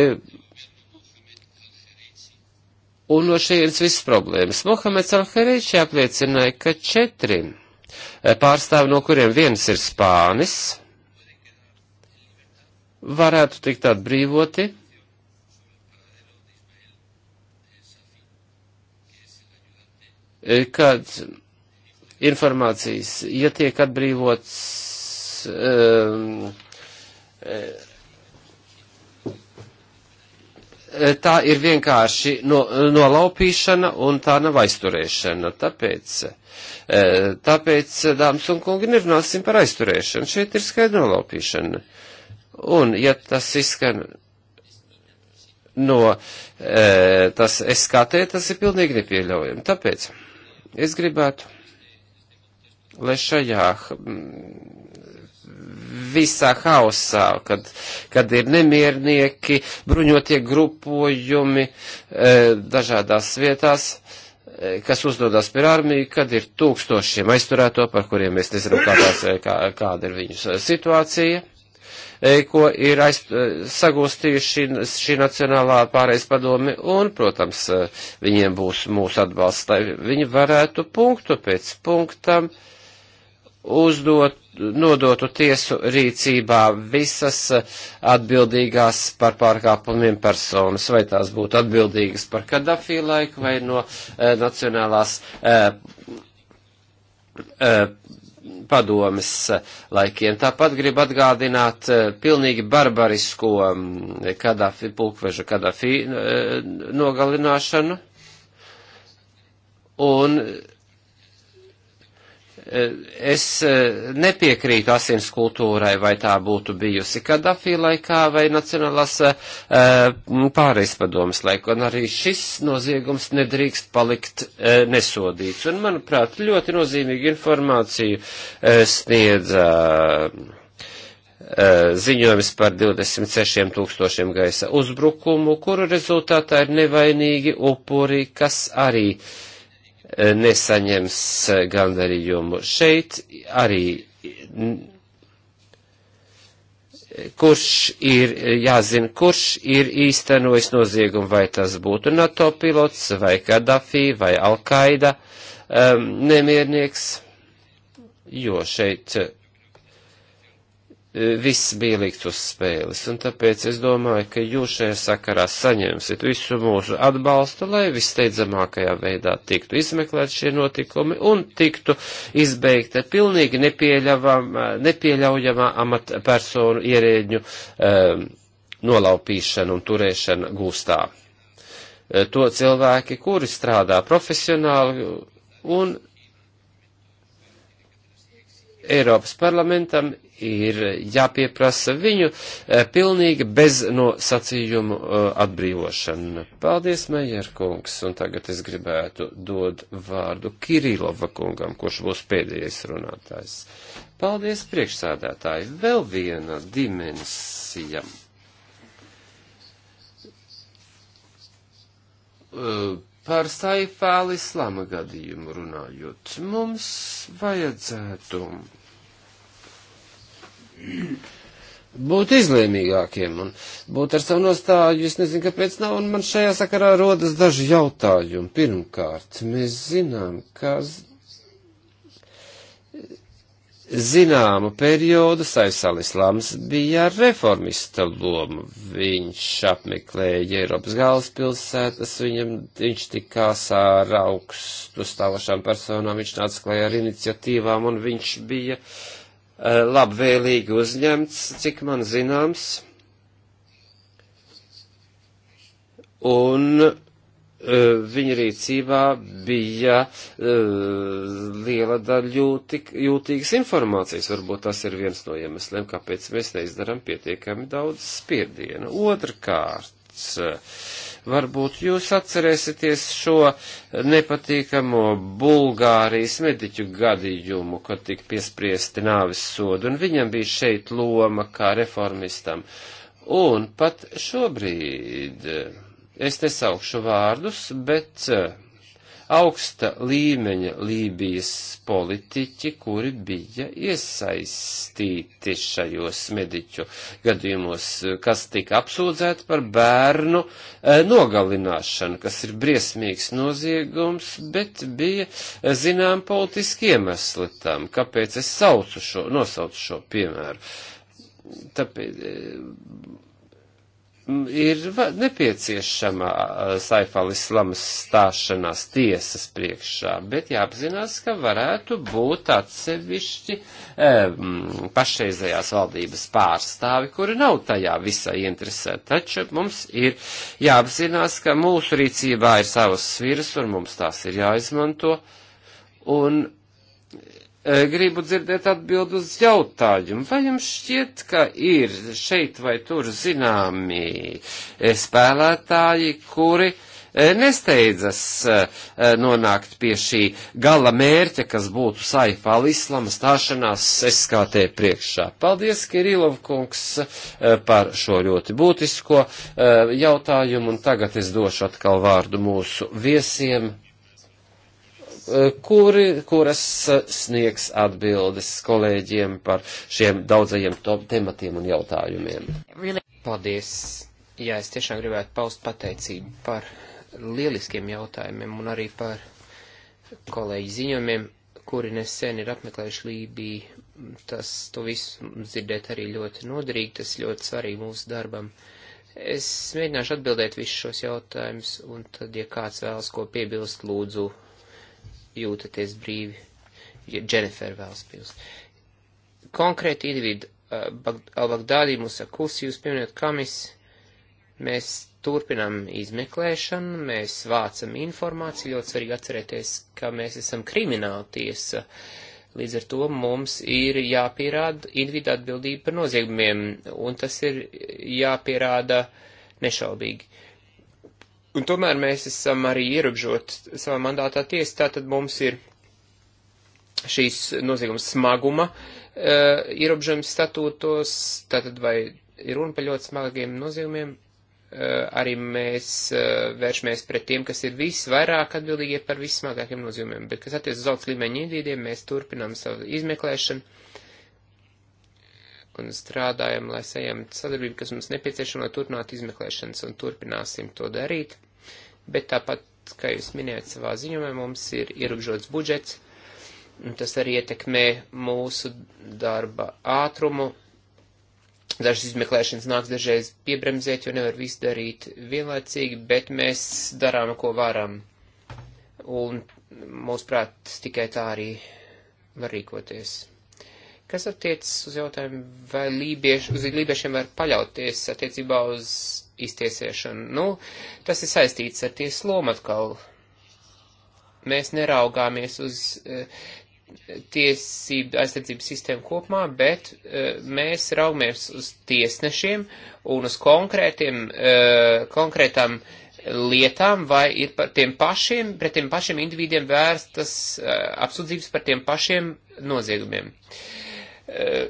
S2: un no šīs visas problēmas. Mohameds Alherīči apliecināja, ka četri e, pārstāvi, no kuriem viens ir spānis, varētu tikt atbrīvoti. E, kad informācijas, ja tiek atbrīvots um, tā ir vienkārši no, nolaupīšana un tā nav aizturēšana. Tāpēc, e, tāpēc dāmas un kungi, nerunāsim par aizturēšanu. Šeit ir skaidra nolaupīšana. Un, ja tas izskan no tas SKT, tas ir pilnīgi nepieļaujami. Tāpēc es gribētu lai šajā visā haosā, kad, kad ir nemiernieki, bruņotie grupojumi e, dažādās vietās, e, kas uzdodas pie armiju, kad ir tūkstošiem aizturēto, par kuriem mēs nezinām, kādās, e, kā, kāda ir viņu situācija, ko ir aiz, sagūstījuši šī, šī Nacionālā pārējais padome, un, protams, viņiem būs mūsu atbalsts, lai viņi varētu punktu pēc punktam uh, uzdot, nodotu tiesu rīcībā visas atbildīgās par pārkāpumiem personas, vai tās būtu atbildīgas par Kadafī laiku vai no eh, nacionālās eh, eh, padomes laikiem. Tāpat grib atgādināt eh, pilnīgi barbarisko mm, Kadafī, pulkveža Kadafī eh, nogalināšanu. Un Es eh, nepiekrītu asins kultūrai, vai tā būtu bijusi Kadafī laikā vai Nacionālās eh, pārejas padomas laikā, un arī šis noziegums nedrīkst palikt eh, nesodīts. Un, manuprāt, ļoti nozīmīgu informāciju sniedz ziņojums par 26 tūkstošiem gaisa uzbrukumu, kuru rezultātā ir nevainīgi upuri, kas arī uh, nesaņems eh, gandarījumu. Šeit arī kurš ir, jāzina, kurš ir īstenojis noziegumu, vai tas būtu NATO pilots, vai Kadafī, vai Alkaida um, ehm, nemiernieks, jo šeit E, viss bija likt uz spēles, un tāpēc es domāju, ka jūs šajā sakarā saņemsiet visu mūsu atbalstu, lai visteidzamākajā veidā tiktu izmeklēt šie notikumi un tiktu izbeigta pilnīgi nepieļaujamā amatpersonu ierēģu um, nolaupīšana un turēšana gūstā. E, to cilvēki, kuri strādā profesionāli un Eiropas parlamentam ir jāpieprasa viņu e, pilnīgi bez nosacījumu e, atbrīvošana. Paldies, Meijer kungs, un tagad es gribētu dod vārdu Kirilova kungam, kurš būs pēdējais runātājs. Paldies, priekšsādātāji, vēl viena dimensija. E, par saifāli islama gadījumu runājot, mums vajadzētu būt izlēmīgākiem un būt ar savu nostāju. Es nezinu, kāpēc nav, un man šajā sakarā rodas daži jautājumi. Pirmkārt, mēs zinām, ka zināmu periodu Saisalis Lams bija reformista loma. Viņš apmeklēja Eiropas galvaspilsētas, viņam, viņš tikās ar augstu stāvošām personām, viņš nāca klajā ar iniciatīvām un viņš bija uh, Eh, labvēlīgi uzņemts, cik man zināms. Un eh, viņa rīcībā bija eh, liela daļa jūtik, jūtīgas informācijas. Varbūt tas ir viens no iemesliem, kāpēc mēs neizdaram pietiekami daudz spiedienu. Otrkārt, Varbūt jūs atcerēsieties šo nepatīkamo Bulgārijas mediķu gadījumu, kad tika piespriesti nāvis sodu, un viņam bija šeit loma kā reformistam. Un pat šobrīd, es nesaukšu vārdus, bet augsta līmeņa Lībijas politiķi, kuri bija iesaistīti šajos mediķu gadījumos, kas tika apsūdzēti par bērnu e, nogalināšanu, kas ir briesmīgs noziegums, bet bija eh, zinām politiski iemesli tam, kāpēc es saucu šo, nosaucu šo piemēru. Tāpēc, e, ir nepieciešama Saifal Islamas stāšanās tiesas priekšā, bet jāapzinās, ka varētu būt atsevišķi um, pašreizējās valdības pārstāvi, kuri nav tajā visā interesēti. Taču mums ir jāapzinās, ka mūsu rīcībā ir savas sviras un mums tās ir jāizmanto. Un E, gribu dzirdēt atbildi uz jautājumu. Vai jums šķiet, ka ir šeit vai tur zināmi e, spēlētāji, kuri e, nesteidzas nonākt pie šī gala mērķa, kas būtu saifa al-islama stāšanās SKT priekšā? Paldies, Kirilov kungs, par šo ļoti būtisko jautājumu, un tagad es došu atkal vārdu mūsu viesiem. Eh, kuri, kuras eh, sniegs atbildes kolēģiem par šiem daudzajiem tematiem un jautājumiem.
S3: Paldies! Jā, es tiešām gribētu paust pateicību par lieliskiem jautājumiem un arī par kolēģi ziņojumiem, kuri nesen ir apmeklējuši Lībiju. Tas, to visu dzirdēt arī ļoti noderīgi, tas ļoti svarīgi mūsu darbam. Es mēģināšu atbildēt visus šos jautājumus, un tad, ja kāds vēlas ko piebilst, lūdzu, jūtaties brīvi, ja Dženifer vēlas pilst. Konkrēti individu, uh, Al-Baghdādi, Musa Kusi, jūs pieminat Kamis, mēs turpinam izmeklēšanu, mēs vācam informāciju, ļoti svarīgi atcerēties, ka mēs esam krimināla tiesa. Līdz ar to mums ir jāpierāda individu atbildība par noziegumiem, un tas ir jāpierāda nešaubīgi. Uh, Un tomēr mēs esam arī ierobežot savā mandātā tiesa, tātad mums ir šīs noziegums smaguma uh, e, ierobežojums statūtos, tātad vai ir runa par ļoti smagiem noziegumiem, uh, arī mēs uh, vēršamies pret tiem, kas ir visvairāk atbildīgie par vissmagākiem noziegumiem, bet kas attiec uz augsts līmeņa indīdiem, mēs turpinām savu izmeklēšanu un strādājam, lai sajam sadarbību, kas mums nepieciešama, lai turpinātu izmeklēšanas un turpināsim to darīt bet tāpat, kā jūs minējat savā ziņojumā, mums ir ierobežots budžets, un tas arī ietekmē mūsu darba ātrumu. Dažas izmeklēšanas nāks dažreiz piebremzēt, jo nevar visu darīt vienlaicīgi, bet mēs darām, ko varam. Un mūsuprāt, tikai tā arī var rīkoties. Kas attiecas uz jautājumu, vai lībieši, uz lībiešiem var paļauties attiecībā uz iztiesiešanu. Nu, tas ir saistīts ar tiesu lomu atkal. Mēs neraugāmies uz eh, tiesību aizsardzības sistēmu kopumā, bet eh, mēs raugamies uz tiesnešiem un uz konkrētiem, eh, konkrētām lietām, vai ir par tiem pašiem, pret tiem pašiem individiem vērstas apsūdzības par tiem pašiem noziegumiem. Uh,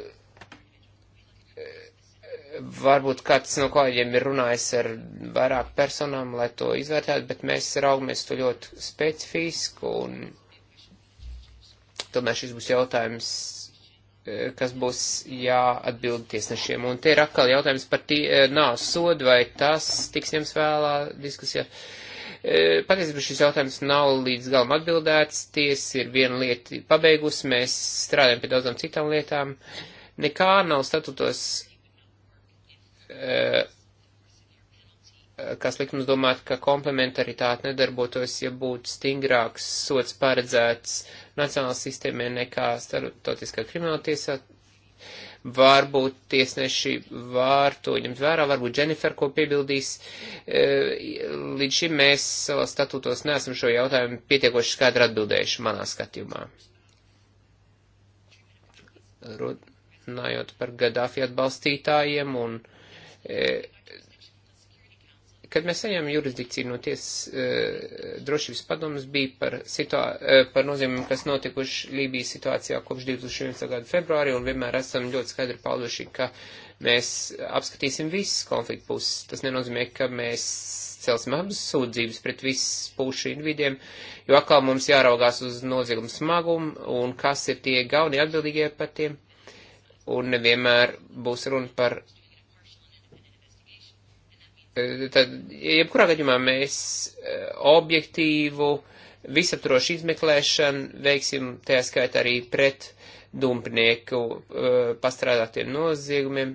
S3: varbūt kāds no kolēģiem ir runājis ar vairāk personām, lai to izvērtētu, bet mēs raugamies to ļoti specifisku un tomēr šis būs jautājums, e, kas būs jāatbild tiesnešiem. Un te ir atkal jautājums par tī, e, nav sodu, vai tas tiks ņems vēlā diskusijā. E, Patiesībā šis jautājums nav līdz galam atbildēts, tiesa ir viena lieta pabeigusi, mēs strādājam pie daudzām citām lietām. Nekā nav statutos Eh, kas liek mums domāt, ka komplementaritāte nedarbotos, ja būtu stingrāks sots paredzēts nacionālās sistēmē nekā starptautiskā krimināla tiesā. Varbūt tiesneši var to ņemt vērā, varbūt Jennifer ko piebildīs. Eh, līdz šim mēs savos statūtos neesam šo jautājumu pietiekoši skaidri atbildējuši manā skatījumā. Runājot par Gaddafi atbalstītājiem un uh, E, kad mēs saņēmām jurisdikciju no tiesas e, drošības padomas, bija par, e, par nozīmēm, kas notikuši Lībijas situācijā kopš 2011. gada februāri, un vienmēr esam ļoti skaidri pauduši, ka mēs apskatīsim visas konflikta puses. Tas nenozīmē, ka mēs celsim abas sūdzības pret visas pušu individiem, jo atkal mums jāraugās uz noziegumu smagumu un kas ir tie galvenie atbildīgie par tiem. Un nevienmēr būs runa par Tad, jebkurā gadījumā mēs e, objektīvu, visaptrošu izmeklēšanu veiksim, tajā skaitā arī pret dumpnieku e, pastrādātiem noziegumiem.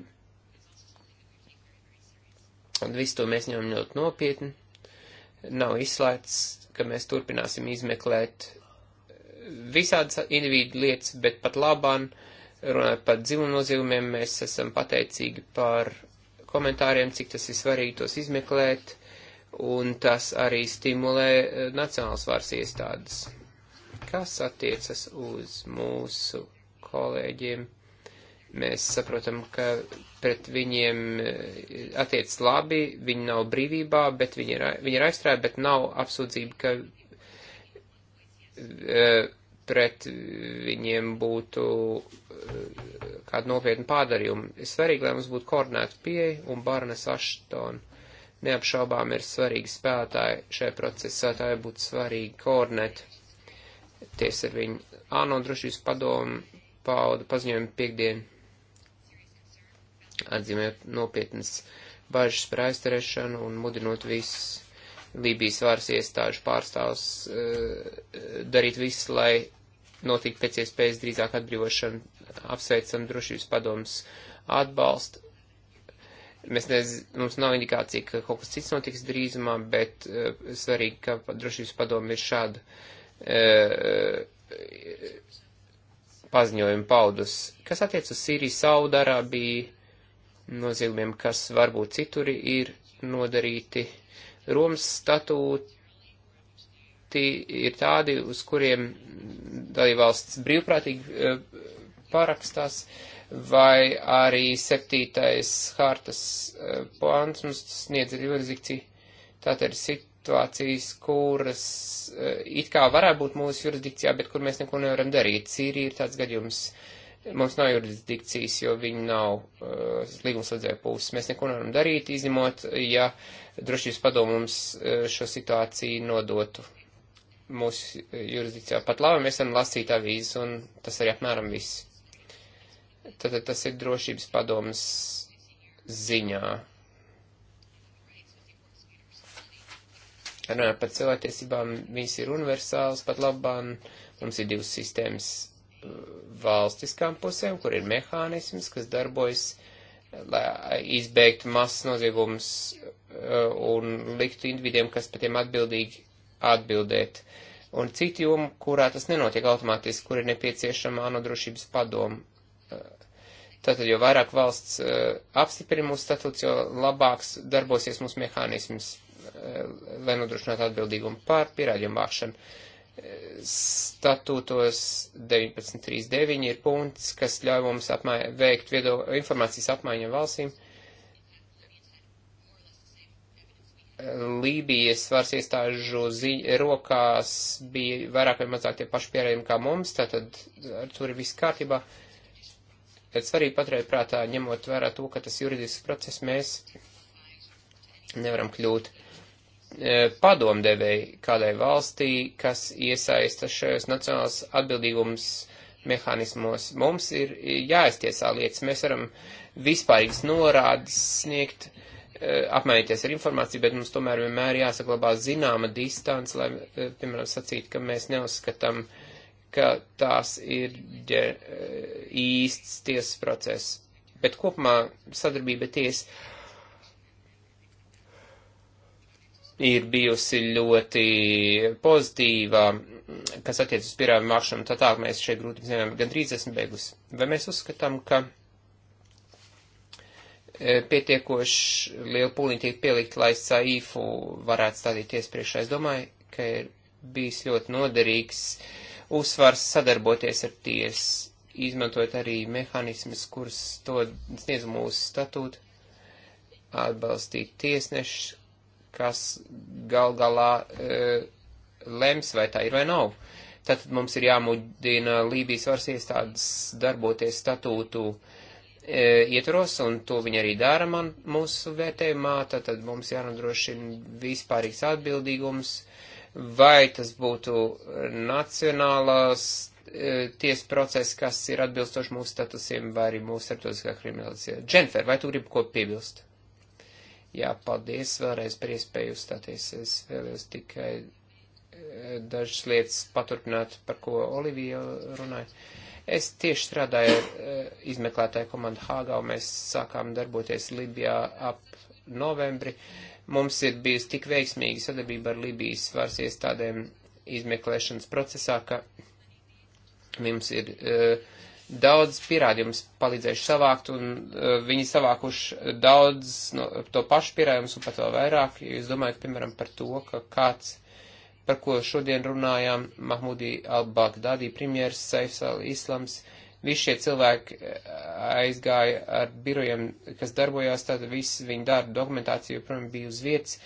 S3: Un visu to mēs ņemam ļoti nopietni. Nav izslēgts, ka mēs turpināsim izmeklēt visādas individu lietas, bet pat labāk runājot par dzimumu nozīmēm, mēs esam pateicīgi par komentāriem, cik tas ir svarīgi tos izmeklēt, un tas arī stimulē eh, nacionāls varas iestādes. Kas attiecas uz mūsu kolēģiem? Mēs saprotam, ka pret viņiem eh, attiec labi, viņi nav brīvībā, bet viņi ir, viņi ir aizstrāja, bet nav apsūdzība, ka eh, pret viņiem būtu kādu nopietnu pārdarījumu. Ir svarīgi, lai mums būtu koordinēta pieeja, un Barnes Ashton neapšaubām ir svarīgi spēlētāji šai procesā, tā jau būtu svarīgi koordinēt. Ties ar viņu āno drošības padomu pauda paziņojumu piekdien atzīmēt nopietnas bažas par aizturēšanu un mudinot visus Lībijas varas iestāžu pārstāvus eh, darīt visu, lai notiktu pēc iespējas drīzāk atbrīvošana apsveicam drošības padomus atbalstu. Mēs nezinām, mums nav indikācija, ka kaut kas cits notiks drīzumā, bet uh, svarīgi, ka drošības padomu ir šāda uh, eh, paziņojuma paudus. Kas attiec uz Sīriju, Saudarābiju, noziegumiem, kas varbūt cituri ir nodarīti, Romas statūti ir tādi, uz kuriem dalībvalsts brīvprātīgi uh, parakstās, vai arī septītais hartas e, plāns mums sniedz jurisdikciju. Tātad ir situācijas, kuras e, it kā varētu būt mūsu jurisdikcijā, bet kur mēs neko nevaram darīt. Sīrija ir tāds gadījums. Mums nav jurisdikcijas, jo viņi nav uh, e, līgumslēdzēju puses. Mēs neko nevaram darīt, izņemot, ja drošības padomums uh, šo situāciju nodotu mūsu jurisdikcijā. Pat labi, mēs varam lasīt avīzes, un tas arī apmēram viss. Tātad tas ir drošības padomas ziņā. Runājot par cilvēktiesībām, viņas ir universālas, pat labāk mums ir divas sistēmas uh, valstiskām pusēm, kur ir mehānisms, kas darbojas, lai izbeigtu masas noziegumus uh, un liktu individiem, kas par tiem atbildīgi atbildēt. Un citu jomu, kurā tas nenotiek automātiski, kur ir nepieciešama ANO drošības padoma Tātad, jo vairāk valsts uh, apstiprina mūsu statūts, jo labāks darbosies mūsu mehānisms, uh, lai nodrošinātu atbildīgumu pār pierādījumu vākšanu. Eh, statūtos 19.39 ir punkts, kas ļauj mums apmaiņa, veikt viedo, informācijas apmaiņu valstīm. Lībijas varas iestāžu rokās bija vairāk vai mazāk tie paši pierādījumi kā mums, tātad tur ir viss kārtībā. Uh, Bet svarīgi paturēt prātā, ņemot vērā to, ka tas juridisks process mēs nevaram kļūt e, padomdevēji kādai valstī, kas iesaista šajos nacionālas atbildības mehānismos. Mums ir jāiztiesā lietas, mēs varam vispārīgas norādes sniegt, e, apmainīties ar informāciju, bet mums tomēr vienmēr jāsaglabā zināma distance, lai, e, piemēram, sacīt, ka mēs neuzskatām uh, ka tās ir e, īsts tiesas process. Bet kopumā sadarbība tiesa ir bijusi ļoti pozitīva, kas attiec uz pirāmu mākšanu, tā tālāk mēs šeit grūti zinām, gan 30 beigus. Vai mēs uzskatām, ka e, pietiekoši liela pūliņa tiek pielikt, lai saīfu varētu stādīties priekšā? Es domāju, ka ir bijis ļoti noderīgs uh, uzsvars sadarboties ar tiesu, izmantojot arī mehānismus, kurus to sniedz mūsu statūti, atbalstīt tiesnešus, kas gal galā e, lems, vai tā ir vai nav. Tātad mums ir jāmudina Lībijas varas iestādes darboties statūtu e, ietvaros, un to viņi arī dara man mūsu vērtējumā, tātad mums jānodrošina vispārīgs atbildīgums, e, vai tas būtu nacionālās e, tiesa process, kas ir atbilstoši mūsu statusiem, vai arī mūsu starptautiskā kriminālizācija. Dženfer, vai tu gribi ko piebilst? Jā, paldies vēlreiz par iespēju uzstāties. Es vēlos tikai e, dažas lietas paturpināt, par ko Olivija runāja. Es tieši strādāju ar e, izmeklētāju komandu Hāgā, un mēs sākām darboties Libijā ap novembri. Mums ir bijusi tik veiksmīga sadarbība ar Libijas varas iestādēm izmeklēšanas procesā, ka mums ir uh, daudz pierādījumus palīdzējuši savākt, un uh, viņi savākuši daudz no, to pašu pierādījumus un pat vēl vairāk. Ja jūs domājat, piemēram, par to, ka kāds, par ko šodien runājām, Mahmudi al-Baghdadi, premjeras Saifs al-Islams, uh, Visi šie cilvēki eh, aizgāja ar birojiem, kas darbojās, tad viss viņa darba dokumentācija joprojām bija uz vietas.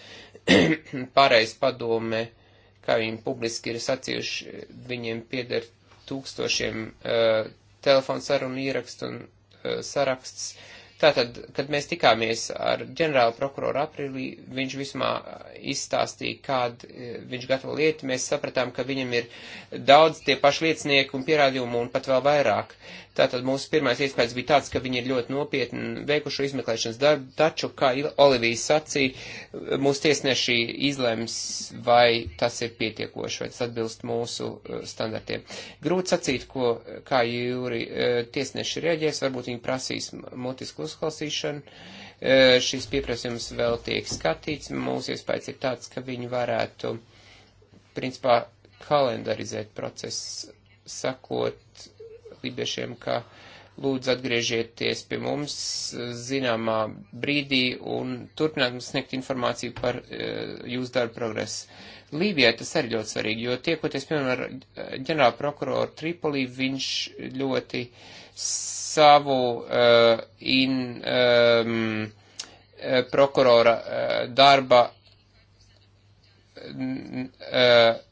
S3: Pārējais padome, kā viņi publiski ir sacījuši, viņiem pieder tūkstošiem uh, eh, telefonsarunu ierakstu un uh, eh, saraksts. Uh, Tātad, kad mēs tikāmies ar ģenerālu prokuroru aprīlī, viņš vismā izstāstīja, kādu e, viņš gatavo lietu. Mēs sapratām, ka viņam ir daudz tie paši liecinieki un pierādījumi un pat vēl vairāk. Tātad mūsu pirmais iespējas bija tāds, ka viņi ir ļoti nopietni veikuši izmeklēšanas darbu, taču, kā Olivijas sacīja, mūsu tiesneši izlems, vai tas ir pietiekoši, vai tas atbilst mūsu eh, standartiem. Grūti sacīt, ko, kā jūri eh, tiesneši rēģēs, varbūt viņi prasīs mutisku uzklausīšanu. Eh, šis pieprasījums vēl tiek skatīts. Mūsu iespējas ir tāds, ka viņi varētu, principā, kalendarizēt procesu, sakot, lībiešiem, ka lūdzu atgriežieties pie mums eh, zināmā brīdī un turpināt mums sniegt informāciju par uh, jūsu darbu progresu. Lībijai tas arī ļoti svarīgi, jo tiekoties, piemēram, ar eh, ģenerāla prokuroru Tripolī, viņš ļoti savu uh, in, um, prokurora uh, darba uh,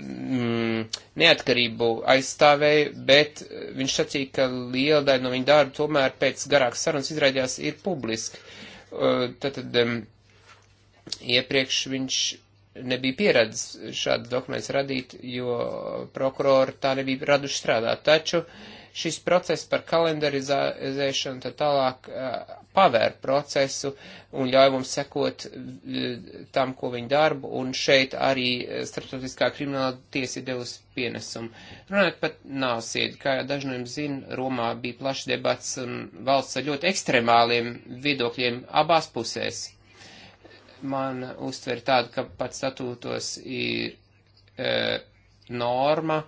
S3: mm, neatkarību aizstāvēja, bet eh, viņš sacīja, ka liela daļa no viņa darba tomēr pēc garākas sarunas izrādījās ir publiski. Tātad eh, um, iepriekš viņš nebija pieredzes šādu dokumentus radīt, jo prokurori tā nebija raduši strādāt. Taču uh, šis process par kalendarizēšanu tad tālāk eh, pavēr procesu un ļauj mums sekot eh, tam, ko viņi darbu, un šeit arī eh, starptautiskā krimināla tiesa ir devusi pienesumu. Runājot pat nāsiedu, kā jau daži no jums zina, Romā bija plašs debats un valsts ar ļoti ekstremāliem viedokļiem abās pusēs. Man uztver tādu, ka pat statūtos ir e, norma, e,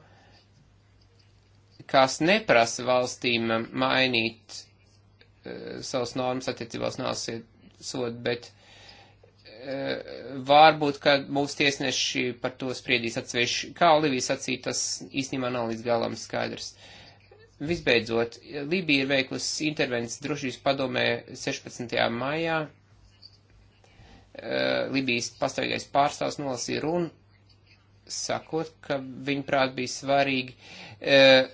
S3: kas neprasa valstīm mainīt uh, savas normas attiecībās nāsiet sodu, bet uh, varbūt, ka mūsu tiesneši par to spriedīs atsevišķi. Kā Olivijas sacīja, tas īstenībā nav līdz galam skaidrs. Visbeidzot, Libija ir veikusi intervences drošības padomē 16. maijā. Uh, Libijas pastāvīgais pārstāvs nolasīja runu, sakot, ka viņuprāt bija svarīgi uh,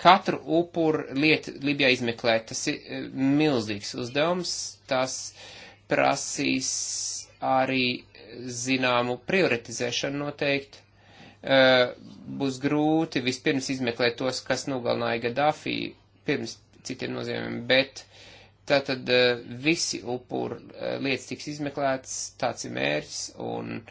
S3: katru upuru lietu Libijā izmeklēt. Tas ir eh, milzīgs uzdevums, tas prasīs arī zināmu prioritizēšanu noteikti. Eh, būs grūti vispirms izmeklēt tos, kas nogalināja Gaddafi, pirms citiem nozīmēm, bet tātad eh, visi upuru lietas tiks izmeklētas, tāds ir mērķis, un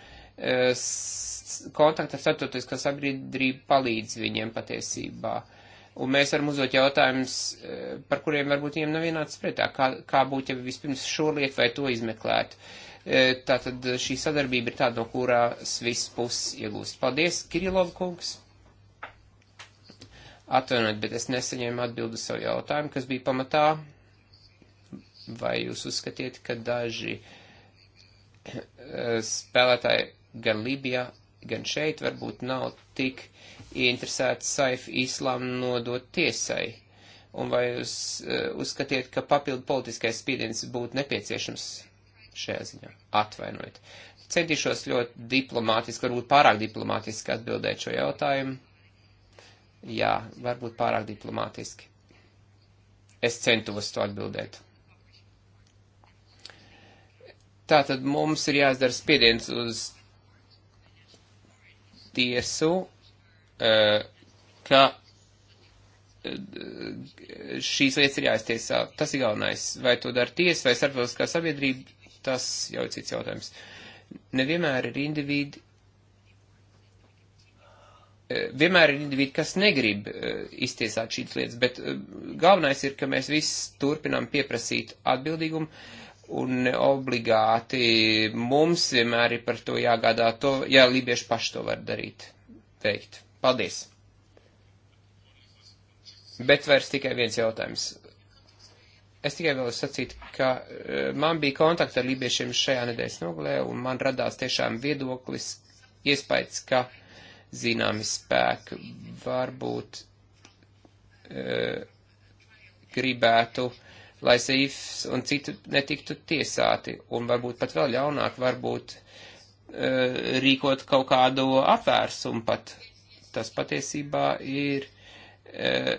S3: kontakta starptautiskā sabiedrība palīdz viņiem patiesībā. Uh, un mēs varam uzdot jautājumus, eh, par kuriem varbūt viņiem nav vienāds pretā, kā, kā būtu, ja vispirms šo lietu vai to izmeklētu. Eh, tātad šī sadarbība ir tāda, no kurās viss puses iegūst. Paldies, Kirilov kungs! Atvainojiet, bet es nesaņēmu atbildi savu jautājumu, kas bija pamatā. Vai jūs uzskatiet, ka daži eh, spēlētāji gan Libijā, gan šeit varbūt nav tik interesēts Saif Islam nodot tiesai. Un vai jūs uz, eh, uzskatiet, ka papildu politiskais spiediens būtu nepieciešams šajā ziņā? Atvainojiet. Centīšos ļoti diplomātiski, varbūt pārāk diplomātiski atbildēt šo jautājumu. Jā, varbūt pārāk diplomātiski. Es centos to atbildēt. Tātad mums ir jāizdara spiediens uz tiesu, eh, ka eh, šīs lietas ir jāiztiesā. Tas ir galvenais. Vai to dara tiesa vai starptautiskā sabiedrība, tas jau ir cits jautājums. Nevienmēr ir individi. Eh, vienmēr ir individi, kas negrib iztiesāt šīs lietas, bet galvenais ir, ka mēs visi turpinām pieprasīt atbildīgumu, un obligāti mums vienmēr ir par to jāgādā to, ja lībieši paši to var darīt, veikt. Paldies! Bet vairs tikai viens jautājums. Es tikai vēlos sacīt, ka eh, man bija kontakti ar lībiešiem šajā nedēļas nogalē, un man radās tiešām viedoklis, iespējas, ka zināmi spēki varbūt e, gribētu e, lai Saifs un citu netiktu tiesāti, un varbūt pat vēl ļaunāk, varbūt eh, rīkot kaut kādu apvērsumu pat. Tas patiesībā ir eh,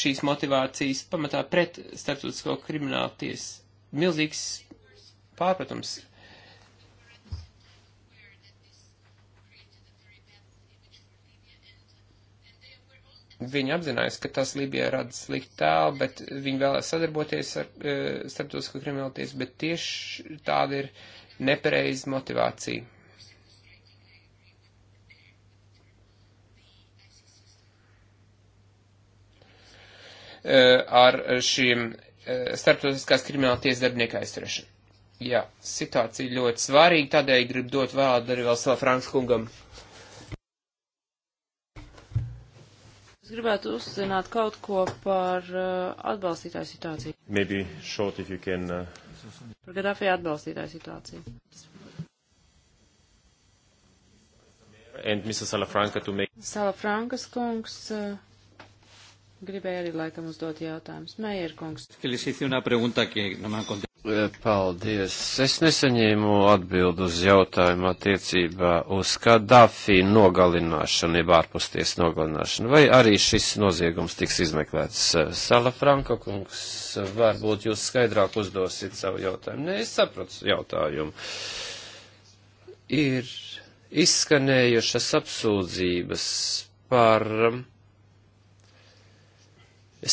S3: šīs motivācijas pamatā pret starptautisko kriminālu tiesu. Milzīgs pārpratums Viņi apzinājās, ka tas Libijā rada sliktu tēlu, bet viņi vēlēs sadarboties ar e, starptautisko kriminalitātes, bet tieši tāda ir nepareiza motivācija. E, ar šiem e, starptautiskās krimināltiesas darbinieku aizturēšanu. Jā, situācija ļoti svarīga, tādēļ gribu dot vārdu arī vēl savu Franks kungam.
S1: Es gribētu uzzināt kaut ko par uh, atbalstītāju situāciju.
S2: Maybe short if you can. Uh...
S1: Par Gaddafi atbalstītāju situāciju.
S2: And Mr. Salafranka to make.
S1: Salafrankas kungs uh, gribēja arī laikam uzdot jautājumus. Meijer kungs.
S2: Eh, paldies. Es nesaņēmu atbildu uz jautājumu attiecībā uz Kadafī nogalināšanu, jeb ārpusties nogalināšanu. Vai arī šis noziegums tiks izmeklēts? Eh, Sala Franko kungs, varbūt jūs skaidrāk uzdosit savu jautājumu. Nē, es sapratu jautājumu. Ir izskanējušas apsūdzības par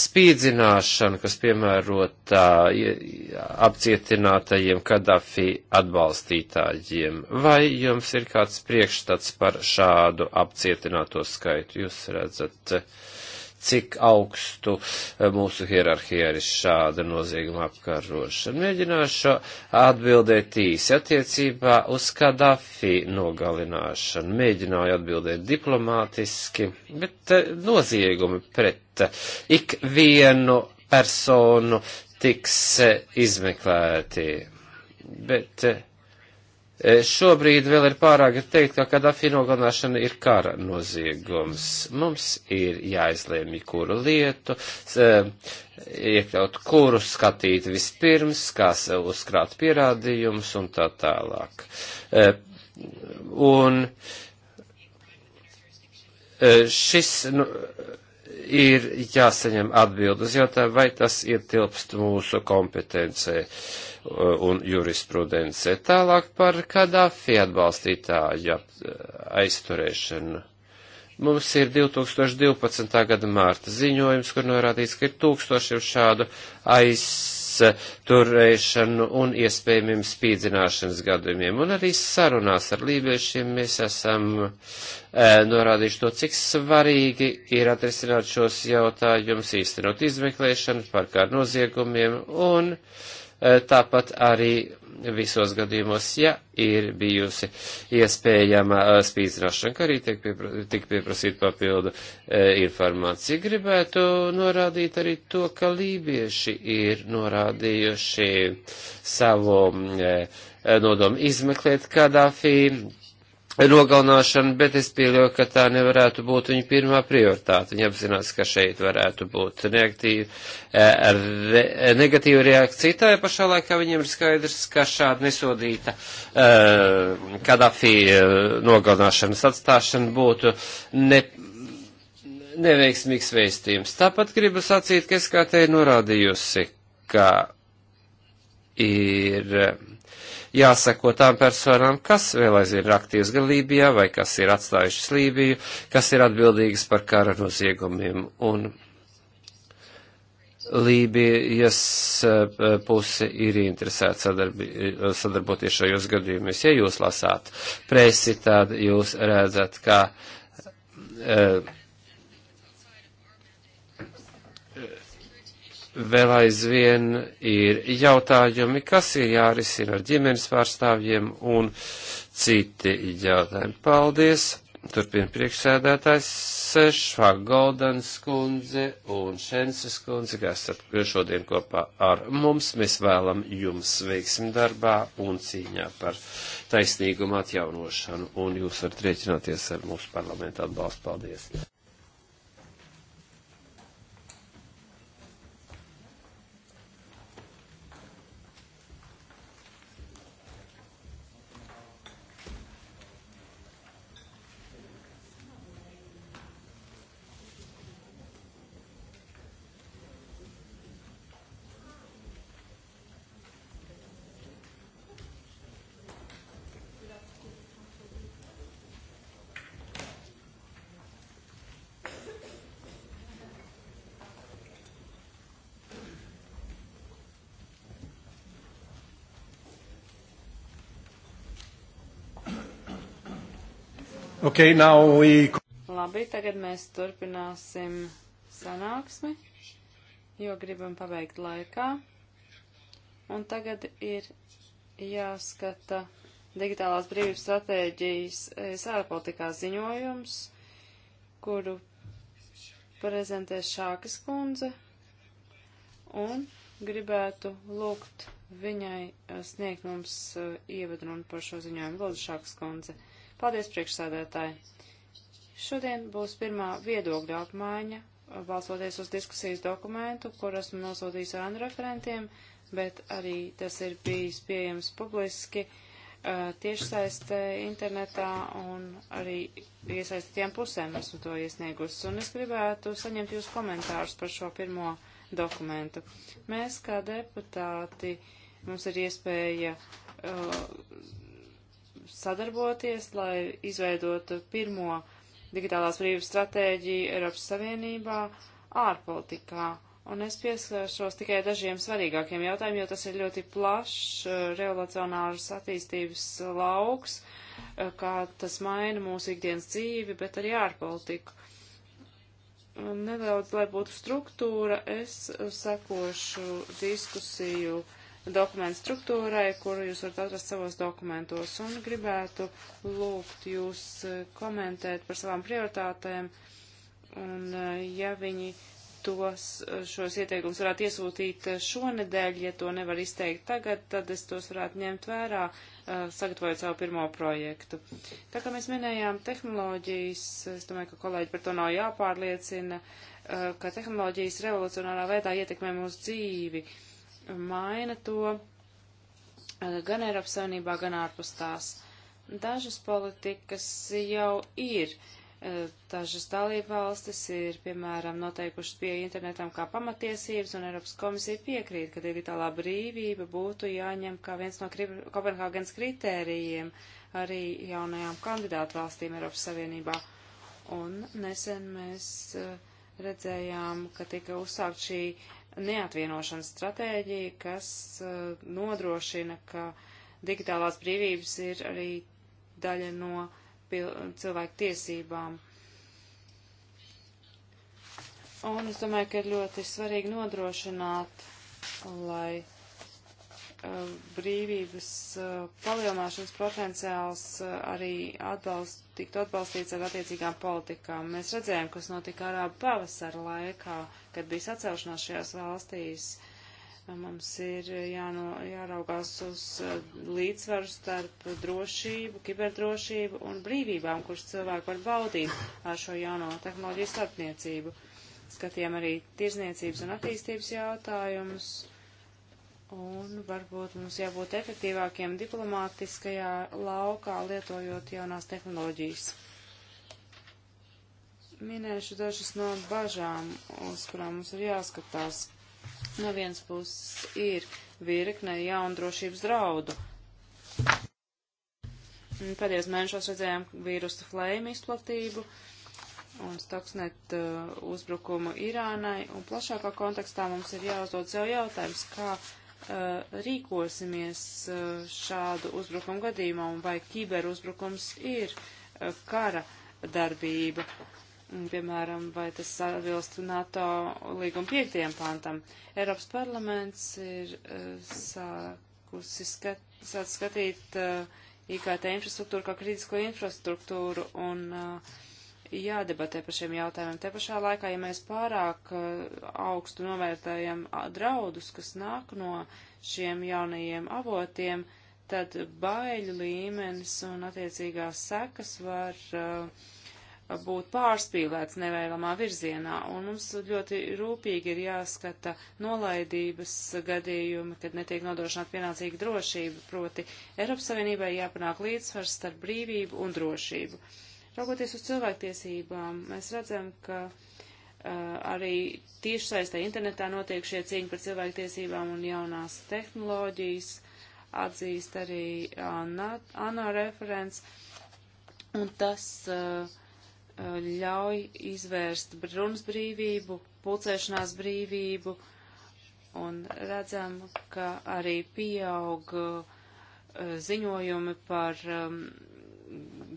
S2: spīdzināšana, kas piemērota apcietinātajiem Kadafi atbalstītājiem. Vai jums ir kāds priekšstats par šādu apcietināto skaitu? Jūs redzat, uh, cik augstu eh, mūsu hierarhijā ir šāda nozieguma apkarošana. Mēģināšu atbildēt īsi attiecībā uz Kadafi nogalināšanu. Mēģināju atbildēt diplomātiski, bet eh, noziegumi pret eh, ikvienu personu tiks izmeklēti. Bet E, šobrīd vēl ir pārāk ir teikt, ka Kadafi nogalināšana ir kara noziegums. Mums ir jāizlēmj, kuru lietu, e, iekļaut kuru, skatīt vispirms, kā sev uzkrāt pierādījumus un tā tālāk. E, un šis. Nu, ir jāsaņem atbild uz jautājumu, vai tas ietilpst mūsu kompetencē uh, un jurisprudencē. Tālāk par Kadāfi atbalstītāja uh, aizturēšanu. Mums ir 2012. gada mārta ziņojums, kur norādīts, ka ir tūkstošiem šādu aiz Eh, turēšanu un iespējamiem spīdzināšanas gadījumiem. Un arī sarunās ar lībiešiem mēs esam e, norādījuši to, cik svarīgi ir atrisināt šos jautājumus, īstenot izmeklēšanu par kā noziegumiem un e, tāpat arī visos gadījumos, ja ir bijusi iespējama uh, spīdzināšana, ka arī tiek piepra tik pieprasīt papildu e, uh, informāciju. Gribētu norādīt arī to, ka lībieši ir norādījuši savu e, nodomu izmeklēt Kadāfī nogalināšanu, bet es pieļauju, ka tā nevarētu būt viņa pirmā prioritāte. Viņa apzinās, ka šeit varētu būt reaktīva, e, re, negatīva reakcija. Tā ja pašā laikā viņiem ir skaidrs, ka šāda nesodīta uh, e, Kadafi e, nogalināšanas atstāšana būtu ne, neveiksmīgs veistījums. Tāpat gribu sacīt, ka es kā te norādījusi, ka ir jāsako tām personām, kas vēl aizvien ir aktīvas gan Lībijā, vai kas ir atstājušas Lībiju, kas ir atbildīgas par kara noziegumiem. Un Lībijas eh, puse ir interesēta sadarboties šajos gadījumos. Ja jūs lasāt presi, tad jūs redzat, ka. Uh, vēl aizvien ir jautājumi, kas ir jārisina ar ģimenes pārstāvjiem un citi jautājumi. Paldies! Turpin priekšsēdētājs Švagoldans kundze un Šenses kundze, kas esat šodien kopā ar mums. Mēs vēlam jums veiksmi darbā un cīņā par taisnīgumu atjaunošanu, un jūs varat rēķināties ar mūsu parlamentu atbalstu. Paldies! Okay, now we...
S1: Labi, tagad mēs turpināsim sanāksmi, jo gribam pabeigt laikā. Un tagad ir jāskata digitālās brīvības stratēģijas eh, sārpolitikā ziņojums, kuru prezentēs Šākas kundze. Un gribētu lūgt viņai eh, sniegt mums eh, ievadrunu par šo ziņojumu. Lūdzu, Šākas kundze. Uh, Paldies, priekšsēdētāji! Šodien būs pirmā viedokļa apmaiņa, balsoties uz diskusijas dokumentu, kur esmu nosūtījis ēnu referentiem, bet arī tas ir bijis pieejams publiski tiešsaistē internetā un arī iesaistītiem pusēm esmu to iesniegusi. Un es gribētu saņemt jūs komentārus par šo pirmo dokumentu. Mēs kā deputāti, mums ir iespēja uh, sadarboties, lai izveidotu pirmo digitālās brīvības stratēģiju Eiropas Savienībā ārpolitikā. Un es pieskaršos tikai dažiem svarīgākiem jautājumiem, jo tas ir ļoti plašs eh, revolucionārs attīstības lauks, eh, kā tas maina mūsu ikdienas dzīvi, bet arī ārpolitiku. Nedaudz, lai būtu struktūra, es sekošu diskusiju uh, dokumentu struktūrai, kuru jūs varat atrast savos dokumentos, un gribētu lūgt jūs eh, komentēt par savām prioritātēm, un eh, ja viņi tos, eh, šos ieteikumus varētu iesūtīt šonedēļ, ja to nevar izteikt tagad, tad es tos varētu ņemt vērā, sagatavojot savu pirmo projektu. Tā kā mēs minējām tehnoloģijas, es domāju, ka kolēģi par to nav jāpārliecina, ka tehnoloģijas revolucionārā veidā ietekmē mūsu dzīvi. Uh, maina to eh, gan Eiropas Savienībā, gan ārpus tās. Dažas politikas jau ir. Eh, dažas dalībvalstis ir, piemēram, noteikušas pie internetam kā pamatiesības, un Eiropas komisija piekrīt, ka digitālā brīvība būtu jāņem kā viens no Kopenhāgenes kritērijiem arī jaunajām kandidātu valstīm Eiropas Savienībā. Un nesen mēs eh, redzējām, ka tika uzsākt šī uh, neatvienošanas stratēģija, kas eh, nodrošina, ka digitālās brīvības ir arī daļa no cilvēku tiesībām. Un es domāju, ka ir ļoti svarīgi nodrošināt, lai Uh, brīvības uh, palielināšanas potenciāls uh, arī atbalst, tiktu atbalstīts ar attiecīgām politikām. Mēs redzējām, kas notika arābu pavasara laikā, kad bija sacelšanās šajās valstīs. Mums ir jāno, jāraugās uz līdzsvaru starp drošību, kiberdrošību un brīvībām, kuras cilvēki var baudīt ar šo jauno tehnoloģiju starpniecību. Skatījām arī tirzniecības un attīstības jautājumus Un varbūt mums jābūt efektīvākiem diplomātiskajā laukā, lietojot jaunās tehnoloģijas. Minēšu dažas no bažām, uz kurām mums ir jāskatās. No vienas puses ir virkne jaunu drošības draudu. Pēdējos mēnešos redzējām vīrusu flēmu izplatību un Stuxnet uh, uzbrukumu Irānai, un plašākā kontekstā mums ir jāuzdod sev jautājums, kā Eh, rīkosimies eh, šādu uzbrukumu gadījumā un vai kiberuzbrukums ir eh, kara darbība. Piemēram, vai tas atbilst NATO līguma piektajam pantam. Eiropas parlaments ir sākusi skat, sāk skatīt IKT infrastruktūru kā kritisko infrastruktūru un uh, jādebatē par šiem jautājumiem. Te pašā laikā, ja mēs pārāk eh, augstu novērtējam draudus, kas nāk no šiem jaunajiem avotiem, tad baiļu līmenis un attiecīgās sekas var uh, būt pārspīlēts nevēlamā virzienā, un mums ļoti rūpīgi ir jāskata nolaidības gadījumi, kad netiek nodrošināta pienācīga drošība, proti Eiropas Savienībai jāpanāk līdzsvars starp brīvību un drošību. Uh, Raugoties uz cilvēktiesībām, mēs redzam, ka uh, arī tiešsaistē internetā notiek šie cīņi par cilvēktiesībām un jaunās tehnoloģijas, atzīst arī ANO referents, un tas uh, ļauj izvērst runas brīvību, pulcēšanās brīvību, un redzam, ka arī pieaug uh, ziņojumi par um,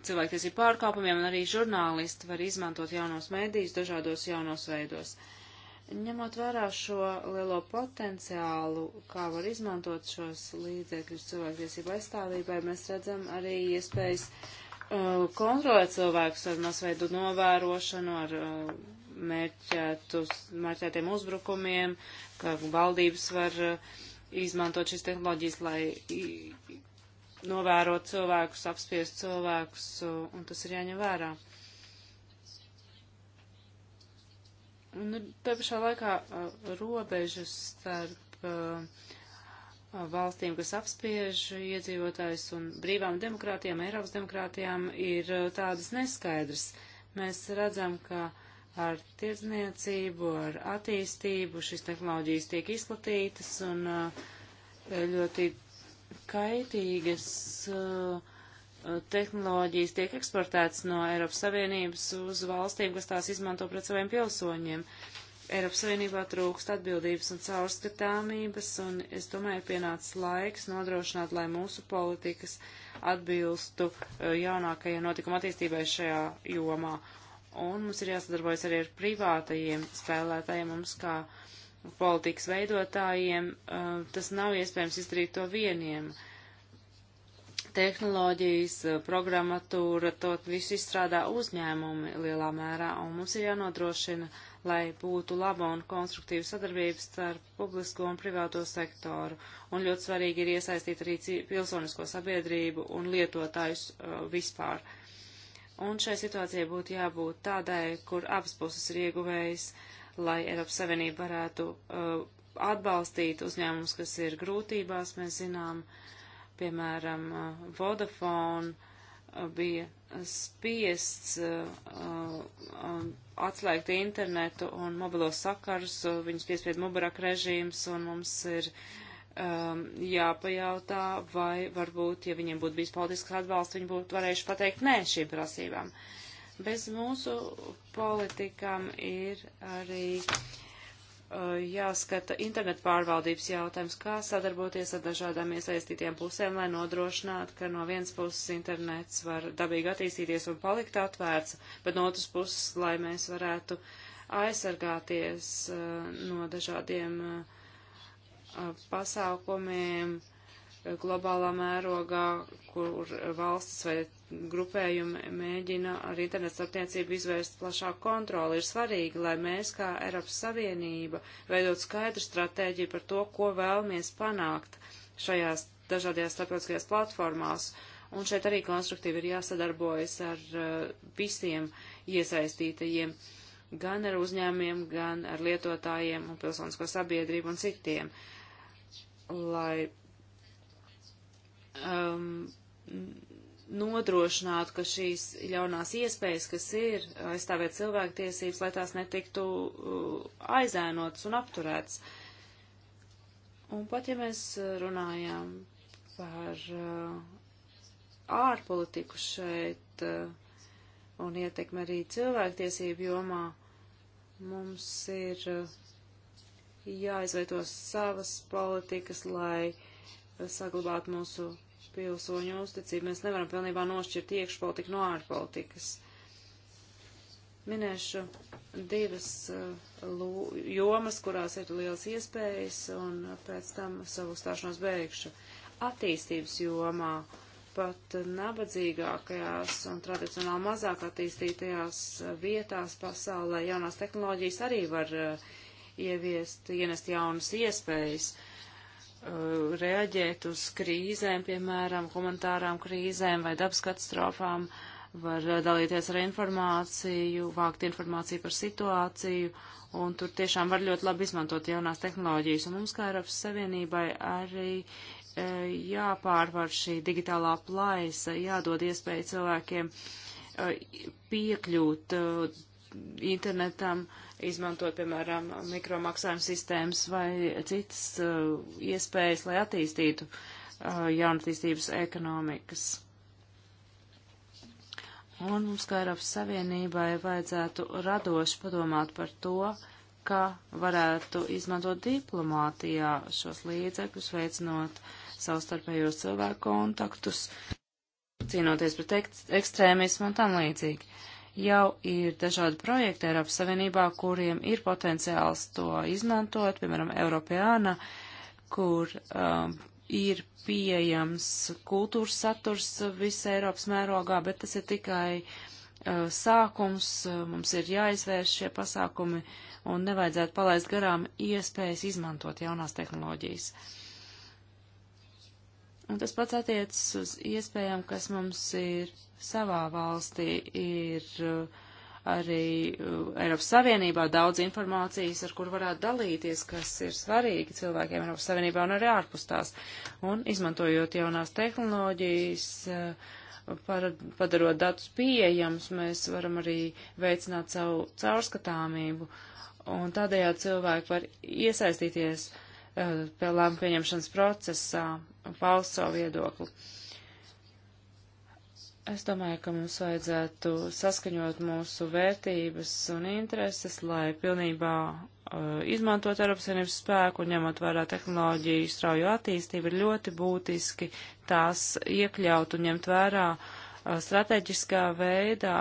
S1: cilvēktiesību pārkāpumiem, un arī žurnālisti var izmantot jaunos mēdījus dažādos jaunos veidos. Ņemot vērā šo lielo potenciālu, kā var izmantot šos līdzekļus cilvēktiesību aizstāvībai, mēs redzam arī iespējas uh, kontrolēt cilvēkus ar masveidu novērošanu, ar uh, mērķētus, mērķētiem uzbrukumiem, ka valdības var uh, izmantot šīs tehnoloģijas, lai novērot cilvēkus, apspiest cilvēkus, un tas ir jāņem vērā. Un te pašā laikā uh, robežas starp uh, valstīm, kas apspiež iedzīvotājs un brīvām demokrātijām, Eiropas demokrātijām, ir uh, tādas neskaidras. Mēs redzam, ka ar tirdzniecību, ar attīstību šīs tehnoloģijas tiek izplatītas un ļoti kaitīgas uh, tehnoloģijas tiek eksportētas no Eiropas Savienības uz valstīm, kas tās izmanto pret saviem pilsoņiem. Eiropas Savienībā trūkst atbildības un caurskatāmības, un es domāju, ir pienācis laiks nodrošināt, lai mūsu politikas atbilstu uh, jaunākajai notikuma attīstībai šajā jomā. Un mums ir jāsadarbojas arī ar privātajiem spēlētājiem, mums kā uh, politikas veidotājiem, eh, tas nav iespējams izdarīt to vieniem. Tehnoloģijas, eh, programmatūra, to visu izstrādā uzņēmumi lielā mērā, un mums ir jānodrošina, lai būtu laba un konstruktīva sadarbība starp publisko un privāto sektoru, un ļoti svarīgi ir iesaistīt arī pilsonisko sabiedrību un lietotājus eh, vispār. Un šai situācijai būtu jābūt tādai, kur abas puses ir ieguvējis. Uh, lai Eiropas Savienība varētu uh, atbalstīt uzņēmumus, kas ir grūtībās. Mēs zinām, piemēram, uh, Vodafone uh, bija spiests uh, uh, atslēgt internetu un mobilos sakarus, uh, viņus piespied Mubarak režīms, un mums ir um, jāpajautā, vai varbūt, ja viņiem būtu bijis politisks atbalsts, viņi būtu varējuši pateikt nē šīm prasībām. Uh, Bez mūsu politikām ir arī uh, jāskata internetu pārvaldības jautājums, kā sadarboties ar dažādām iesaistītiem pusēm, lai nodrošinātu, ka no vienas puses internets var dabīgi attīstīties un palikt atvērts, bet no otras puses, lai mēs varētu aizsargāties uh, no dažādiem uh, uh pasākumiem uh, globālā mērogā, kur valstis vai grupējumi mēģina ar internetu starpniecību izvērst plašāku kontroli. Ir svarīgi, lai mēs kā Eiropas Savienība veidot skaidru stratēģiju par to, ko vēlamies panākt šajās dažādajās starptautiskajās platformās. Un šeit arī konstruktīvi ir jāsadarbojas ar uh, visiem iesaistītajiem, gan ar uzņēmiem, gan ar lietotājiem un pilsonisko sabiedrību un citiem, lai um, nodrošinātu, ka šīs ļaunās iespējas, kas ir aizstāvēt cilvēktiesības, lai tās netiktu uh, aizēnotas un apturētas. Un pat ja mēs runājām par uh, ārpolitiku šeit uh, un ietekmi arī cilvēktiesību jomā, mums ir jāizveido savas politikas, lai saglabātu mūsu pilsoņu uzticību. Mēs nevaram pilnībā nošķirt iekšpolitiku no ārpolitikas. Minēšu divas uh, jomas, kurās ir liels iespējas, un pēc tam savu stāšanos beigšu. Attīstības jomā pat nabadzīgākajās un tradicionāli mazāk attīstītajās uh, vietās pasaulē jaunās tehnoloģijas arī var uh, ieviest, ienest jaunas iespējas. Uh, Uh, reaģēt uz krīzēm, piemēram, humanitārām krīzēm vai dabas katastrofām, var uh, dalīties ar informāciju, vākt informāciju par situāciju, un tur tiešām var ļoti labi izmantot jaunās tehnoloģijas. Un mums, kā Eiropas Savienībai, arī e, jāpārvar šī digitālā plaisa, jādod iespēju cilvēkiem e, piekļūt e, internetam, izmantot, piemēram, mikromaksājuma sistēmas vai citas uh, iespējas, lai attīstītu uh, jaunatīstības ekonomikas. Un mums, kā Eiropas Savienībai, vajadzētu radoši padomāt par to, ka varētu izmantot diplomātijā šos līdzekļus, veicinot savstarpējos cilvēku kontaktus, cīnoties pret ekstrēmismu un tam līdzīgi. Jau ir dažādi projekti Eiropas Savienībā, kuriem ir potenciāls to izmantot, piemēram, Eiropāna, kur um, ir pieejams kultūras saturs visā Eiropas mērogā, bet tas ir tikai uh, sākums, uh, mums ir jāizvērš šie pasākumi un nevajadzētu palaist garām iespējas izmantot jaunās tehnoloģijas. Uh, Un tas pats attiecas uz iespējām, kas mums ir savā valstī, ir uh, arī uh, Eiropas Savienībā daudz informācijas, ar kur varētu dalīties, kas ir svarīgi cilvēkiem Eiropas Savienībā un arī ārpus tās. Un izmantojot jaunās tehnoloģijas, uh, par, padarot datus pieejams, mēs varam arī veicināt savu caurskatāmību. Un tādējādi cilvēki var iesaistīties pie lēmu pieņemšanas procesā paust savu viedokli. Es domāju, ka mums vajadzētu saskaņot mūsu vērtības un intereses, lai pilnībā uh, izmantot Eiropas Savienības spēku un ņemot vērā tehnoloģiju strauju attīstību, ir ļoti būtiski tās iekļaut un ņemt vērā uh, strateģiskā veidā,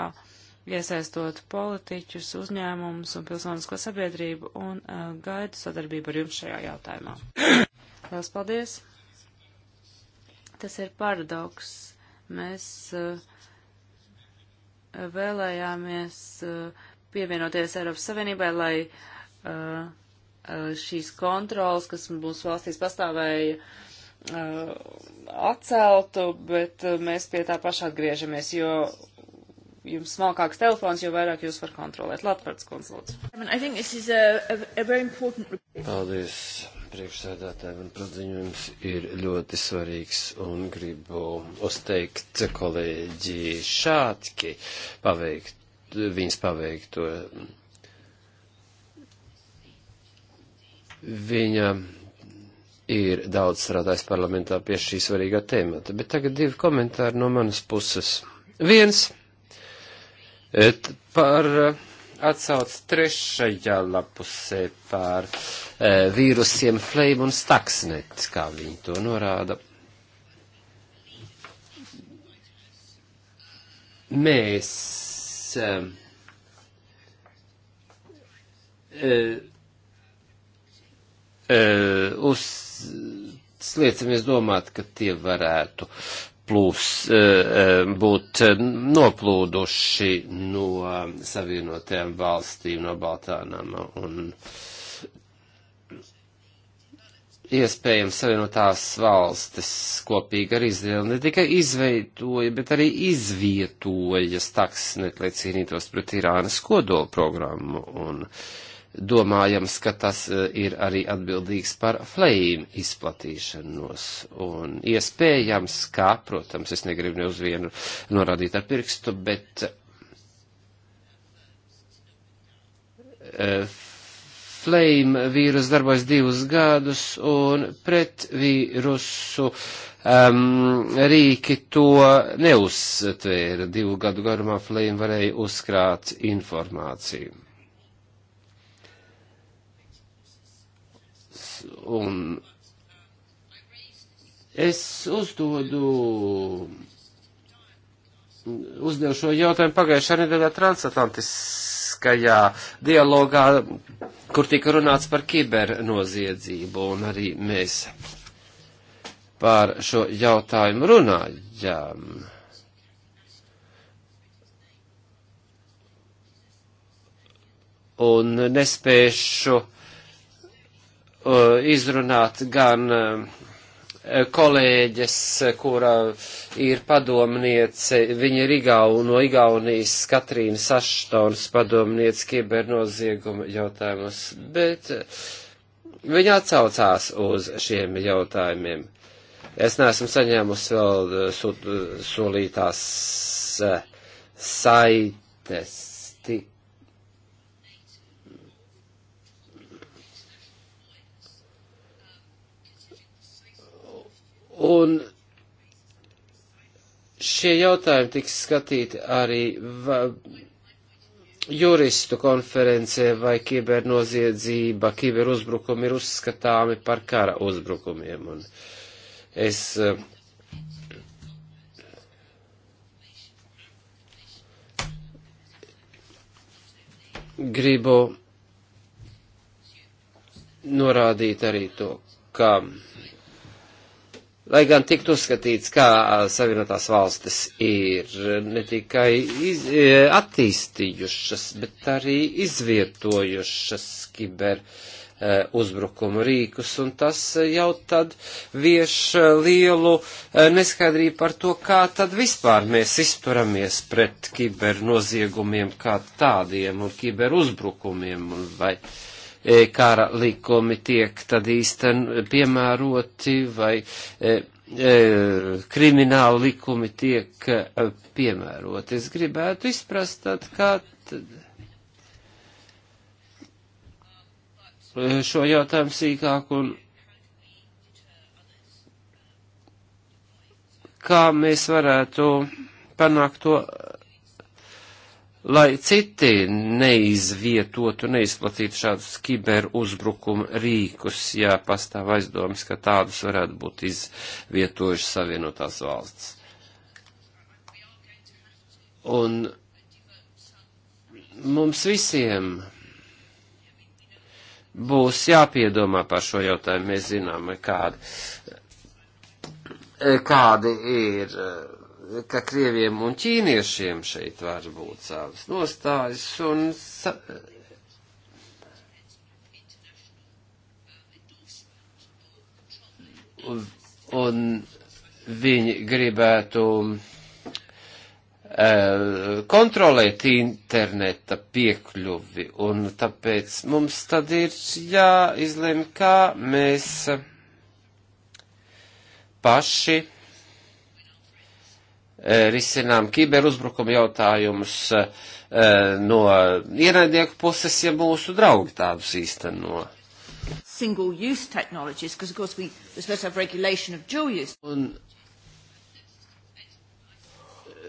S1: iesaistot politiķus, uzņēmumus un pilsonisko sabiedrību un uh, gaidu sadarbību ar jums šajā jautājumā. Lielas paldies! Tas ir paradoks. Mēs uh, vēlējāmies uh, pievienoties Eiropas Savienībai, lai uh, šīs kontrolas, kas mūsu valstīs pastāvēja, atceltu, bet mēs pie tā paša atgriežamies, jo jums smalkāks telefons, jo vairāk jūs var kontrolēt. Latvārds konsults.
S2: Paldies priekšsēdētājiem un prodziņojums ir ļoti svarīgs un gribu uzteikt kolēģi Šātki paveikt, viņas paveikto. Viņa ir daudz strādājis parlamentā pie šī svarīgā tēmata, bet tagad divi komentāri no manas puses. Viens et, par uh, atsauc trešajā lapusē par e, eh, vīrusiem flame un staksnet, kā viņi to norāda. Mēs e, e, uz sliecamies domāt, ka tie varētu plūs, eh, eh, būt eh, noplūduši no savienotajām valstīm, no Baltānām un iespējams savienotās valstis kopīgi ar Izraelu ne tikai izveidoja, bet arī izvietoja staks, lai cīnītos pret Irānas kodolu programmu. Un, uh, domājams, ka tas e, ir arī atbildīgs par flēmu izplatīšanos. Un iespējams, ka, protams, es negribu ne uz vienu norādīt ar pirkstu, bet e, flēma vīrus darbojas divus gadus un pret vīrusu um, rīki to neuztvēra. Divu gadu garumā flēma varēja uzkrāt informāciju. un es uzdodu, uzdevu šo jautājumu pagājušā nedēļā transatlantiskajā dialogā, kur tika runāts par kibernoziedzību, un arī mēs par šo jautājumu runājām. Un nespēšu Uh, izrunāt gan uh, kolēģes, kura ir padomniece, viņa ir Igau, no Igaunijas Katrīna Saštons padomniece kibernozieguma jautājumus, bet uh, viņa atsaucās uz šiem jautājumiem. Es neesmu saņēmusi vēl solītās saites. Un šie jautājumi tiks skatīti arī va, juristu konferencē, vai kibernoziedzība, kiberuzbrukumi ir uzskatāmi par kara uzbrukumiem. Un es eh, gribu norādīt arī to, ka lai gan tiktu uzskatīts, kā Savienotās valstis ir ne tikai iz, e, attīstījušas, bet arī izvietojušas kiber e, uzbrukumu rīkus, un tas jau tad vieš lielu e, neskaidrību par to, kā tad vispār mēs izturamies pret kibernoziegumiem kā tādiem un kiberuzbrukumiem, vai uh, kara likumi tiek tad īsten piemēroti vai e, e, krimināla likumi tiek e, piemēroti. Es gribētu izprast tad, kā tad šo jautājumu sīkāk un kā mēs varētu panākt to lai citi neizvietotu, neizplatītu šādus kiberuzbrukumu rīkus, ja pastāv aizdomas, ka tādus varētu būt izvietojuši savienotās valsts. Un mums visiem būs jāpiedomā par šo jautājumu. Mēs zinām, kādi, kādi ir ka krieviem un ķīniešiem šeit var būt savas nostājas un. Sa un, un viņi gribētu eh, kontrolēt interneta piekļuvi, un tāpēc mums tad ir jāizlem, kā mēs paši Eh, risinām kiberuzbrukumu jautājumus eh, no ienaidnieku puses, ja mūsu draugi tādus īsteno. Un,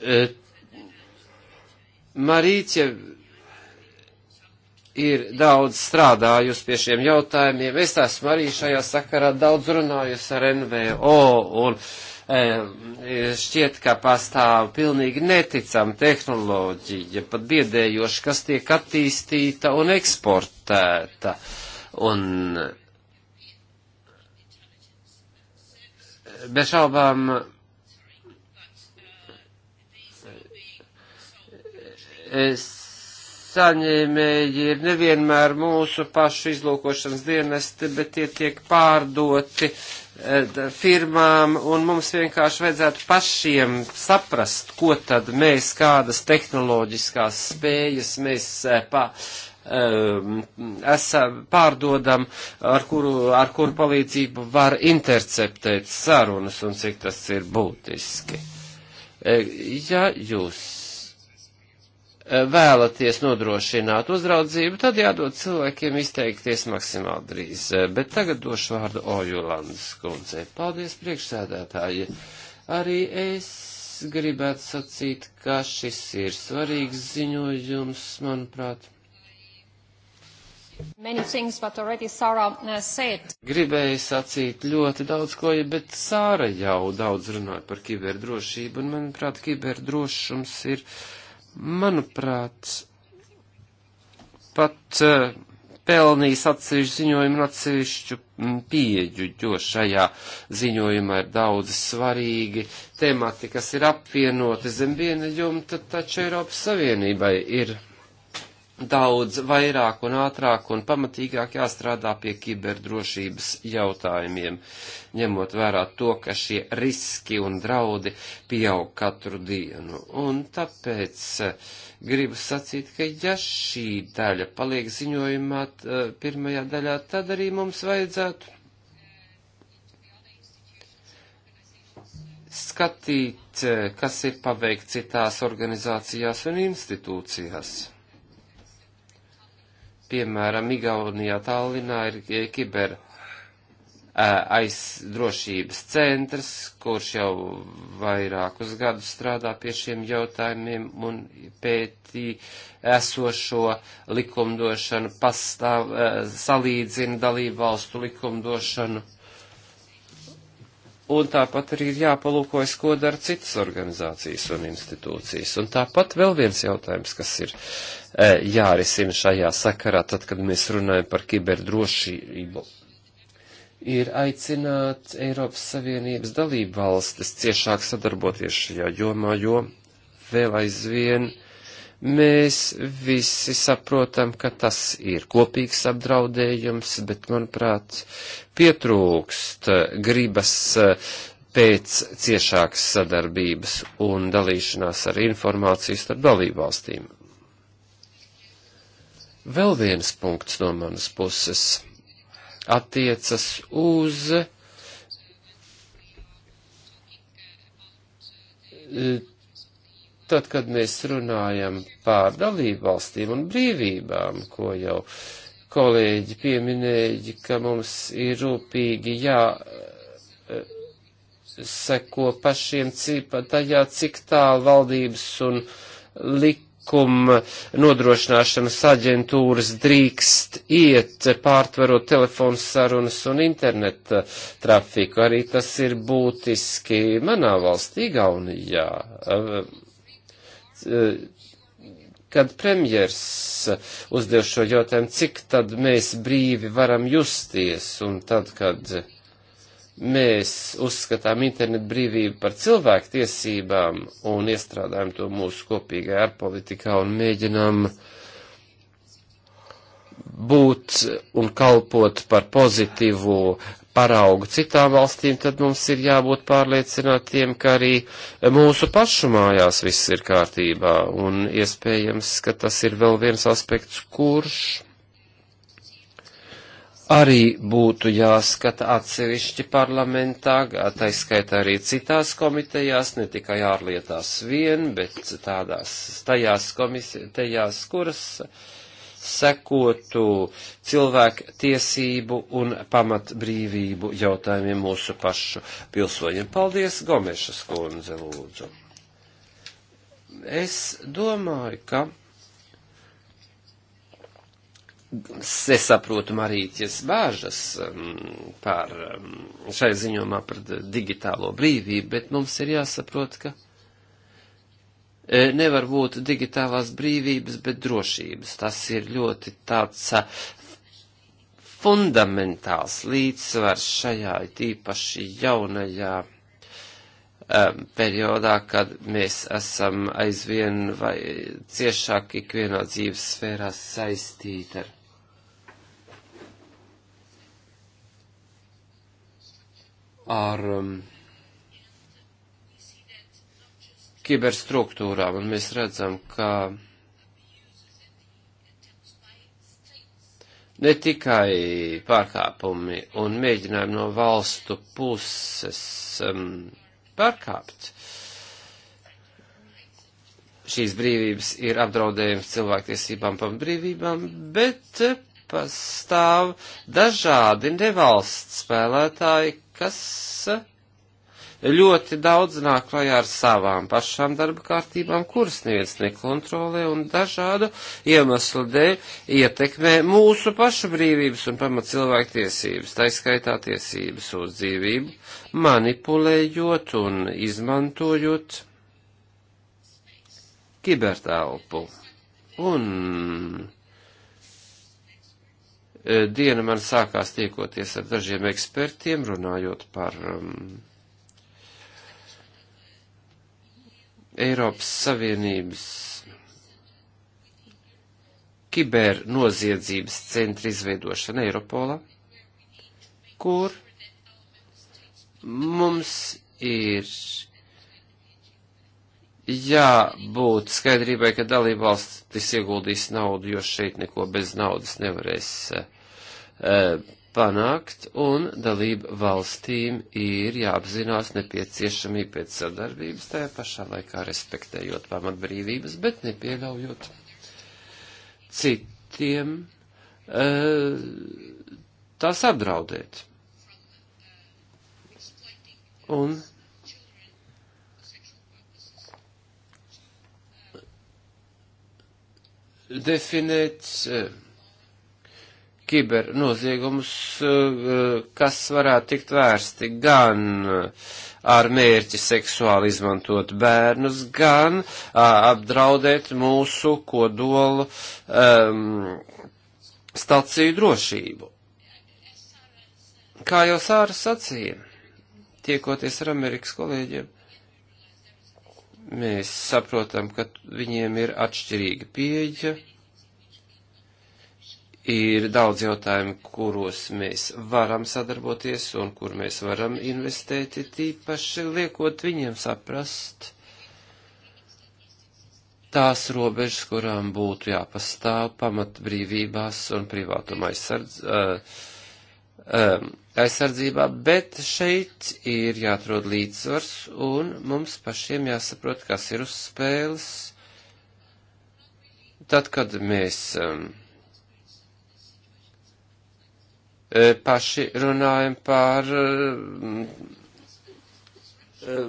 S2: eh, Marīķe ir daudz strādājusi pie šiem jautājumiem. Es esmu arī šajā sakarā daudz runājusi ar NVO un uh, E, šķiet, ka pastāv pilnīgi neticama tehnoloģija, pat biedējoša, kas tiek attīstīta un eksportēta. Un bez šaubām saņēmēji ir nevienmēr mūsu pašu izlūkošanas dienesti, bet tie tiek pārdoti uh, Eh, firmām, un mums vienkārši vajadzētu pašiem saprast, ko tad mēs, kādas tehnoloģiskās spējas mēs eh, pa, um, eh, esam, pārdodam, ar kuru, ar kuru palīdzību var interceptēt sarunas un cik tas ir būtiski. Ja jūs Eh, vēlaties nodrošināt uzraudzību, tad jādod cilvēkiem izteikties maksimāli drīz. Eh, bet tagad došu vārdu Ojulandas kundzei. Paldies, priekšsēdētāji. Arī es gribētu sacīt, ka šis ir svarīgs ziņojums, manuprāt.
S1: Things, uh,
S2: Gribēju sacīt ļoti daudz ko, bet Sāra jau daudz runāja par kiberdrošību, un manuprāt, kiberdrošums ir uh, Manuprāt, pat uh, e, pelnījis atsevišķu ziņojumu un atsevišķu pieeģu, jo šajā ziņojumā ir daudz svarīgi temati, kas ir apvienoti zem viena jumta, taču Eiropas Savienībai ir daudz vairāk un ātrāk un pamatīgāk jāstrādā pie kiberdrošības jautājumiem, ņemot vērā to, ka šie riski un draudi pieaug katru dienu. Un tāpēc eh, gribu sacīt, ka ja šī daļa paliek ziņojumā eh, pirmajā daļā, tad arī mums vajadzētu skatīt, eh, kas ir paveikts citās organizācijās un institūcijās piemēram, Igaunijā Tallinā ir kiber aizdrošības centrs, kurš jau vairākus gadus strādā pie šiem jautājumiem un pētī esošo likumdošanu, pastāv, salīdzina dalību valstu likumdošanu un tāpat arī ir jāpalūkojas, ko dara citas organizācijas un institūcijas. Un tāpat vēl viens jautājums, kas ir e, jārisina šajā sakarā, tad, kad mēs runājam par kiberdrošību, ir aicināt Eiropas Savienības dalību valstis ciešāk sadarboties šajā jomā, jo vēl aizvien. E, Mēs visi saprotam, ka tas ir kopīgs apdraudējums, bet, manuprāt, pietrūkst gribas eh, pēc ciešākas sadarbības un dalīšanās ar informācijas starp dalībvalstīm. Vēl viens punkts no manas puses attiecas uz eh, tad, kad mēs runājam pār dalību valstīm un brīvībām, ko jau kolēģi pieminēja, ka mums ir rūpīgi jā eh, seko pašiem cīpa tajā, cik tālu valdības un likuma nodrošināšanas aģentūras drīkst iet, pārtverot telefonu sarunas un interneta trafiku. Arī tas ir būtiski manā valstī, Gaunijā eh, Eh, kad premjers eh, uzdev šo jautājumu, cik tad mēs brīvi varam justies, un tad, kad mēs uzskatām internetu brīvību par cilvēku tiesībām un iestrādājam to mūsu kopīgajā ārpolitikā un mēģinām būt un kalpot par pozitīvu paraugu citām valstīm, tad mums ir jābūt pārliecinātiem, ka arī mūsu pašu mājās viss ir kārtībā, un iespējams, ka tas ir vēl viens aspekts, kurš arī būtu jāskata atsevišķi parlamentā, taiskaitā arī citās komitejās, ne tikai ārlietās vien, bet tādās, tajās komitejās, kuras uh, sekotu cilvēku tiesību un pamatbrīvību jautājumiem mūsu pašu pilsoņiem. Paldies, Gomešas kundze, lūdzu. Es domāju, ka. Es saprotu Marīķis bāžas um, par um, šai ziņomā par digitālo brīvību, bet mums ir jāsaprot, ka E, nevar būt digitālās brīvības, bet drošības. Tas ir ļoti tāds e, fundamentāls līdzsvars šajā tīpaši jaunajā e, periodā, kad mēs esam aizvien vai ciešāk ikvienā dzīves sfērā saistīti ar. ar um, kiberstruktūrām, un mēs redzam, ka ne tikai pārkāpumi un mēģinājumi no valstu puses um, pārkāpt. Šīs brīvības ir apdraudējums cilvēktiesībām, pamatbrīvībām, bet pastāv dažādi nevalsts spēlētāji, kas uh, ļoti daudz nāk klajā ar savām pašām darba kārtībām, kuras neviens nekontrolē un dažādu iemeslu dēļ ietekmē mūsu pašu brīvības un pamat cilvēktiesības, taiskaitā tiesības uz dzīvību, manipulējot un izmantojot kibertelpu. Un e, diena man sākās tiekoties ar dažiem ekspertiem, runājot par um, Eiropas Savienības kibernoziedzības centra izveidošana Eiropolā, kur mums ir jābūt skaidrībai, ka dalībvalstis ieguldīs naudu, jo šeit neko bez naudas nevarēs uh, panākt, un dalību valstīm ir jāapzinās nepieciešamība pēc sadarbības, tajā pašā laikā respektējot pamatbrīvības, bet nepieļaujot citiem e, tās apdraudēt. Un definēt e, kibernoziegumus, eh, kas varētu tikt vērsti gan eh, ar mērķi seksuāli izmantot bērnus, gan eh, apdraudēt mūsu kodolu um, ehm, staciju drošību. Kā jau Sāra sacīja, tiekoties ar Amerikas kolēģiem, mēs saprotam, ka viņiem ir atšķirīga pieeja ir daudz jautājumu, kuros mēs varam sadarboties un kur mēs varam investēt, ir tīpaši liekot viņiem saprast tās robežas, kurām būtu jāpastāv pamatbrīvībās un privātuma aizsardz, uh, uh, aizsardzībā, bet šeit ir jāatrod līdzsvars un mums pašiem jāsaprot, kas ir uz spēles. Tad, kad mēs um, uh, E, paši runājam par e, e,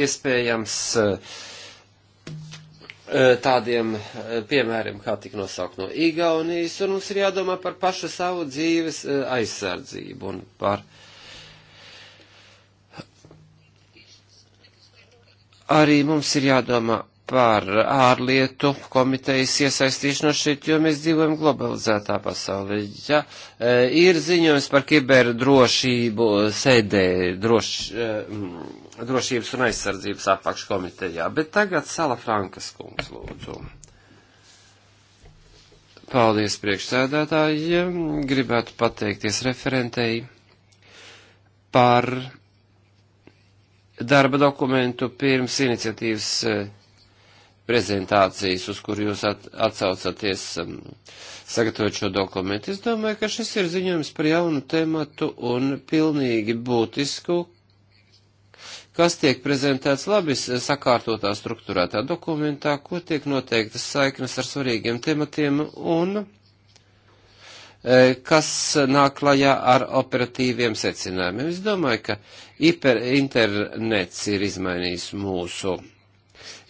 S2: iespējams tādiem piemēriem, kā tik nosaukt no Igaunijas, un mums ir jādomā par pašu savu dzīves aizsardzību un par arī mums ir jādomā par ārlietu komitejas iesaistīšanos šeit, jo mēs dzīvojam globalizētā pasaulē. Ja e, ir ziņojums par kiberdrošību sēdē, droš, e, drošības un aizsardzības apakškomitejā, bet tagad Sala Frankas kungs lūdzu. Paldies priekšsēdētāji, gribētu pateikties referentei par darba dokumentu pirms iniciatīvas e, prezentācijas, uz kur jūs at, atsaucaties um, sagatavot šo dokumentu. Es domāju, ka šis ir ziņojums par jaunu tematu un pilnīgi būtisku, kas tiek prezentēts labi sakārtotā struktūrētā dokumentā, kur tiek noteiktas saiknes ar svarīgiem tematiem un e, kas nāk klajā ar operatīviem secinājumiem. Es domāju, ka hiper, internets ir izmainījis mūsu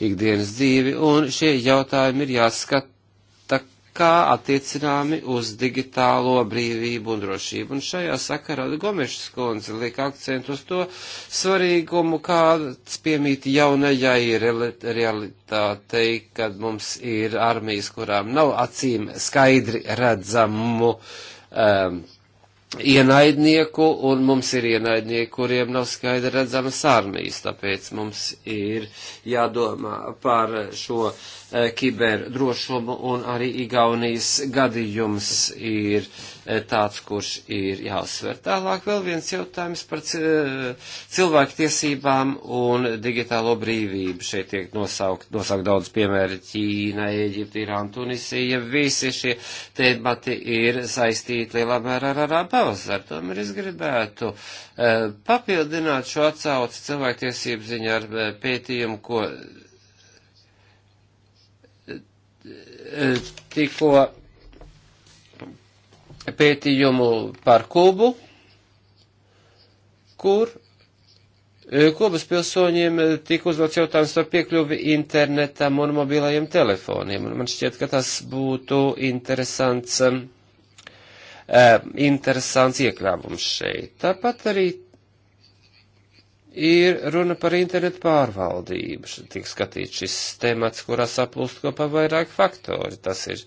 S2: ikdienas dzīvi, un šie jautājumi ir jāskata kā attiecināmi uz digitālo brīvību un drošību. Un šajā sakarā Gomešas kundze liek akcentu uz to svarīgumu, kāds piemīt jaunajai realitātei, kad mums ir armijas, kurām nav acīm skaidri redzamu um, ienaidnieku, un mums ir ienaidnieki, kuriem nav skaidri redzamas armijas, tāpēc mums ir jādomā par šo uh, Eh, kiberdrošumu, un arī Igaunijas gadījums ir eh, tāds, kurš ir jāuzsver. Tālāk vēl viens jautājums par eh, cilvēku tiesībām un digitālo brīvību. Šeit tiek nosaukt, nosaukt daudz piemēru - Ķīna, Eģipta, Irāna, Tunisija. Visi šie temati ir saistīti lielā mērā ar arā pavasaru. Tomēr es gribētu papildināt šo atsauci cilvēku tiesību ziņā ar pētījumu, ko E, tikko pētījumu par Kubu, kur e, Kubas pilsoņiem tika uzdots jautājums par piekļuvi internetam un mobilajiem telefoniem. Un man šķiet, ka tas būtu interesants, e, interesants iekļāvums šeit. Tāpat arī ir runa par internetu pārvaldību. Šeit tiek skatīts šis temats, kurā saplūst kopā vairāk faktori. Tas ir,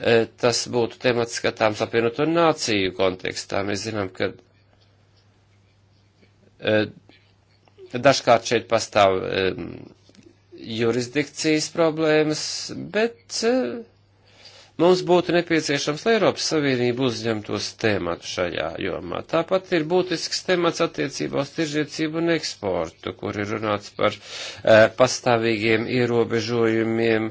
S2: e, tas būtu temats skatāms apvienoto nāciju kontekstā. Mēs zinām, ka e, dažkārt šeit pastāv e, jurisdikcijas problēmas, bet Mums būtu nepieciešams, lai Eiropas Savienība uzņemtos tēmatu šajā jomā. Tāpat ir būtisks temats attiecībā uz tirzniecību un eksportu, kur ir runāts par e, pastāvīgiem ierobežojumiem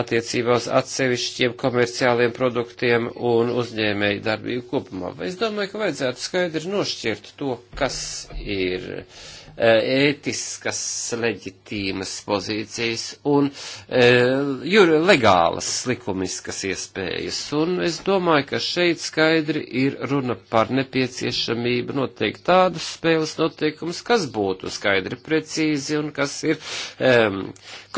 S2: attiecībā uz atsevišķiem komerciāliem produktiem un uzņēmēju darbību kopumā. Es domāju, ka vajadzētu skaidri nošķirt to, kas ir. E, Eh, ētiskas leģitīmas pozīcijas un eh, jur, legālas likumiskas iespējas. Un es domāju, ka šeit skaidri ir runa par nepieciešamību noteikt tādus spēles noteikumus, kas būtu skaidri precīzi un kas ir um,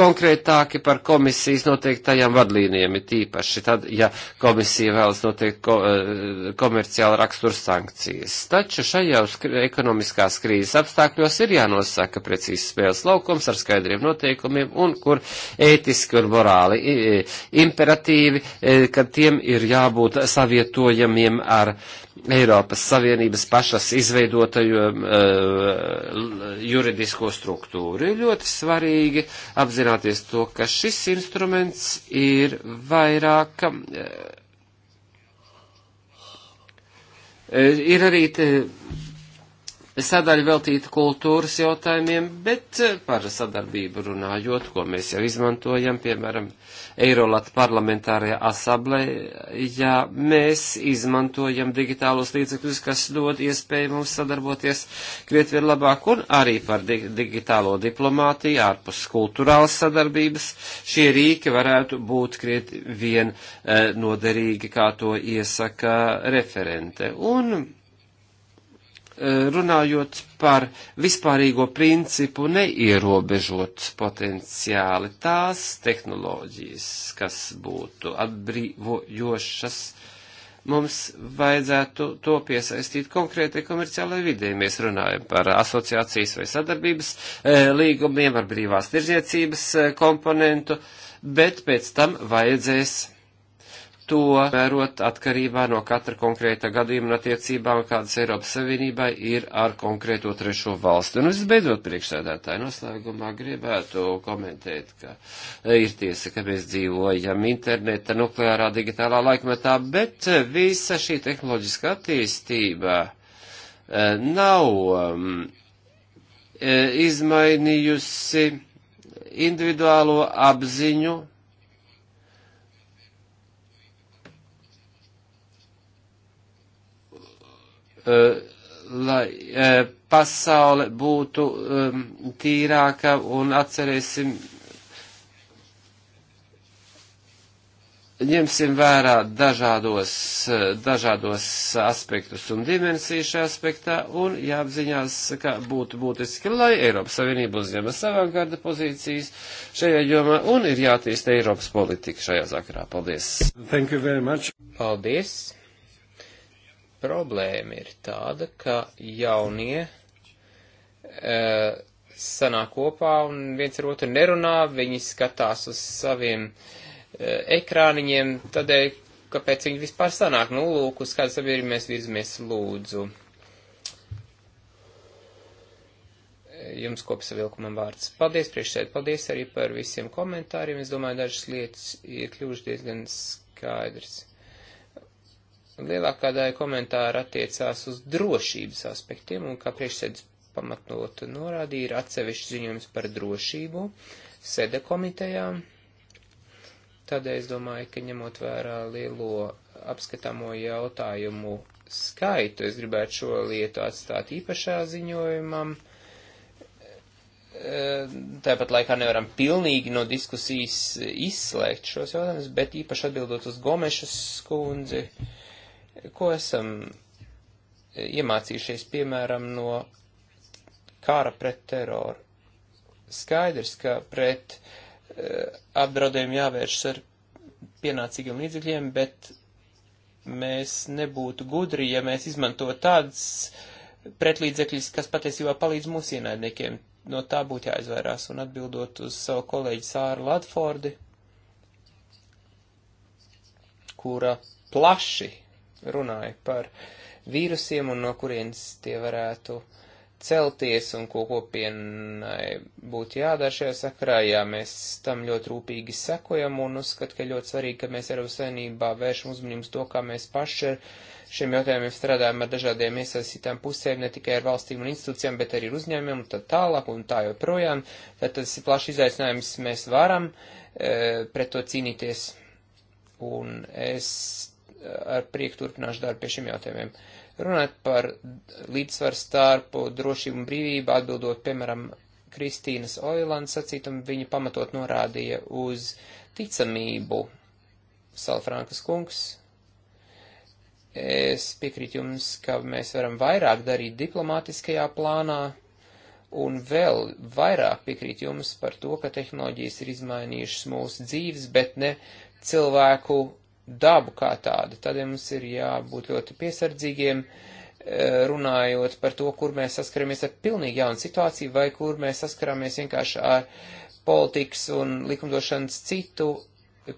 S2: konkrētāki par komisijas noteiktajām vadlīnijām, ir tīpaši tad, ja komisija vēlas noteikt ko, eh, komerciāla rakstura sankcijas. Taču šajā ekonomiskās krīzes apstākļos ir ir jānosaka precīzi spēles laukums ar skaidriem noteikumiem un kur ētiski un morāli imperatīvi, e, ka tiem ir jābūt savietojamiem ar Eiropas Savienības pašas izveidotajiem uh, juridisko struktūru. Ir ļoti svarīgi apzināties to, ka šis instruments ir vairāk. Uh, ir arī te, uh, sadaļu veltītu kultūras jautājumiem, bet eh, par sadarbību runājot, ko mēs jau izmantojam, piemēram, Eirolata parlamentārajā asablējā, mēs izmantojam digitālos līdzekļus, kas dod iespēju mums sadarboties krietni labāk, un arī par di digitālo diplomātiju, ārpus kultūrālas sadarbības. Šie rīki varētu būt krietni vien e, noderīgi, kā to iesaka referente. Un, runājot par vispārīgo principu neierobežot potenciāli tās tehnoloģijas, kas būtu atbrīvojošas, mums vajadzētu to piesaistīt konkrētai komerciālai vidē. Mēs runājam par asociācijas vai sadarbības e, līgumiem ar brīvās tirdzniecības e, komponentu, bet pēc tam vajadzēs to vērot atkarībā no katra konkrēta gadījuma un attiecībām, kādas Eiropas Savienībai ir ar konkrēto trešo valstu. Un visbeidzot, priekšsēdētāji, noslēgumā gribētu komentēt, ka ir tiesa, ka mēs dzīvojam interneta nukleārā digitālā laikmetā, bet visa šī tehnoloģiska attīstība eh, nav mm, eh, izmainījusi individuālo apziņu Uh, lai uh, pasaule būtu um, tīrāka un atcerēsim, ņemsim vērā dažādos, uh, dažādos aspektus un dimensiju šajā aspektā un jāapziņās, ka būtu būtiski, lai Eiropas Savienība uzņemas avangarda pozīcijas šajā jomā un ir jātīsta Eiropas politika šajā zakarā. Paldies! Thank you very much! Paldies!
S3: Problēma ir tāda, ka jaunie uh, sanāk kopā un viens ar otru nerunā, viņi skatās uz saviem uh, ekrāniņiem, tādēļ, kāpēc viņi vispār sanāk, nu, lūk, uz kādu sabiedrību mēs virzamies lūdzu. jums kopsavilkumam vārds. Paldies priekšsēd, paldies arī par visiem komentāriem. Es domāju, dažas lietas ir kļuvušas diezgan skaidrs lielākā daļa komentāra attiecās uz drošības aspektiem, un kā priekšsēdus pamatnot norādīja, ir atsevišķi ziņojums par drošību sede komitejām. Tādēļ es domāju, ka ņemot vērā lielo apskatāmo jautājumu skaitu, es gribētu šo lietu atstāt īpašā ziņojumam. Tāpat laikā nevaram pilnīgi no diskusijas izslēgt šos jautājumus, bet īpaši atbildot uz Gomešas skundzi. Uh, ko esam iemācījušies, piemēram, no kara pret teroru. Skaidrs, ka pret uh, apdraudējumu jāvēršas ar pienācīgiem līdzekļiem, bet mēs nebūtu gudri, ja mēs izmantotu tādas pretlīdzekļus, kas patiesībā palīdz mūsu ienaidniekiem. No tā būtu jāizvairās. Un atbildot uz savu kolēģi Sāru Latfordi, kura plaši runāja par vīrusiem un no kurienes tie varētu celties un ko kopienai būtu jādara šajā sakarā. Jā, mēs tam ļoti rūpīgi sekojam un uzskat, ka ļoti svarīgi, ka mēs Eiropas Savienībā vēršam uzmanības to, kā mēs paši ar šiem jautājumiem strādājam ar dažādiem iesaistītām pusēm, ne tikai ar valstīm un institūcijām, bet arī ar uzņēmumiem un tā tālāk un tā joprojām. Tad tas ir plašs izaicinājums, mēs varam e, pret to cīnīties. Un es ar prieku turpināšu darbu pie šiem jautājumiem. Runājot par līdzsvaru starpu drošību un brīvību, atbildot, piemēram, Kristīnas Oilands sacītam, viņa pamatot norādīja uz ticamību. Salfrankas kungs, es piekrītu jums, ka mēs varam vairāk darīt diplomātiskajā plānā, un vēl vairāk piekrītu jums par to, ka tehnoloģijas ir izmainījušas mūsu dzīves, bet ne cilvēku dabu kā tādu. Tādēļ mums ir jābūt ļoti piesardzīgiem, e, runājot par to, kur mēs saskaramies ar pilnīgi jaunu situāciju vai kur mēs saskaramies vienkārši ar politikas un likumdošanas citu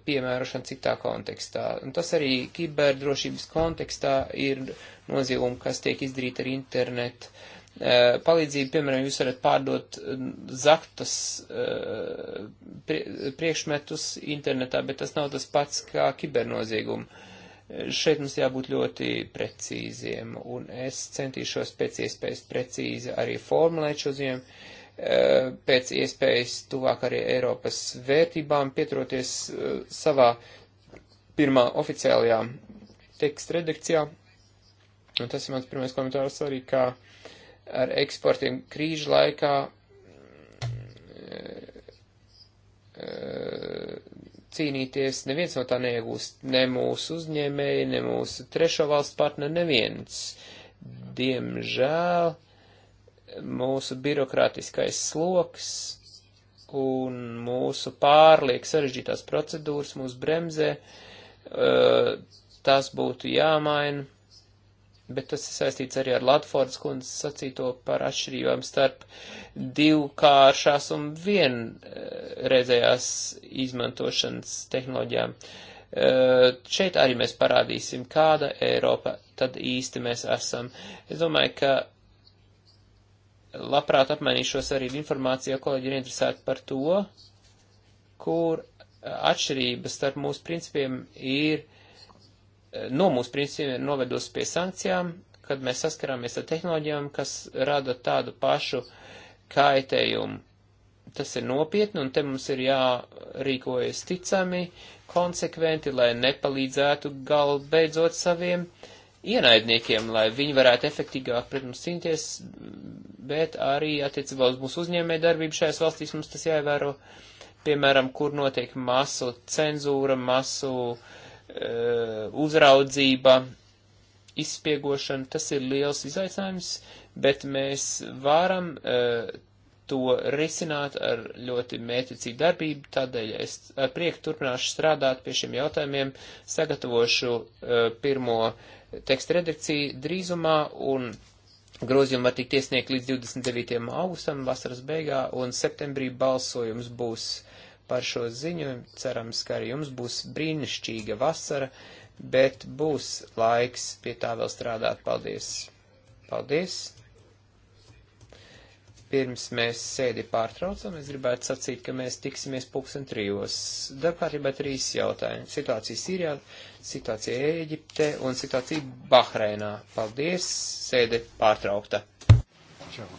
S3: piemērošanu citā kontekstā. Un tas arī kiberdrošības kontekstā ir nozīmumi, kas tiek izdarīti ar internetu Eh, palīdzību, piemēram, jūs varat pārdot mm, zaktas eh, priekšmetus internetā, bet tas nav tas pats kā kibernozieguma. Eh, šeit mums jābūt ļoti precīziem, un es centīšos pēc iespējas precīzi arī formulēt šo ziņu, pēc iespējas tuvāk arī Eiropas vērtībām, pietroties savā pirmā oficiālajā teksta redakcijā. Un tas ir mans pirmais komentārs arī, kā ka ar eksportiem krīžu laikā eh, eh, cīnīties, neviens no tā neiegūst, ne mūsu uzņēmēji, ne mūsu trešo valstu partneri, neviens. Diemžēl mūsu birokrātiskais sloks un mūsu pārliek sarežģītās procedūras mūs bremzē, eh, tās būtu jāmaina bet tas ir saistīts arī ar Latvijas kundzes sacīto par atšķirībām starp divkāršās un vienreizējās eh, izmantošanas tehnoloģijām. Eh, šeit arī mēs parādīsim, kāda Eiropa tad īsti mēs esam. Es domāju, ka labprāt apmainīšos arī informāciju, ja kolēģi ir interesēti par to, kur eh, atšķirības starp mūsu principiem ir no mūsu principiem novedos pie sankcijām, kad mēs saskarāmies ar tehnoloģijām, kas rada tādu pašu kaitējumu. Tas ir nopietni, un te mums ir jārīkojas ticami, konsekventi, lai nepalīdzētu galu beidzot saviem ienaidniekiem, lai viņi varētu efektīgāk pret mums cīnīties, bet arī attiecībā uz mūsu uzņēmē darbību šajās valstīs mums tas jāievēro, piemēram, kur notiek masu cenzūra, masu uh, Uh, uzraudzība, izspiegošana, tas ir liels izaicinājums, bet mēs varam uh, to risināt ar ļoti mēticīgu darbību, tādēļ es ar prieku turpināšu strādāt pie šiem jautājumiem, sagatavošu uh, pirmo tekstu redakciju drīzumā un grozījumi var tikt iesniegt līdz 29. augustam vasaras beigā un septembrī balsojums būs uh, par šo ziņojumu. Cerams, ka arī jums būs brīnišķīga vasara, bet būs laiks pie tā vēl strādāt. Paldies! Paldies! Pirms mēs sēdi pārtraucam, es gribētu sacīt, ka mēs tiksimies pulksten trijos. Darbkārtībā trīs jautājumi. Situācija Sīrijā, situācija Ēģipte un situācija Bahreinā. Paldies, sēde pārtraukta. Čau.